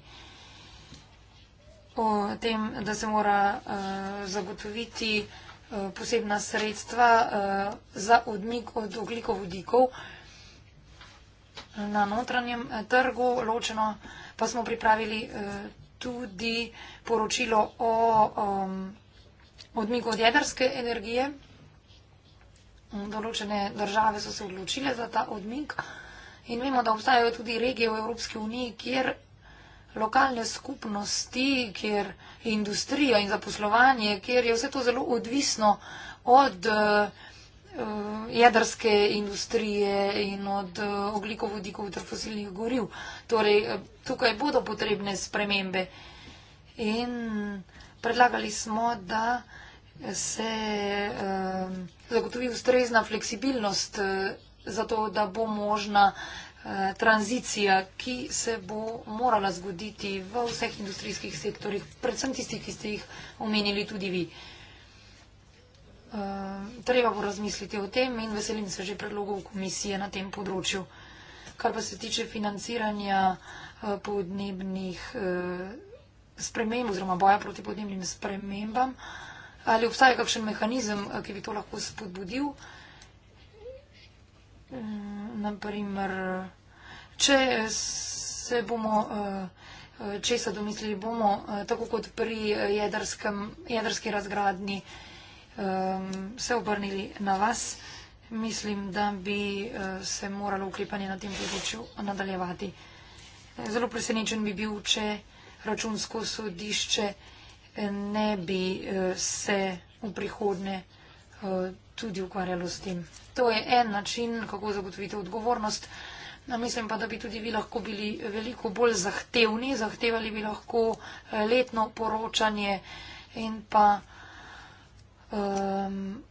C: o tem, da se mora eh, zagotoviti eh, posebna sredstva za odmik od oglikovodikov na notranjem eh, trgu ločeno, pa smo pripravili eh, tudi poročilo o um, odmiku od jedrske energije. Določene države so se odločile za ta odmik in vemo, da obstajajo tudi regije v Evropski uniji, kjer lokalne skupnosti, kjer industrija in zaposlovanje, kjer je vse to zelo odvisno od odmika eh, Eh, jedrske industrije in od eh, oglikovodikov ter fosilnih goriv. Torej, eh, tukaj bodo potrebne spremembe. In predlagali smo, da se zagotovi ustrezna fleksibilnost, zato da bo možna tranzicija, ki se bo morala zgoditi v vseh industrijskih sektorjih, predvsem tistih, ki ste jih omenili tudi vi. Eh, treba bo razmisliti o tem in veselim se že predlogov komisije na tem področju. Kar pa se tiče financiranja eh, podnebnih eh, sprememb oziroma boja proti podnebnim spremembam, ali obstaja kakšen mehanizem, ki bi to lahko spodbudil? Mm, Naprimer, če se bomo česa domislili, bomo tako kot pri jedrskem, jedrski razgradni um, se obrnili na vas. Mislim, da bi uh, se moralo ukrepanje na tem področju nadaljevati. Zelo presenečen bi bil, če računsko sodišče eh, ne bi uh, se v prihodne uh, tudi ukvarjalo s tem. To je en način, kako zagotoviti odgovornost. No, mislim pa, da bi tudi vi lahko bili veliko bolj zahtevni, zahtevali bi lahko letno poročanje in pa um,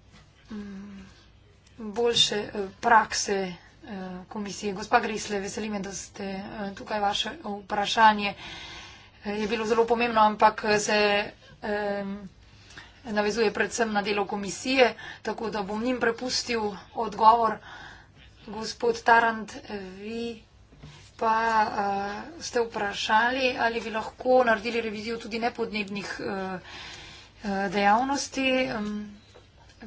C: boljše eh, prakse eh, komisije. Gospa Grisle, veseli me, da ste eh, tukaj. Vaše vprašanje je bilo zelo pomembno, ampak se um, navezuje predvsem na delo komisije, tako da bom njim prepustil odgovor. Gospod Tarant, vi. Pa uh, ste vprašali, ali bi lahko naredili revizijo tudi nepodnebnih uh, Eh, dejavnosti.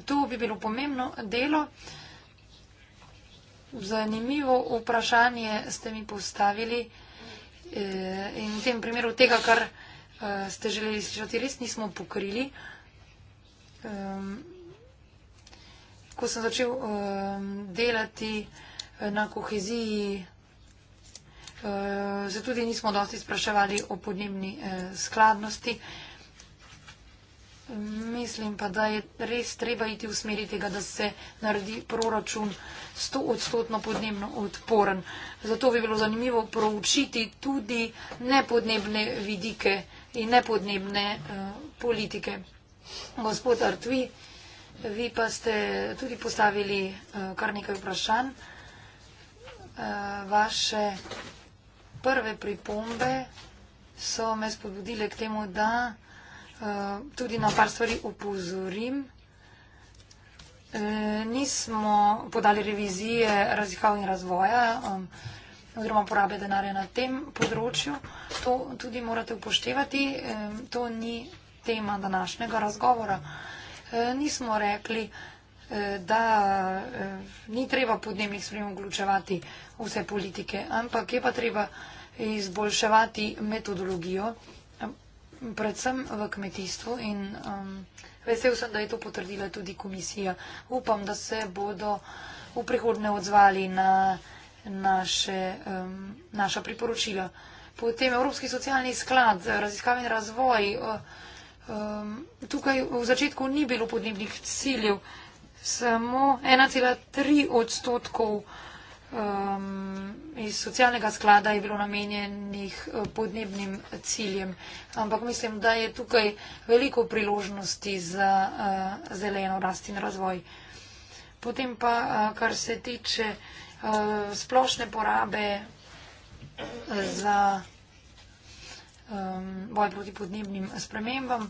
C: Tu bi bilo pomembno delo. Zanimivo vprašanje ste mi postavili eh, in v tem primeru tega, kar eh, ste želeli slišati, res nismo pokrili. Ko sem začel delati na koheziji, se tudi nismo dosti spraševali o podnebni skladnosti. Mislim pa, da je res treba iti v smeri tega, da se naredi proračun 100 odstotno podnebno odporen. Zato bi bilo zanimivo proučiti tudi nepodnebne vidike in nepodnebne uh, politike. Gospod Artvi, vi pa ste tudi postavili uh, kar nekaj vprašanj. Uh, vaše prve pripombe so me spodbudile k temu, da. Eh, tudi na par stvari upozorim. Eh, nismo podali revizije raziskav in razvoja oziroma porabe denarja na tem področju. To tudi morate upoštevati. To ni tema današnjega razgovora. Eh, nismo rekli, da ni treba podnebnih sprem vključevati vse politike, ampak je pa treba izboljševati metodologijo predvsem v kmetijstvu in um, vesel sem, da je to potrdila tudi komisija. Upam, da se bodo v prihodne odzvali na naše, um, naša priporočila. Potem Evropski socialni sklad, raziskav in razvoj. Uh, um, tukaj v začetku ni bilo podnebnih ciljev, samo 1,3 odstotkov um, iz socialnega sklada je bilo namenjenih eh, podnebnim ciljem. Ampak mislim, da je tukaj veliko priložnosti za uh, zeleno rast in razvoj. Potem pa, uh, kar se tiče uh, splošne porabe za um, boj proti podnebnim spremembam. Uh,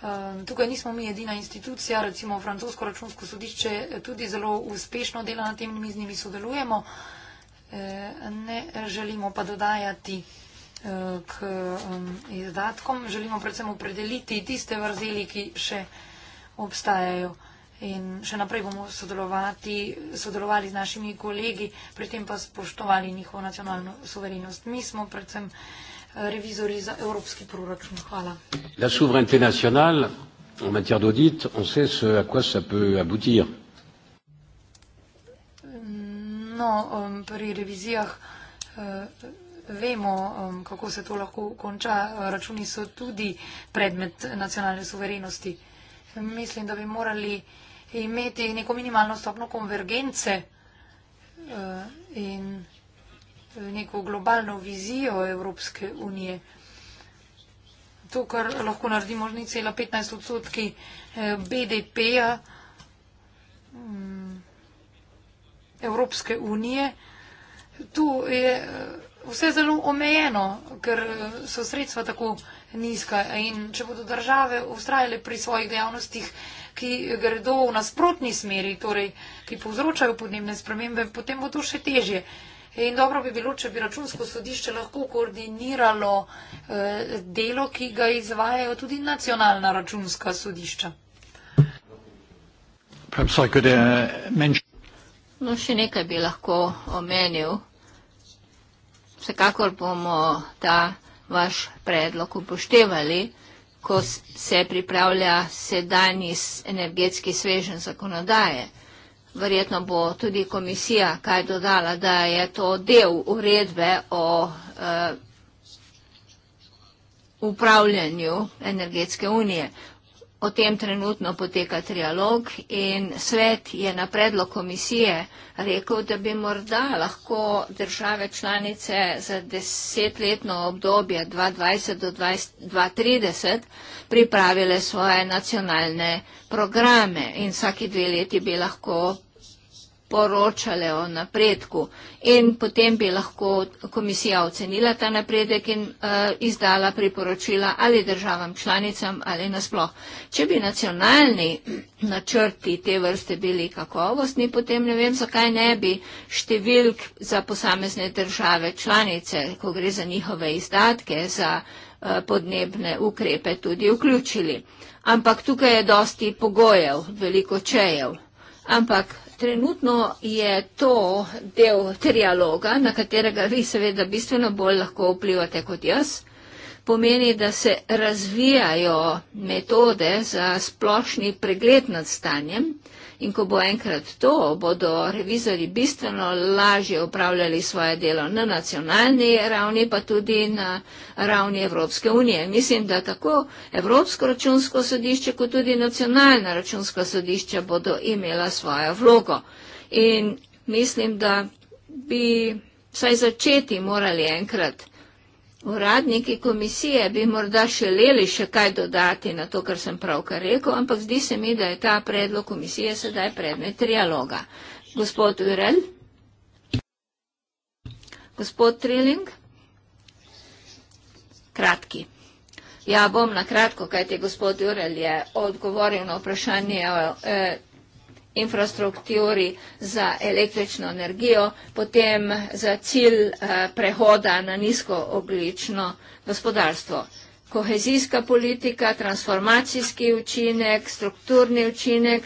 C: Ehm, tukaj nismo mi edina institucija, recimo francosko računsko sodišče tudi zelo uspešno dela na tem in mi z njimi sodelujemo. Ehm, ne želimo pa dodajati ehm, k izdatkom, želimo predvsem opredeliti tiste vrzeli, ki še obstajajo. In še naprej bomo sodelovali z našimi kolegi, pri tem pa spoštovali njihovo nacionalno suverenost. Mi smo predvsem revizorji za evropski proračun. Hvala.
A: La souveraineté nationale en matière d'audit,
B: on sait ce à quoi ça peut aboutir.
C: No, um, pri revizijah uh, vemo, um, kako se to lahko konča. Računi so tudi predmet nacionalne suverenosti. Mislim, da bi morali imeti neko minimalno stopno konvergence uh, in neko globalno vizijo Evropske unije. To, kar lahko naredimo, ni cela 15 odstotki eh, BDP-ja mm, Evropske unije. Tu je eh, vse zelo omejeno, ker eh, so sredstva tako nizka in če bodo države ustrajale pri svojih dejavnostih, ki gredo v nasprotni smeri, torej ki povzročajo podnebne spremembe, potem bo to še težje. In dobro bi bilo, če bi računsko sodišče lahko koordiniralo eh, delo, ki ga izvajajo tudi nacionalna računska sodišča.
A: Eh, no, še nekaj bi lahko omenil. Vsekakor bomo ta vaš predlog upoštevali, ko se pripravlja sedanji energetski svežen zakonodaje verjetno bo tudi komisija kaj dodala, da je to del uredbe o uh, upravljanju energetske unije. O tem trenutno poteka trialog in svet je na predlog komisije rekel, da bi morda lahko države članice za desetletno obdobje 2020 do 2030 pripravile svoje nacionalne programe in vsaki dve leti bi lahko poročale o napredku in potem bi lahko komisija ocenila ta napredek in uh, izdala priporočila ali državam članicam ali nasploh. Če bi nacionalni načrti te vrste bili kakovostni, potem ne vem, zakaj ne bi številk za posamezne države članice, ko gre za njihove izdatke, za uh, podnebne ukrepe tudi vključili. Ampak tukaj je dosti pogojev, veliko čejev. Ampak trenutno je to del trialoga, na katerega vi seveda bistveno bolj lahko vplivate kot jaz. Pomeni, da se razvijajo metode za splošni pregled nad stanjem. In ko bo enkrat to, bodo revizori bistveno lažje upravljali svoje delo na nacionalni ravni, pa tudi na ravni Evropske unije. Mislim, da tako Evropsko računsko sodišče, kot tudi nacionalna računsko sodišče bodo imela svojo vlogo. In mislim, da bi vsaj začeti morali enkrat Uradniki komisije bi morda želeli še kaj dodati na to, kar sem pravkar rekel, ampak zdi se mi, da je ta predlog komisije sedaj predmet trialoga. Gospod Urel? Gospod Triling? Kratki. Ja, bom na kratko, kajti gospod Urel je odgovoril na vprašanje eh, infrastrukturi za električno energijo, potem za cilj eh, prehoda na nizkooglično gospodarstvo. Kohezijska politika, transformacijski učinek, strukturni učinek.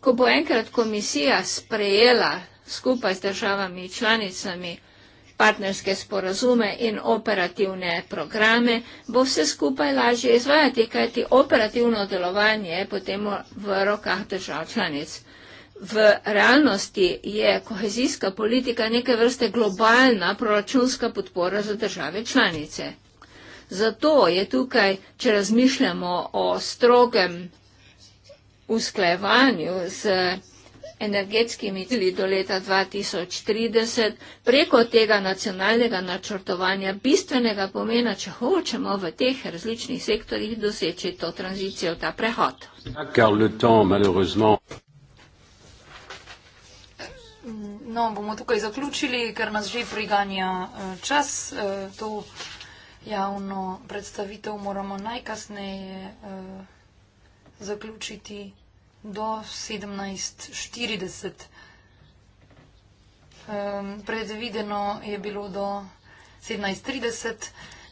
A: Ko bo enkrat komisija sprejela skupaj s državami in članicami partnerske sporazume in operativne programe, bo vse skupaj lažje izvajati, kajti operativno delovanje je potem v rokah držav članic. V realnosti je kohezijska politika neke vrste globalna proračunska podpora za države članice. Zato je tukaj, če razmišljamo o strogem usklajevanju z energetskimi cilji do leta 2030, preko tega nacionalnega načrtovanja bistvenega pomena, če hočemo v teh različnih sektorjih doseči to tranzicijo, ta prehod.
C: No, bomo tukaj zaključili, ker nas že priganja eh, čas. Eh, to javno predstavitev moramo najkasneje eh, zaključiti do 1740. Um, predvideno je bilo do 1730,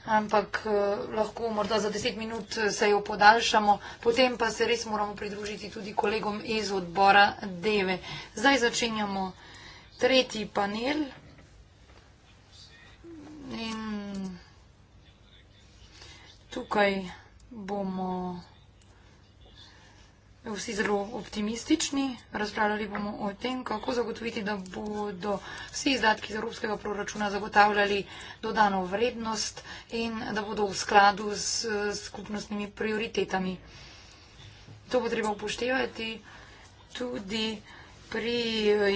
C: ampak uh, lahko morda za 10 minut eh, se jo podaljšamo, potem pa se res moramo pridružiti tudi kolegom iz odbora Deve. Zdaj začenjamo tretji panel. In tukaj bomo vsi zelo optimistični. Razpravljali bomo o tem, kako zagotoviti, da bodo vsi izdatki iz evropskega proračuna zagotavljali dodano vrednost in da bodo v skladu s skupnostnimi prioritetami. To bo treba upoštevati tudi pri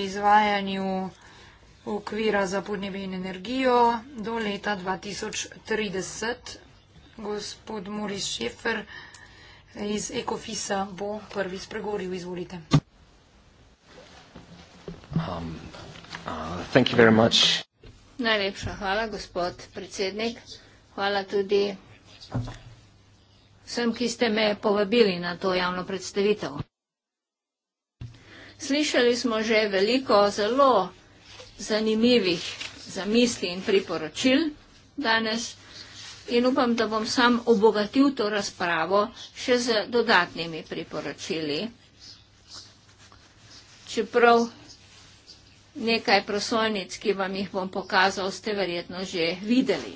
C: izvajanju okvira za podnebje in energijo do leta 2030. Gospod Moris Šefer iz Ekofisa bo prvi spregovoril. Izvolite.
B: Um, uh, thank you very much.
A: Najlepša hvala, gospod predsednik. Hvala tudi vsem, ki ste me povabili na to javno predstavitev. Slišali smo že veliko zelo zanimivih zamisli in priporočil danes in upam, da bom sam obogatil to razpravo še z dodatnimi priporočili. Čeprav nekaj prosojnic, ki vam jih bom pokazal, ste verjetno že videli.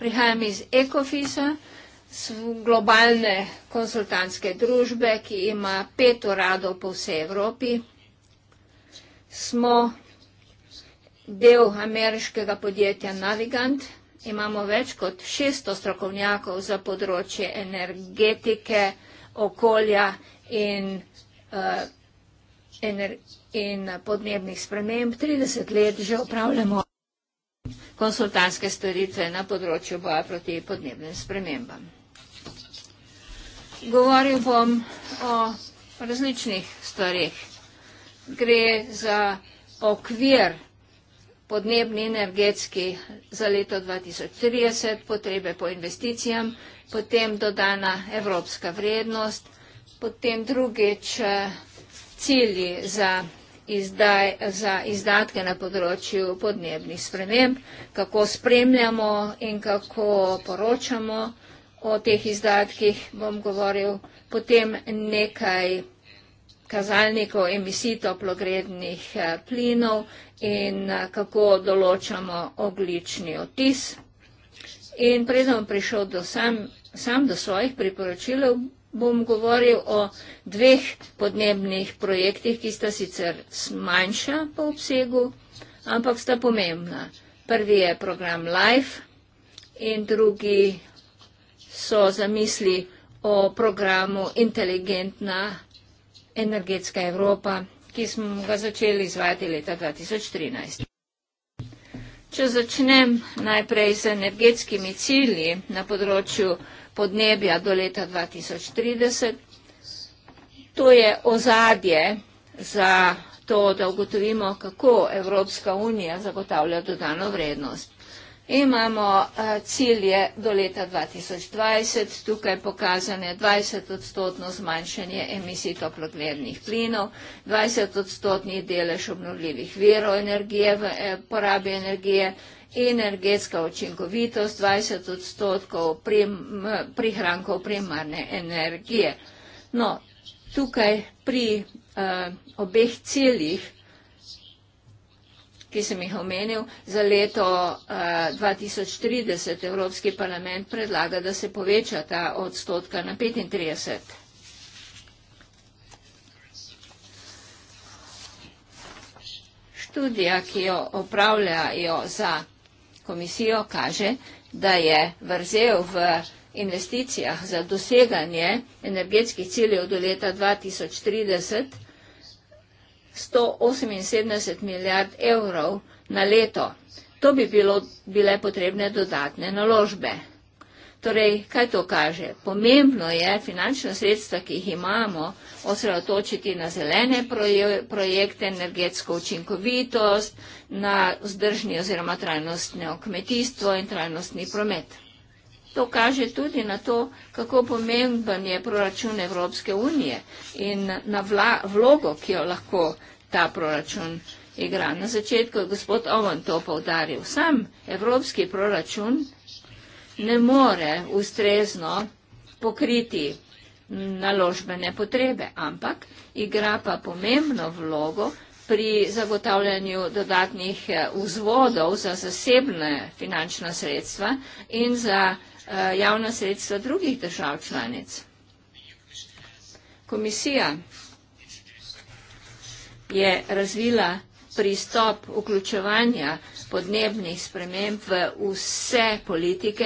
A: Prihajam iz Ecofisa, globalne konsultantske družbe, ki ima pet uradov po vsej Evropi. Smo del ameriškega podjetja Navigant. Imamo več kot 600 strokovnjakov za področje energetike, okolja in, uh, ener in podnebnih sprememb. 30 let že upravljamo konsultantske storitve na področju boja proti podnebnim spremembam. Govoril bom o različnih stvarih. Gre za okvir podnebni energetski za leto 2030, potrebe po investicijam, potem dodana evropska vrednost, potem drugič eh, cilji za, izdaj, za izdatke na področju podnebnih sprememb, kako spremljamo in kako poročamo o teh izdatkih, bom govoril, potem nekaj kazalnikov emisij toplogrednih eh, plinov in eh, kako določamo oglični otis. In predom prišel do sam, sam do svojih priporočil, bom govoril o dveh podnebnih projektih, ki sta sicer manjša po obsegu, ampak sta pomembna. Prvi je program LIFE in drugi so zamisli o programu Inteligentna energetska Evropa, ki smo ga začeli izvajati leta 2013. Če začnem najprej z energetskimi cilji na področju podnebja do leta 2030, to je ozadje za to, da ugotovimo, kako Evropska unija zagotavlja dodano vrednost. Imamo eh, cilje do leta 2020, tukaj pokazane 20 odstotno zmanjšanje emisij toplogrednih plinov, 20 odstotni delež obnovljivih verov energije, eh, porabe energije, energetska očinkovitost, 20 odstotkov prim, prihrankov primarne energije. No, tukaj pri uh, obeh ciljih ki sem jih omenil, za leto uh, eh, 2030 Evropski parlament predlaga, da se poveča ta odstotka na 35. Študija, ki jo opravljajo za komisijo, kaže, da je vrzel v investicijah za doseganje energetskih ciljev do leta 2030 178 milijard evrov na leto. To bi bilo, bile potrebne dodatne naložbe. Torej, kaj to kaže? Pomembno je finančna sredstva, ki jih imamo, osredotočiti na zelene projekte, energetsko učinkovitost, na vzdržni oziroma trajnostno kmetijstvo in trajnostni promet. To kaže tudi na to, kako pomemben je proračun Evropske unije in na vla, vlogo, ki jo lahko ta proračun igra. Na začetku je gospod Ovan to povdaril. Sam Evropski proračun ne more ustrezno pokriti naložbene potrebe, ampak igra pa pomembno vlogo pri zagotavljanju dodatnih eh, vzvodov za zasebne finančna sredstva in za Eh, javna sredstva drugih držav članic. Komisija je razvila pristop vključevanja podnebnih sprememb v vse politike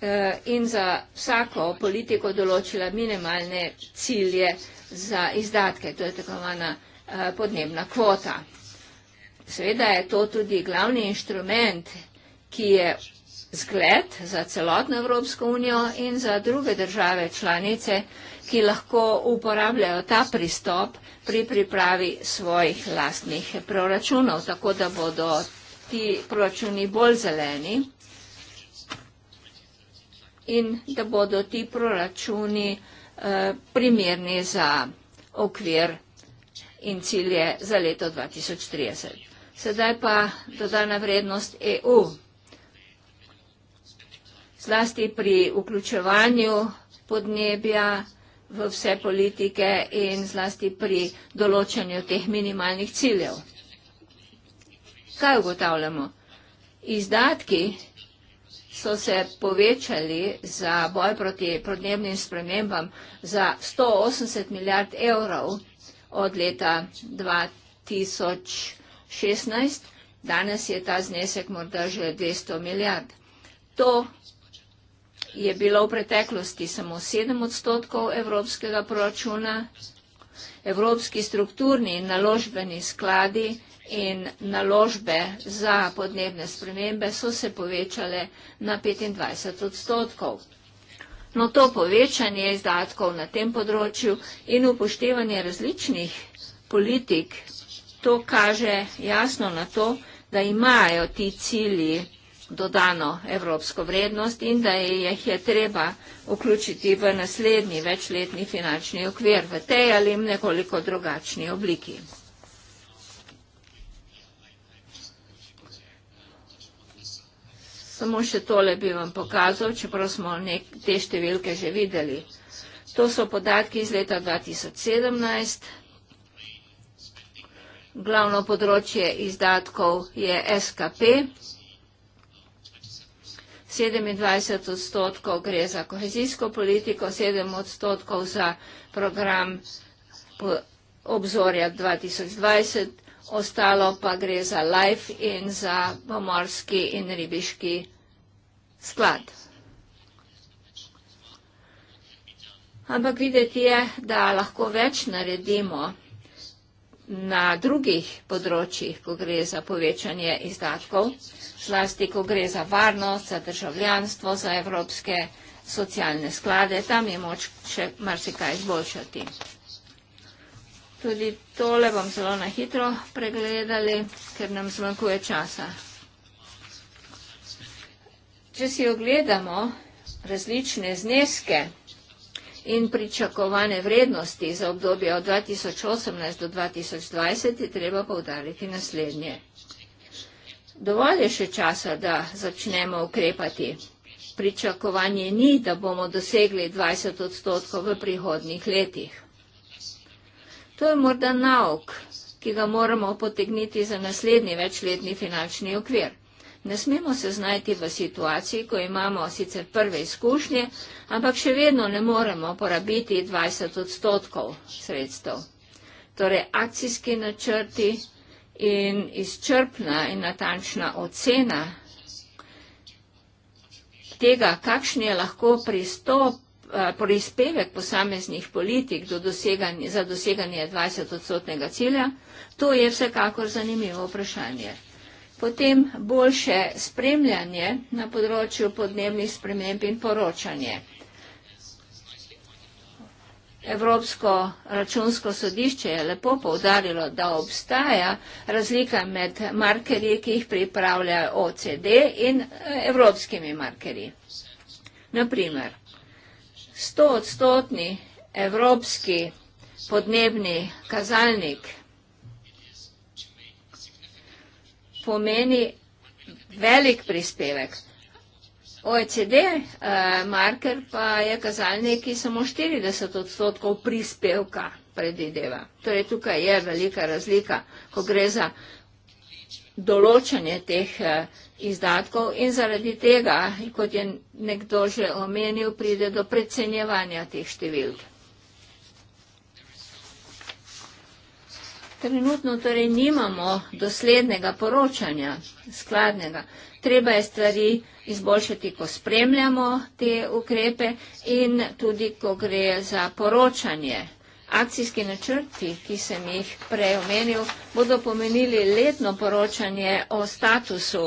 A: eh, in za vsako politiko določila minimalne cilje za izdatke, to je tako vana eh, podnebna kvota. Seveda je to tudi glavni inštrument, ki je zgled za celotno Evropsko unijo in za druge države članice, ki lahko uporabljajo ta pristop pri pripravi svojih lastnih proračunov, tako da bodo ti proračuni bolj zeleni in da bodo ti proračuni eh, primerni za okvir in cilje za leto 2030. Sedaj pa dodana vrednost EU zlasti pri vključevanju podnebja v vse politike in zlasti pri določanju teh minimalnih ciljev. Kaj ugotavljamo? Izdatki so se povečali za boj proti podnebnim spremembam za 180 milijard evrov od leta 2016. Danes je ta znesek morda že 200 milijard. To je bilo v preteklosti samo 7 odstotkov evropskega proračuna, evropski strukturni in naložbeni skladi in naložbe za podnebne spremembe so se povečale na 25 odstotkov. No to povečanje izdatkov na tem področju in upoštevanje različnih politik, to kaže jasno na to, da imajo ti cilji dodano evropsko vrednost in da jih je treba vključiti v naslednji večletni finančni okvir v tej ali nekoliko drugačni obliki. Samo še tole bi vam pokazal, čeprav smo nek, te številke že videli. To so podatki iz leta 2017. Glavno področje izdatkov je SKP. 27 odstotkov gre za kohezijsko politiko, 7 odstotkov za program obzorja 2020, ostalo pa gre za LIFE in za pomorski in ribiški sklad. Ampak videti je, da lahko več naredimo na drugih področjih, ko gre za povečanje izdatkov zlasti ko gre za varnost, za državljanstvo, za evropske socialne sklade, tam je moč še marsikaj izboljšati. Tudi tole bom zelo na hitro pregledali, ker nam zmanjkuje časa. Če si ogledamo različne zneske in pričakovane vrednosti za obdobje od 2018 do 2020, je treba povdariti naslednje. Dovolj je še časa, da začnemo ukrepati. Pričakovanje ni, da bomo dosegli 20 odstotkov v prihodnih letih. To je morda nauk, ki ga moramo potegniti za naslednji večletni finančni okvir. Ne smemo se znajti v situaciji, ko imamo sicer prve izkušnje, ampak še vedno ne moremo porabiti 20 odstotkov sredstev. Torej, akcijski načrti in izčrpna in natančna ocena tega, kakšen je lahko pristop, eh, prispevek posameznih politik do doseganje, za doseganje 20-odstotnega cilja, to je vsekakor zanimivo vprašanje. Potem boljše spremljanje na področju podnebnih sprememb in poročanje. Evropsko računsko sodišče je lepo povdarilo, da obstaja razlika med markerji, ki jih pripravlja OCD in eh, evropskimi markerji. Naprimer, 100 odstotni evropski podnebni kazalnik pomeni velik prispevek. OECD eh, marker pa je kazalnik, ki samo 40 odstotkov prispevka predideva. Torej tukaj je velika razlika, ko gre za določanje teh eh, izdatkov in zaradi tega, kot je nekdo že omenil, pride do predcenjevanja teh številk. Trenutno torej nimamo doslednega poročanja, skladnega treba je stvari izboljšati, ko spremljamo te ukrepe in tudi, ko gre za poročanje. Akcijski načrti, ki sem jih preomenil, bodo pomenili letno poročanje o statusu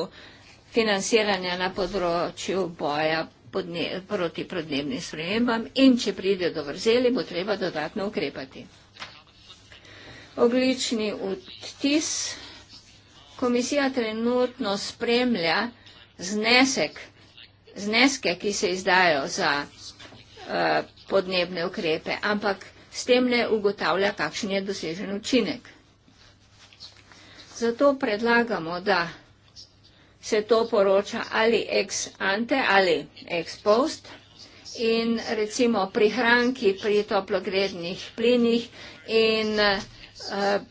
A: financiranja na področju boja podne, proti podnebnim spremembam in če pride do vrzeli, bo treba dodatno ukrepati. Oglični odtis. Komisija trenutno spremlja znesek, zneske, ki se izdajo za uh, podnebne ukrepe, ampak s tem ne ugotavlja, kakšen je dosežen učinek. Zato predlagamo, da se to poroča ali ex ante ali ex post in recimo prihranki pri toplogrednih plinih in uh,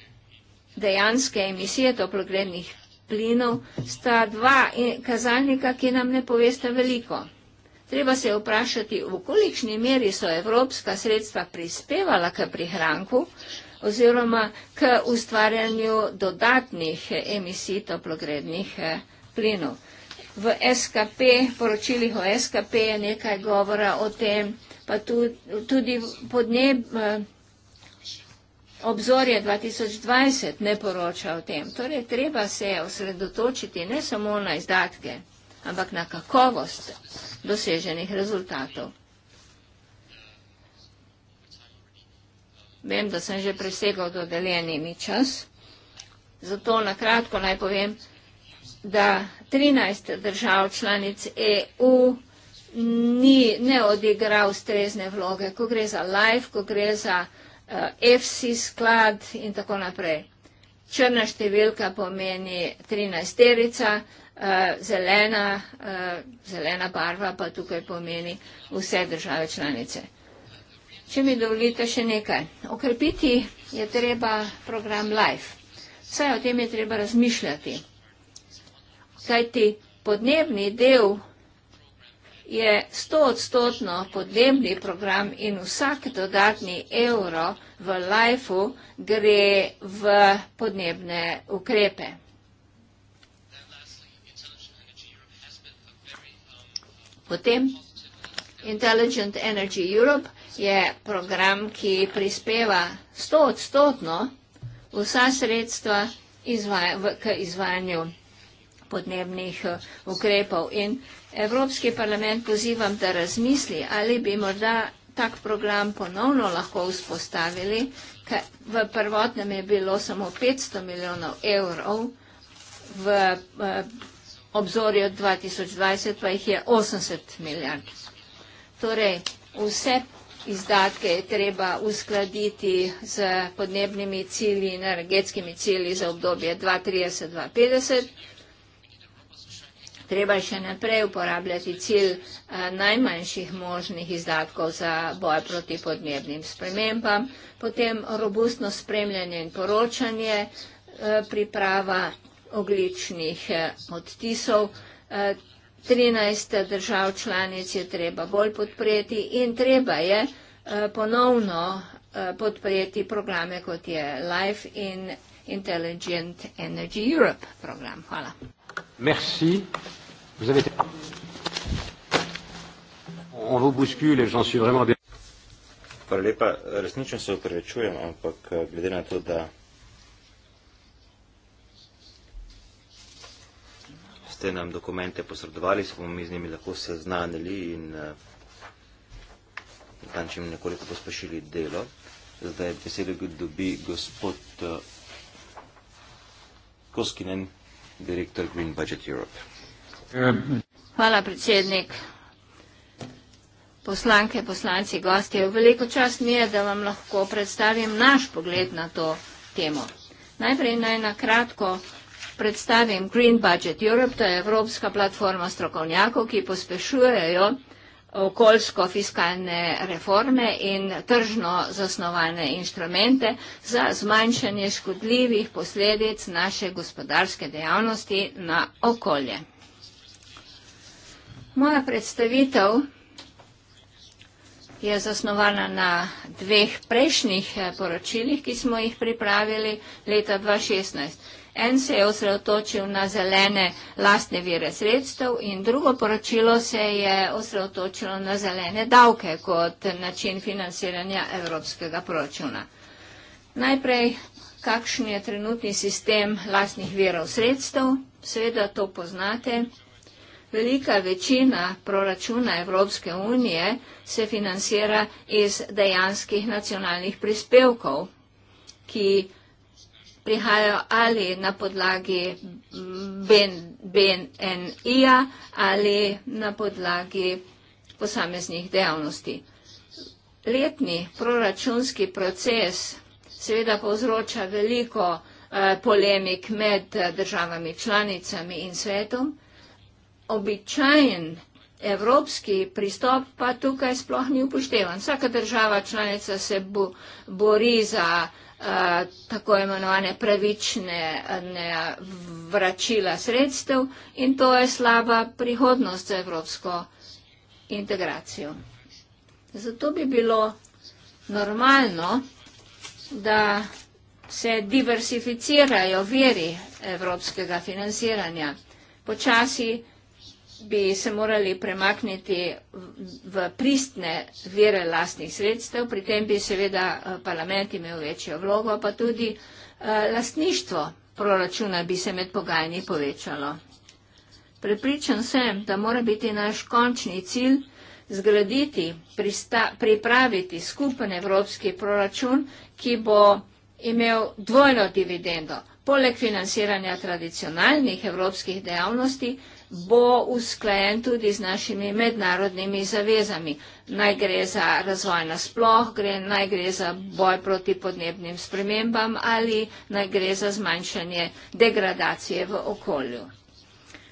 A: dejanske emisije toplogrednih plinov, sta dva e, kazalnika, ki nam ne povesta veliko. Treba se vprašati, v kolikšni meri so evropska sredstva prispevala k prihranku oziroma k ustvarjanju dodatnih emisij toplogrednih e, plinov. V SKP, poročilih o SKP je nekaj govora o tem, pa tudi podnebno obzorje 2020 ne poroča o tem. Torej, treba se osredotočiti ne samo na izdatke, ampak na kakovost doseženih rezultatov. Vem, da sem že presegal dodeljeni mi čas, zato na kratko naj povem, da 13 držav članic EU ni, ne odigra ustrezne vloge, ko gre za live, ko gre za EFSI eh, sklad in tako naprej. Črna številka pomeni 13 terica, eh, zelena, eh, zelena barva pa tukaj pomeni vse države članice. Če mi dovolite še nekaj. Okrepiti je treba program LIFE. Vse o tem je treba razmišljati. Kaj ti podnebni del je stoodstotno podnebni program in vsak dodatni evro v lajfu gre v podnebne ukrepe. Potem, Intelligent Energy Europe je program, ki prispeva stoodstotno vsa sredstva k izvajanju programa podnebnih eh, ukrepov. In Evropski parlament pozivam, da razmisli, ali bi morda tak program ponovno lahko vzpostavili, ker v prvotnem je bilo samo 500 milijonov evrov, v eh, obzorju 2020 pa jih je 80 milijard. Torej, vse izdatke je treba uskladiti z podnebnimi cilji, energetskimi cilji za obdobje 2030-2050, treba še naprej uporabljati cilj eh, najmanjših možnih izdatkov za boj proti podnebnim spremembam, potem robustno spremljanje in poročanje, eh, priprava ogličnih eh, odtisov, 13 držav članic je treba bolj podpreti in treba je ponovno podpreti programe, kot je LIFE in Intelligent Energy Europe program. Hvala.
B: Merci. Vous avez. On vous bouscule et j'en suis vraiment bien. Hvala lepa, resnično se oprečujem, ampak eh, glede na to, da ste nam dokumente posredovali, smo mi z njimi lahko seznanili in na ta način nekoliko pospešili delo. Zdaj besedo dobi gospod eh, Koskinen.
A: Hvala, predsednik. Poslanke, poslanci, gosti, veliko čast mi je, da vam lahko predstavim naš pogled na to temo. Najprej naj na kratko predstavim Green Budget Europe, to je evropska platforma strokovnjakov, ki pospešujejo okoljsko-fiskalne reforme in tržno zasnovane inštrumente za zmanjšanje škodljivih posledic naše gospodarske dejavnosti na okolje. Moja predstavitev je zasnovana na dveh prejšnjih eh, poročilih, ki smo jih pripravili leta 2016. En se je osredotočil na zelene lastne vire sredstev in drugo poročilo se je osredotočilo na zelene davke kot način financiranja evropskega proračuna. Najprej, kakšen je trenutni sistem lastnih virov sredstev? Seveda to poznate. Velika večina proračuna Evropske unije se financira iz dejanskih nacionalnih prispevkov, ki prihajajo ali na podlagi BNI-ja ali na podlagi posameznih dejavnosti. Letni proračunski proces seveda povzroča veliko eh, polemik med eh, državami, članicami in svetom. Običajen evropski pristop pa tukaj sploh ni upoštevan. Vsaka država članica se bo, bori za uh, Eh, tako imenovane pravične vračila sredstev in to je slaba prihodnost za evropsko integracijo. Zato bi bilo normalno, da se diversificirajo veri evropskega financiranja. Počasi bi se morali premakniti v pristne vere lastnih sredstev, pri tem bi seveda eh, parlament imel večjo vlogo, pa tudi eh, lastništvo proračuna bi se med pogajanji povečalo. Prepričan sem, da mora biti naš končni cilj zgraditi, pripraviti skupen evropski proračun, ki bo imel dvojno dividendo, poleg financiranja tradicionalnih evropskih dejavnosti, bo usklajen tudi z našimi mednarodnimi zavezami. Naj gre za razvoj nasploh, naj gre za boj proti podnebnim spremembam ali naj gre za zmanjšanje degradacije v okolju.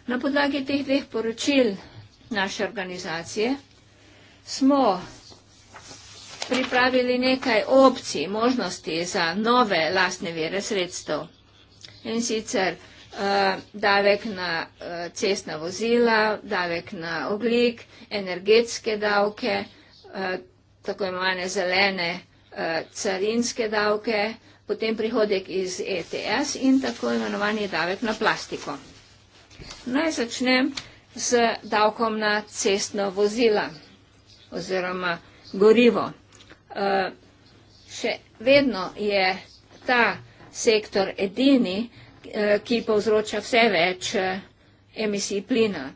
A: Na podlagi teh dveh poročil naše organizacije smo pripravili nekaj opcij, možnosti za nove lastne vere sredstev. In sicer Eh, davek na eh, cestna vozila, davek na oglik, energetske davke, eh, tako imane zelene carinske davke, potem prihodek iz ETS in tako imenovani davek na plastiko. Naj začnem z davkom na cestno vozila oziroma gorivo. Še vedno je ta sektor edini, ki je Eh, ki povzroča vse več eh, emisij plina.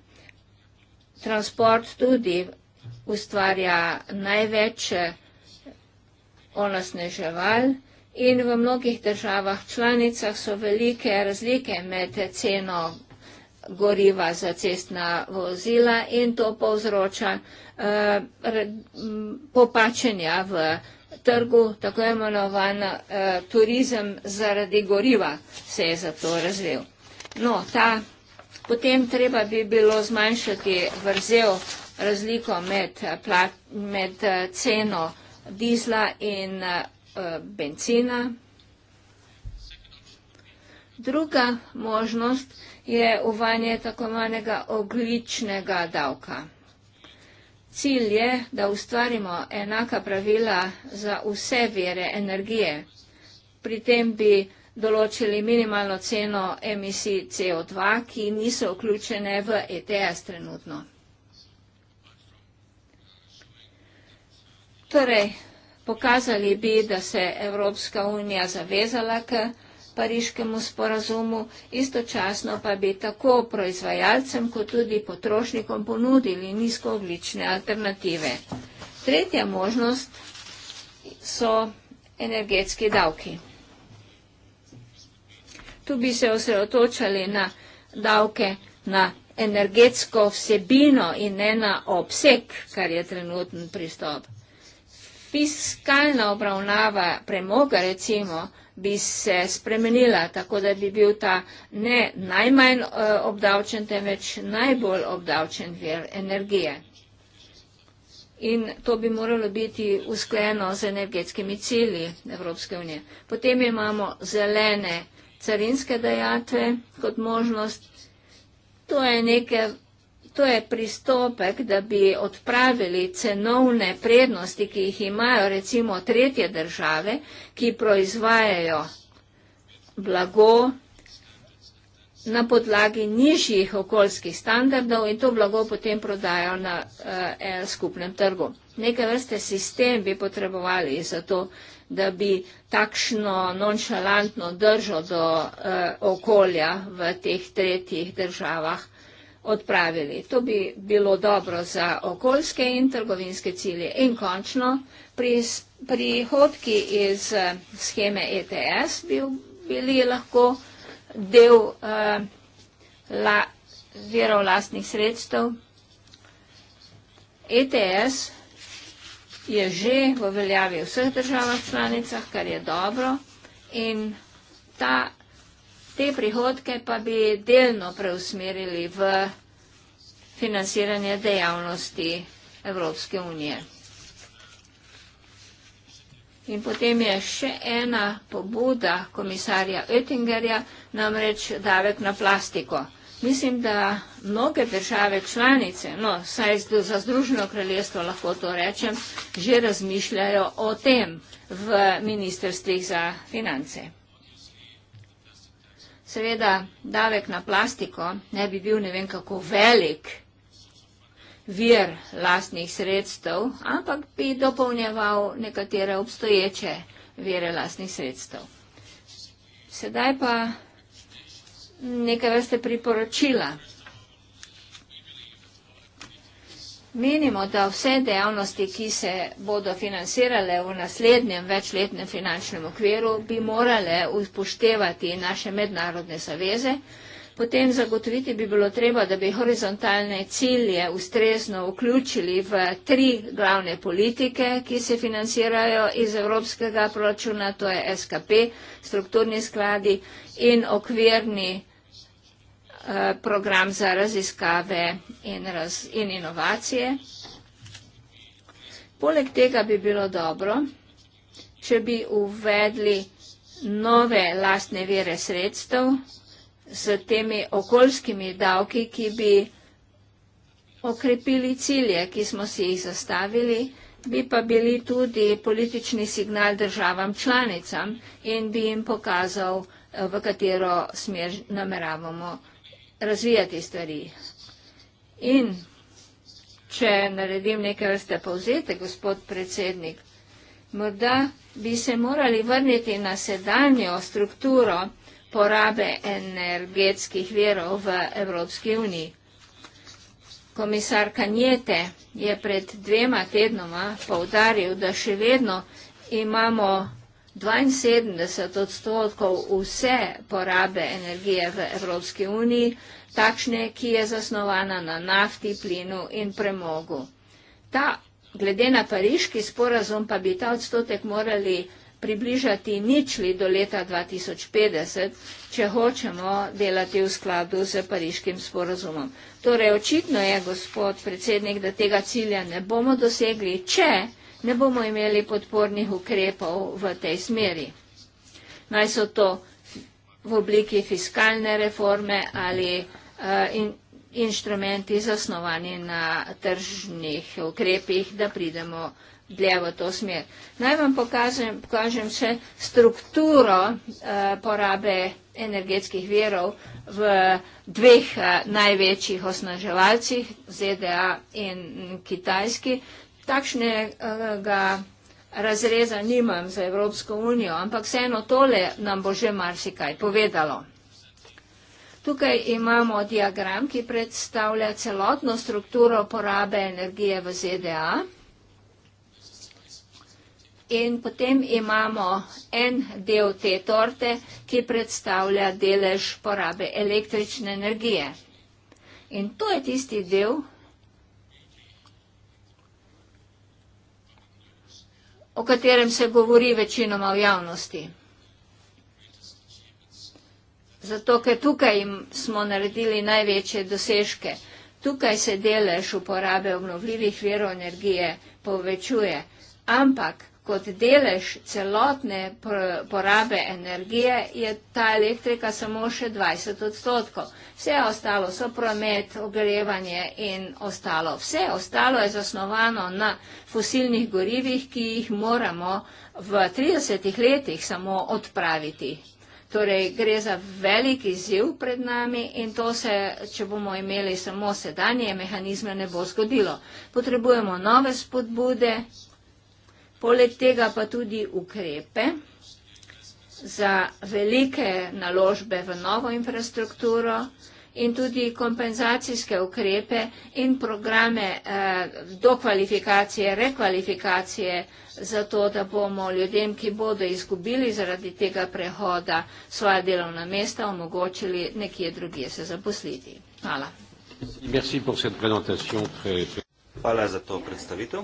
A: Transport tudi ustvarja največ eh, onosneževal in v mnogih državah članicah so velike razlike med ceno goriva za cestna vozila in to povzroča uh, popačenja v uh, trgu, tako imenovan eh, turizem zaradi goriva se je zato razvil. No, ta, potem treba bi bilo zmanjšati vrzel razliko med, med eh, ceno dizla in eh, benzina. Druga možnost je uvanje tako manjega ogličnega davka. Cilj je, da ustvarimo enaka pravila za vse vere energije. Pri tem bi določili minimalno ceno emisij CO2, ki niso vključene v ETS trenutno. Torej, pokazali bi, da se Evropska unija zavezala k vsega, pariškemu sporazumu, istočasno pa bi tako proizvajalcem kot tudi potrošnikom ponudili nizkooglične alternative. Tretja možnost so energetski davki. Tu bi se osredotočali na davke na energetsko vsebino in ne na obseg, kar je trenutni pristop. Fiskalna obravnava premoga, recimo, bi se spremenila, tako da bi bil ta ne najmanj eh, obdavčen, temveč najbolj obdavčen vir energije. In to bi moralo biti uskleno z energetskimi cilji Evropske unije. Potem imamo zelene carinske dejatve kot možnost. To je nekaj to je pristopek, da bi odpravili cenovne prednosti, ki jih imajo recimo tretje države, ki proizvajajo blago na podlagi nižjih okoljskih standardov in to blago potem prodajo na eh, eh skupnem trgu. Neke vrste sistem bi potrebovali za to, da bi takšno nonšalantno držo do eh, okolja v teh tretjih državah odpravili. To bi bilo dobro za okoljske in trgovinske cilje. In končno, prihodki iz eh, scheme ETS bi bili lahko del eh, verov vlastnih sredstev. ETS je že v veljavi vseh državah članicah, kar je dobro in ta vsega Te prihodke pa bi delno preusmerili v financiranje dejavnosti Evropske unije. In potem je še ena pobuda komisarja Oettingerja, namreč davek na plastiko. Mislim, da mnoge države članice, no, saj za Združeno kraljestvo lahko to rečem, že razmišljajo o tem v ministrstvih za finance. Seveda, davek na plastiko ne bi bil ne vem kako velik vir lastnih sredstev, ampak bi dopolnjeval nekatere obstoječe vire lastnih sredstev. Sedaj pa nekaj veste priporočila. Menimo, da vse dejavnosti, ki se bodo financirale v naslednjem večletnem finančnem okviru, bi morale upoštevati naše mednarodne zaveze. Potem zagotoviti bi bilo treba, da bi horizontalne cilje ustrezno vključili v tri glavne politike, ki se financirajo iz evropskega proračuna, to je SKP, strukturni skladi in okvirni Eh, program za raziskave in, raz, in inovacije. Poleg tega bi bilo dobro, če bi uvedli nove lastne vire sredstev z temi okoljskimi davki, ki bi okrepili cilje, ki smo si jih zastavili, bi pa bili tudi politični signal državam članicam in bi jim pokazal, v katero smer nameravamo razvija te stvari. In če naredim neke vrste povzete, gospod predsednik, morda bi se morali vrniti na sedanjo strukturo porabe energetskih verov v Evropski uniji. Komisar Kanjete je pred dvema tednoma povdaril, da še vedno imamo 72 odstotkov vse porabe energije v Evropski uniji, takšne, ki je zasnovana na nafti, plinu in premogu. Ta, glede na pariški sporazum pa bi ta odstotek morali približati ničli do leta 2050, če hočemo delati v skladu z pariškim sporazumom. Torej, očitno je, gospod predsednik, da tega cilja ne bomo dosegli, če ne bomo imeli podpornih ukrepov v tej smeri. Naj so to v obliki fiskalne reforme ali eh, in, inštrumenti zasnovani na tržnih ukrepih, da pridemo dlje v to smer. Naj vam pokažem, pokažem še strukturo uh, porabe energetskih verov v dveh uh, največjih osnaževalcih, ZDA in Kitajski takšnega eh, razreza nimam za Evropsko unijo, ampak vseeno tole nam bo že marsikaj povedalo. Tukaj imamo diagram, ki predstavlja celotno strukturo porabe energije v ZDA. In potem imamo en del te torte, ki predstavlja delež porabe električne energije. In to je tisti del, ki je. o katerem se govori večinoma v javnosti. Zato, ker tukaj smo naredili največje dosežke. Tukaj se delež uporabe obnovljivih verov energije povečuje. Ampak kot delež celotne porabe energije je ta elektrika samo še 20 odstotkov. Vse ostalo so promet, ogrevanje in ostalo. Vse ostalo je zasnovano na fosilnih gorivih, ki jih moramo v 30 letih samo odpraviti. Torej gre za velik izziv pred nami in to se, če bomo imeli samo sedanje mehanizme, ne bo zgodilo. Potrebujemo nove spodbude, Poleg tega pa tudi ukrepe za velike naložbe v novo infrastrukturo in tudi kompenzacijske ukrepe in programe eh, dokvalifikacije, rekvalifikacije za to, da bomo ljudem, ki bodo izgubili zaradi tega prehoda svoja delovna mesta, omogočili nekje drugje se zaposliti. Hvala.
B: Hvala za to predstavitev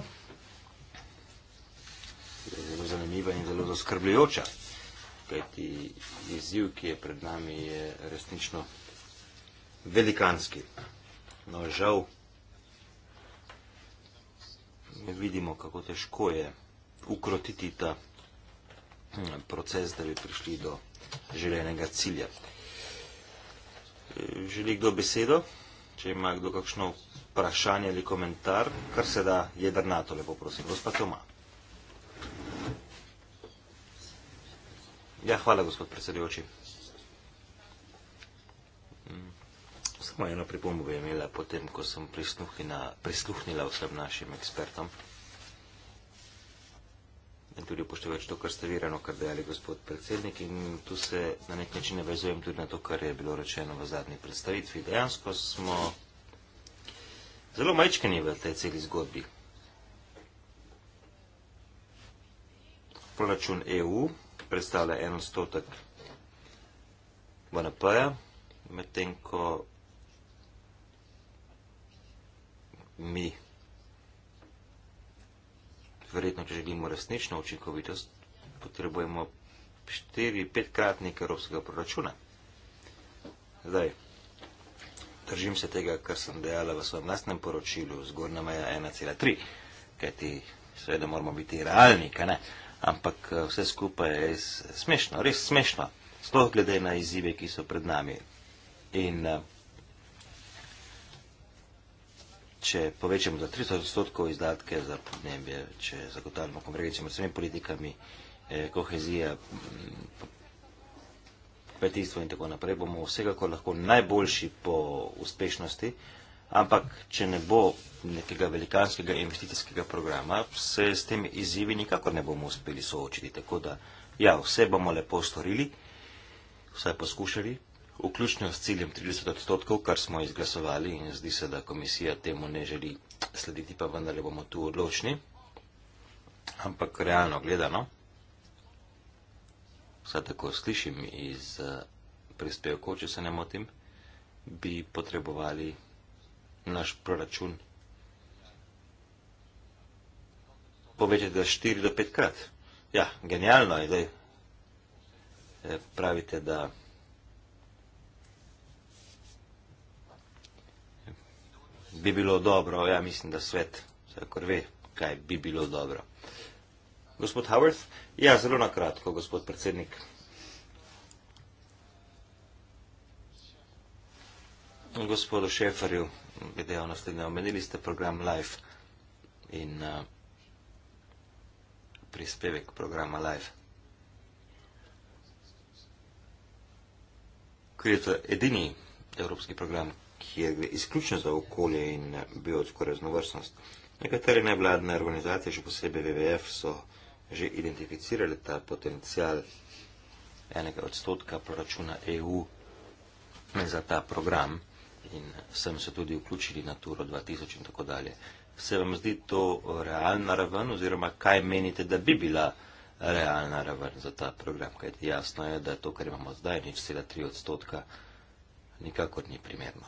B: zanimiva in zelo zaskrbljujoča. Kajti izziv, ki je pred nami, je resnično velikanski. No, žal vidimo, kako težko je ukrotiti ta hm, proces, da bi prišli do željenega cilja. Želi kdo besedo? Če ima kdo kakšno vprašanje ali komentar, kar se da jedrnato, lepo prosim, gospod Tomas. Ja, hvala, gospod predsedujoči. Mm. Samo eno pripombo bi imela potem, ko sem prisluhnila, prisluhnila vsem našim ekspertom. In tudi upoštevač to, kar ste virano, kar dejali gospod predsednik. In tu se na nek način navezujem tudi na to, kar je bilo rečeno v zadnji predstavitvi. Dejansko smo zelo majčkani v tej celi zgodbi. Proračun EU predstavlja en odstotek BNP-ja, medtem ko mi, verjetno, če želimo resnično učinkovitost, potrebujemo 4-5 kratnik evropskega proračuna. Zdaj, držim se tega, kar sem dejala v svojem lastnem poročilu, zgornja meja 1,3, kajti seveda moramo biti realni, kaj ne? Ampak eh, vse skupaj je smešno, res smešno, sploh glede na izzive, ki so pred nami. In eh, če povečamo za 300 odstotkov izdatke za podnebje, če zagotavljamo konvergenci med vsemi politikami, eh, kohezija, petistvo mm, in tako naprej, bomo vsega, kar lahko najboljši po uspešnosti, eh, Ampak, če ne bo nekega velikanskega investicijskega programa, se s temi izzivi nikakor ne bomo uspeli soočiti. Tako da, ja, vse bomo lepo storili, vse poskušali, vključno s ciljem 30 odstotkov, kar smo izglasovali in zdi se, da komisija temu ne želi slediti, pa vendar bomo tu odločni. Ampak realno gledano, vsaj tako slišim iz eh, prispevkov, če se ne motim, bi potrebovali naš proračun. Povečate ga 4 do 5 krat. Ja, genialno je, da e, pravite, da bi bilo dobro. Ja, mislim, da svet vsakor ve, kaj bi bilo dobro. Gospod Howard, ja, zelo na kratko, gospod predsednik. Gospodu Šeferju glede na to, da omenili ste program Life in uh, prispevek programa Life. Ker je to edini evropski program, ki je izključno za okolje in eh, biotsko raznovrstnost. Nekatere nevladne organizacije, še posebej WWF, so že identificirali ta potencial enega odstotka proračuna EU za ta program in vsem so tudi vključili Naturo 2000 in tako dalje. Se vam zdi to realna raven oziroma kaj menite, da bi bila realna raven za ta program? Kajti jasno je, da to, kar imamo zdaj, nič sela tri odstotka, nikakor ni primerno.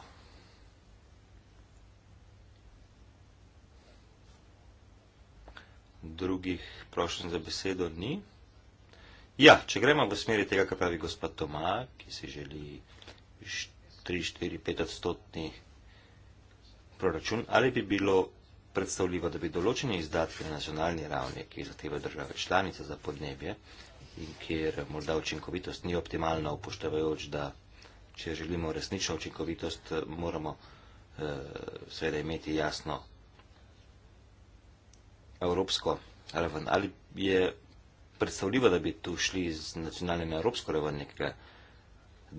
B: Drugih prošenj za besedo ni. Ja, če gremo v smeri tega, kar pravi gospod Toma, ki si želi 3, 4, 5 odstotni proračun, ali bi bilo predstavljivo, da bi določene izdatke na nacionalni ravni, ki zahtevajo države članice za podnebje in kjer morda učinkovitost ni optimalna, upoštevajoč, da če želimo resnično učinkovitost, moramo eh, seveda imeti jasno evropsko raven. Ali je predstavljivo, da bi tu šli z nacionalne na evropsko raven nekega?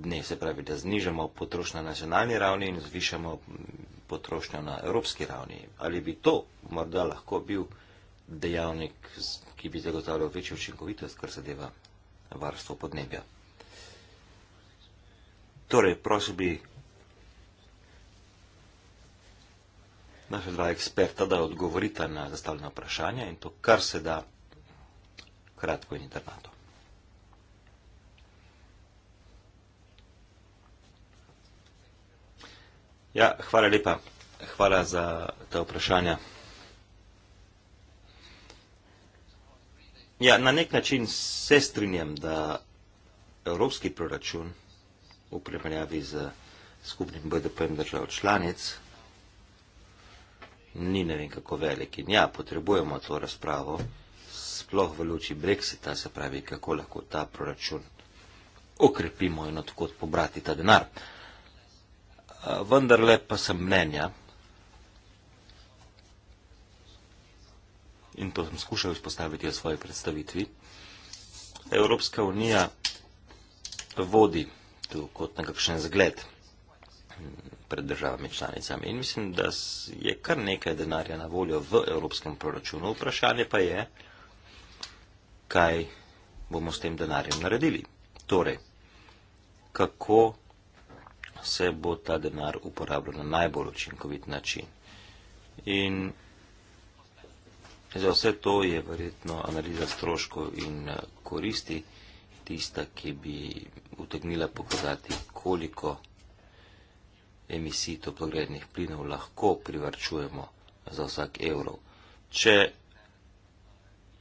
B: dne, se pravi, da znižamo potrošnjo na nacionalni ravni in zvišamo potrošnjo na evropski ravni. Ali bi to morda lahko bil dejavnik, ki bi zagotavljal večjo učinkovitost, kar zadeva varstvo podnebja? Torej, prosil bi naša dva eksperta, da odgovorita na zastavljena vprašanja in to kar se da kratko in internato. Ja, hvala lepa. Hvala za ta vprašanja. Ja, na nek način se strinjam, da evropski proračun v primerjavi z skupnim BDP-jem držav članic ni ne vem kako velik. In ja, potrebujemo to razpravo, sploh v luči Brexita, se pravi, kako lahko ta proračun okrepimo in odkot pobrati ta denar. Uh, Eh, vendarle pa sem mnenja, in to sem skušal izpostaviti v svoji predstavitvi, Evropska unija vodi tu kot nekakšen zgled hm, pred državami članicami in mislim, da je kar nekaj denarja na voljo v evropskem proračunu. Vprašanje pa je, kaj bomo s tem denarjem naredili. Torej, kako se bo ta denar uporabljal na najbolj učinkovit način. In za vse to je verjetno analiza stroškov in eh, koristi tista, ki bi utegnila pokazati, koliko emisij toplogrednih plinov lahko privrčujemo za vsak evro. Če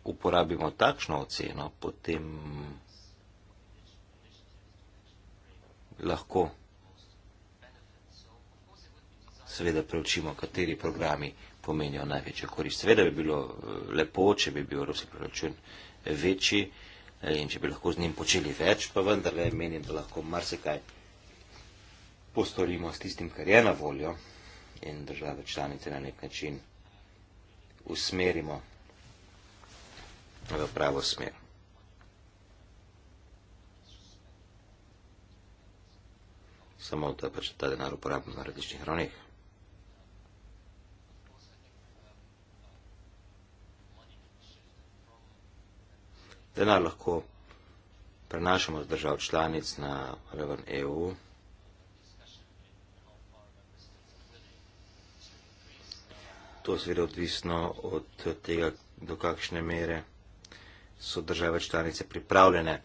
B: uporabimo takšno oceno, potem lahko seveda preučimo, kateri programi pomenijo največjo korist. Seveda bi bilo eh, lepo, če bi bil evropski proračun eh, večji eh, in če bi lahko z njim počeli več, pa vendar le menim, da lahko marsikaj postorimo s tistim, kar je na voljo in države članice na nek način usmerimo v pravo smer. Samo da pač ta denar uporabimo na različnih ravneh. Denar lahko prenašamo z držav članic na raven EU. To je seveda odvisno od tega, do kakšne mere so države članice pripravljene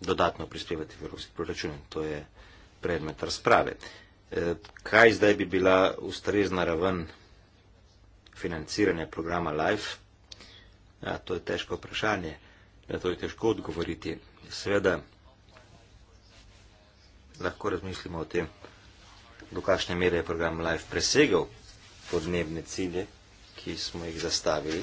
B: dodatno prispevati v evropski proračun. To je predmet razprave. E, kaj zdaj bi bila ustrezna raven financiranja programa LIFE? Ja, to je težko vprašanje, na to je težko odgovoriti. Sveda lahko razmislimo o tem, do kakšne mere je program Life presegal podnebne cilje, ki smo jih zastavili.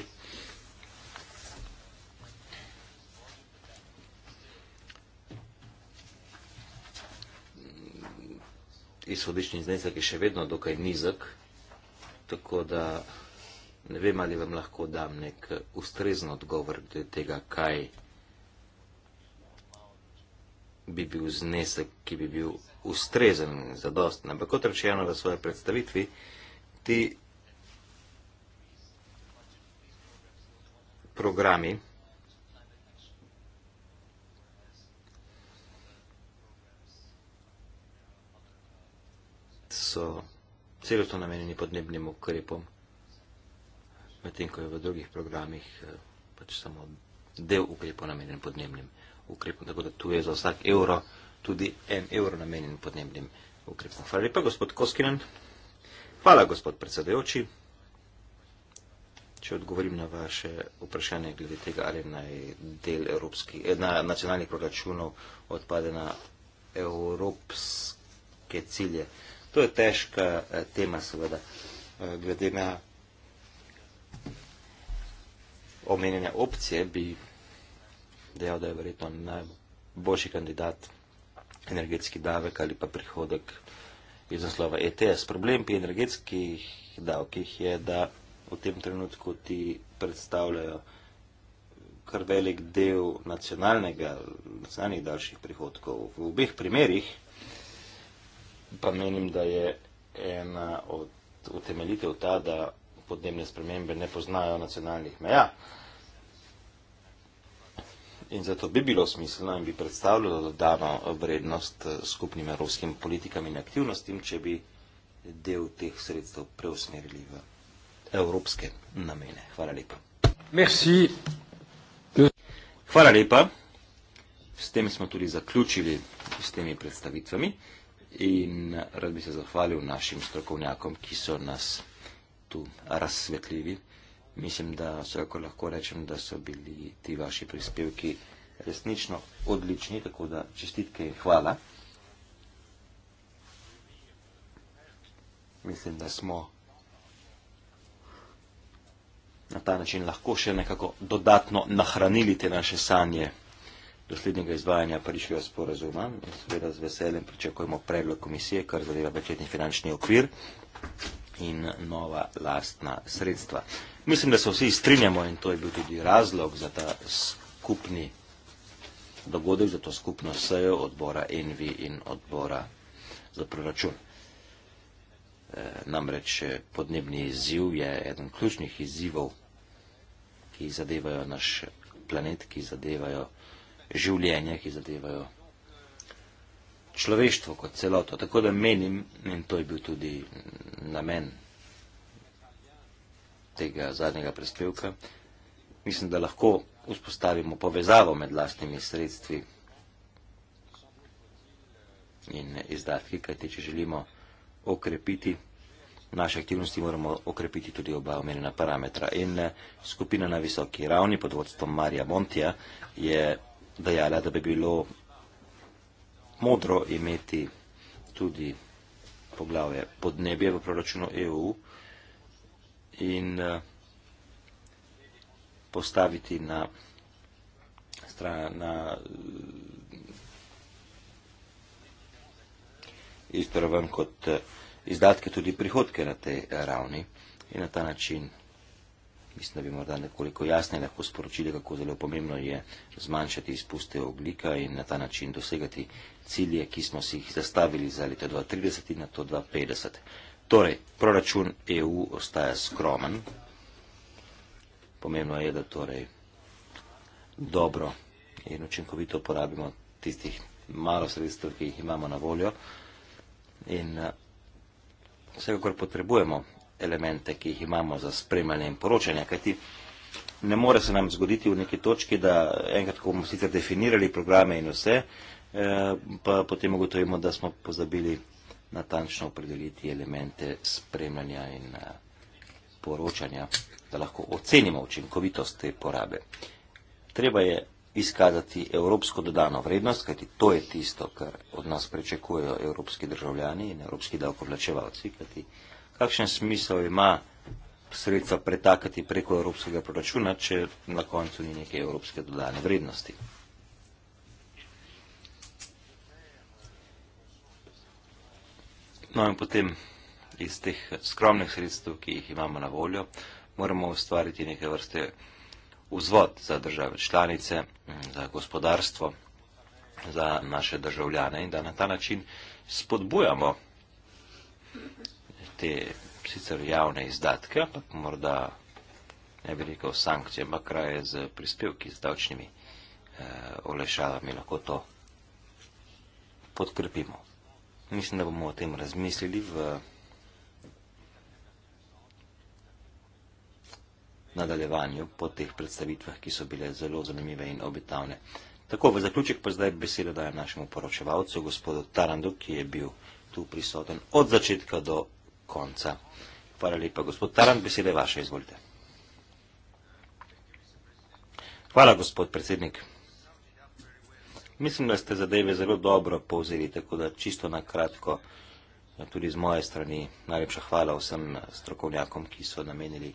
B: Izhodišnji znesek je še vedno dokaj nizek, tako da Ne vem, ali vam lahko dam nek eh, ustrezen odgovor glede tega, kaj bi bil znesek, ki bi bil ustrezen za dost. Ampak kot rečeno v svoji predstavitvi, ti programi so celotno namenjeni podnebnim ukrepom medtem ko je v drugih programih eh, pač samo del ukrepov namenjen podnebnim ukrepom. Tako da tu je za vsak evro tudi en evro namenjen podnebnim ukrepom. Hvala lepa, gospod Koskinen. Hvala, gospod predsedujoči. Če odgovorim na vaše vprašanje glede tega, ali naj del evropski, eh, na nacionalnih proračunov odpade na evropske cilje. To je težka eh, tema, seveda, glede na omenjene opcije, bi dejal, da je verjetno najboljši kandidat energetski davek ali pa prihodek iz naslova ETS. Problem pri energetskih davkih je, da v tem trenutku ti predstavljajo kar velik del nacionalnega, nacionalnih daljših prihodkov. V obeh primerih pa menim, da je ena od utemeljitev ta, da podnebne spremembe ne poznajo nacionalnih meja. In zato bi bilo smiselno in bi predstavljalo dodano vrednost eh, skupnim evropskim politikam in aktivnostim, če bi del teh sredstev preusmerili v evropske namene. Hvala lepa. Merci. Hvala lepa. S tem smo tudi zaključili s temi predstavitvami in rad bi se zahvalil našim strokovnjakom, ki so nas tu razsvetljivi mislim, da vsako lahko rečem, da so bili ti vaši prispevki resnično odlični, tako da čestitke in hvala. Mislim, da smo na ta način lahko še nekako dodatno nahranili te naše sanje do slednjega izvajanja prišljega sporazuma in seveda z veseljem pričakujemo predlog komisije, kar zadeva večletni finančni okvir in nova lastna sredstva. Mislim, da se vsi strinjamo in to je bil tudi razlog za ta skupni dogodek, za to skupno sejo odbora Envi in odbora za proračun. E, namreč e, podnebni izziv je eden ključnih izzivov, ki zadevajo naš planet, ki zadevajo življenje, ki zadevajo človeštvo kot celoto. Tako da menim, in to je bil tudi namen tega zadnjega prispevka, mislim, da lahko vzpostavimo povezavo med lastnimi sredstvi in izdatki, kajte če želimo okrepiti naše aktivnosti, moramo okrepiti tudi oba omenjena parametra. In eh, skupina na visoki ravni pod vodstvom Marija Montija je dejala, da bi bilo modro imeti tudi poglavje podnebje v proračunu EU in eh, postaviti na, stran, na isto raven kot eh, izdatke, tudi prihodke na tej ravni in na ta način mislim, da bi morda nekoliko jasneje lahko sporočili, kako zelo pomembno je zmanjšati izpuste oglika in na ta način dosegati cilje, ki smo si jih zastavili za leto 2030 in na to 2050. Torej, proračun EU ostaja skromen. Pomembno je, da torej dobro in učinkovito uporabimo tistih malo sredstev, ki jih imamo na voljo. In eh, vsekakor potrebujemo elemente, ki jih imamo za spremljanje in poročanje. Kajti ne more se nam zgoditi v neki točki, da enkrat, ko bomo sicer definirali programe in vse, eh, pa potem ugotovimo, da smo pozabili natančno opredeliti elemente spremljanja in eh, poročanja, da lahko ocenimo učinkovitost te porabe. Treba je izkazati evropsko dodano vrednost, kajti to je tisto, kar od nas prečekujejo evropski državljani in evropski davkoplačevalci, kajti kakšen smisel ima sredstva pretakati preko evropskega proračuna, če na koncu ni neke evropske dodane vrednosti. No in potem iz teh skromnih sredstev, ki jih imamo na voljo, moramo ustvariti neke vrste vzvod za države članice, za gospodarstvo, za naše državljane in da na ta način spodbujamo te sicer javne izdatke, ampak morda ne bi rekel sankcije, ampak raje z prispevki, z davčnimi eh, olešavami lahko to podkrpimo. Mislim, da bomo o tem razmislili v nadaljevanju po teh predstavitvah, ki so bile zelo zanimive in obetavne. Tako, v zaključek pa zdaj besedo dajem našemu poročevalcu, gospodu Tarandu, ki je bil tu prisoten od začetka do konca. Hvala lepa, gospod Taran, besede vaše, izvolite. Hvala, gospod predsednik. Mislim, da ste zadeve zelo dobro povzeli, tako da čisto na kratko, ja, tudi z moje strani, najlepša hvala vsem strokovnjakom, ki so namenili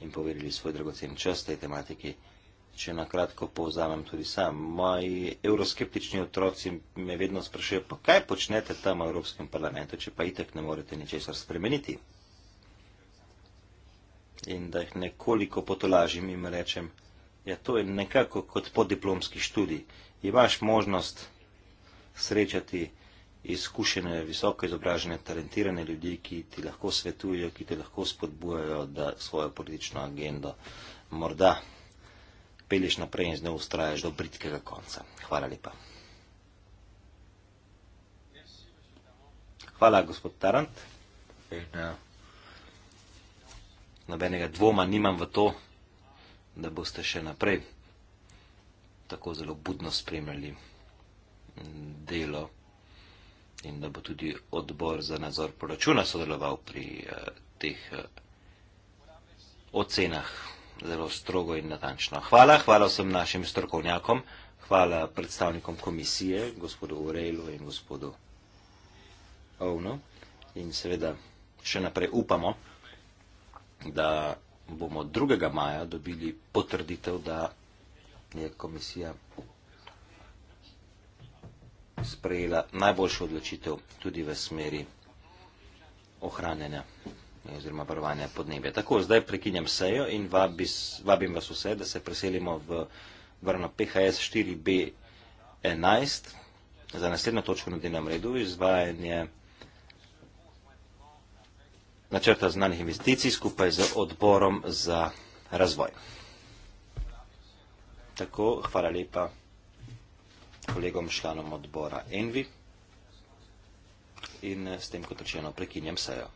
B: in poverili svoj dragocen čas tej tematiki če na kratko povzamem tudi sam. Moji evroskeptični otroci me vedno sprašujejo, pa kaj počnete tam v Evropskem parlamentu, če pa itek ne morete ničesar spremeniti. In da jih nekoliko potolažim in rečem, ja, to je nekako kot podiplomski študij. Imaš možnost srečati izkušene, visoko izobražene, talentirane ljudi, ki ti lahko svetujejo, ki te lahko spodbujajo, da svojo politično agendo morda peleš naprej in z njo ustrajaš do britkega konca. Hvala lepa. Hvala, gospod Tarant. In, uh, nobenega dvoma nimam v to, da boste še naprej tako zelo budno spremljali mm, delo in da bo tudi odbor za nadzor proračuna sodeloval pri uh, teh uh, ocenah zelo strogo in natančno. Hvala, hvala vsem našim strokovnjakom, hvala predstavnikom komisije, gospodu Urejlu in gospodu Ovnu. In seveda še naprej upamo, da bomo 2. maja dobili potrditev, da je komisija sprejela najboljšo odločitev tudi v smeri ohranjanja oziroma varovanja podnebja. Tako, zdaj prekinjam sejo in vabis, vabim vas vse, da se preselimo v vrno PHS 4B11 za naslednjo točko na dnevnem redu, izvajanje načrta znanih investicij skupaj z odborom za razvoj. Tako, hvala lepa kolegom članom odbora Envi in s tem, kot rečeno, prekinjam sejo.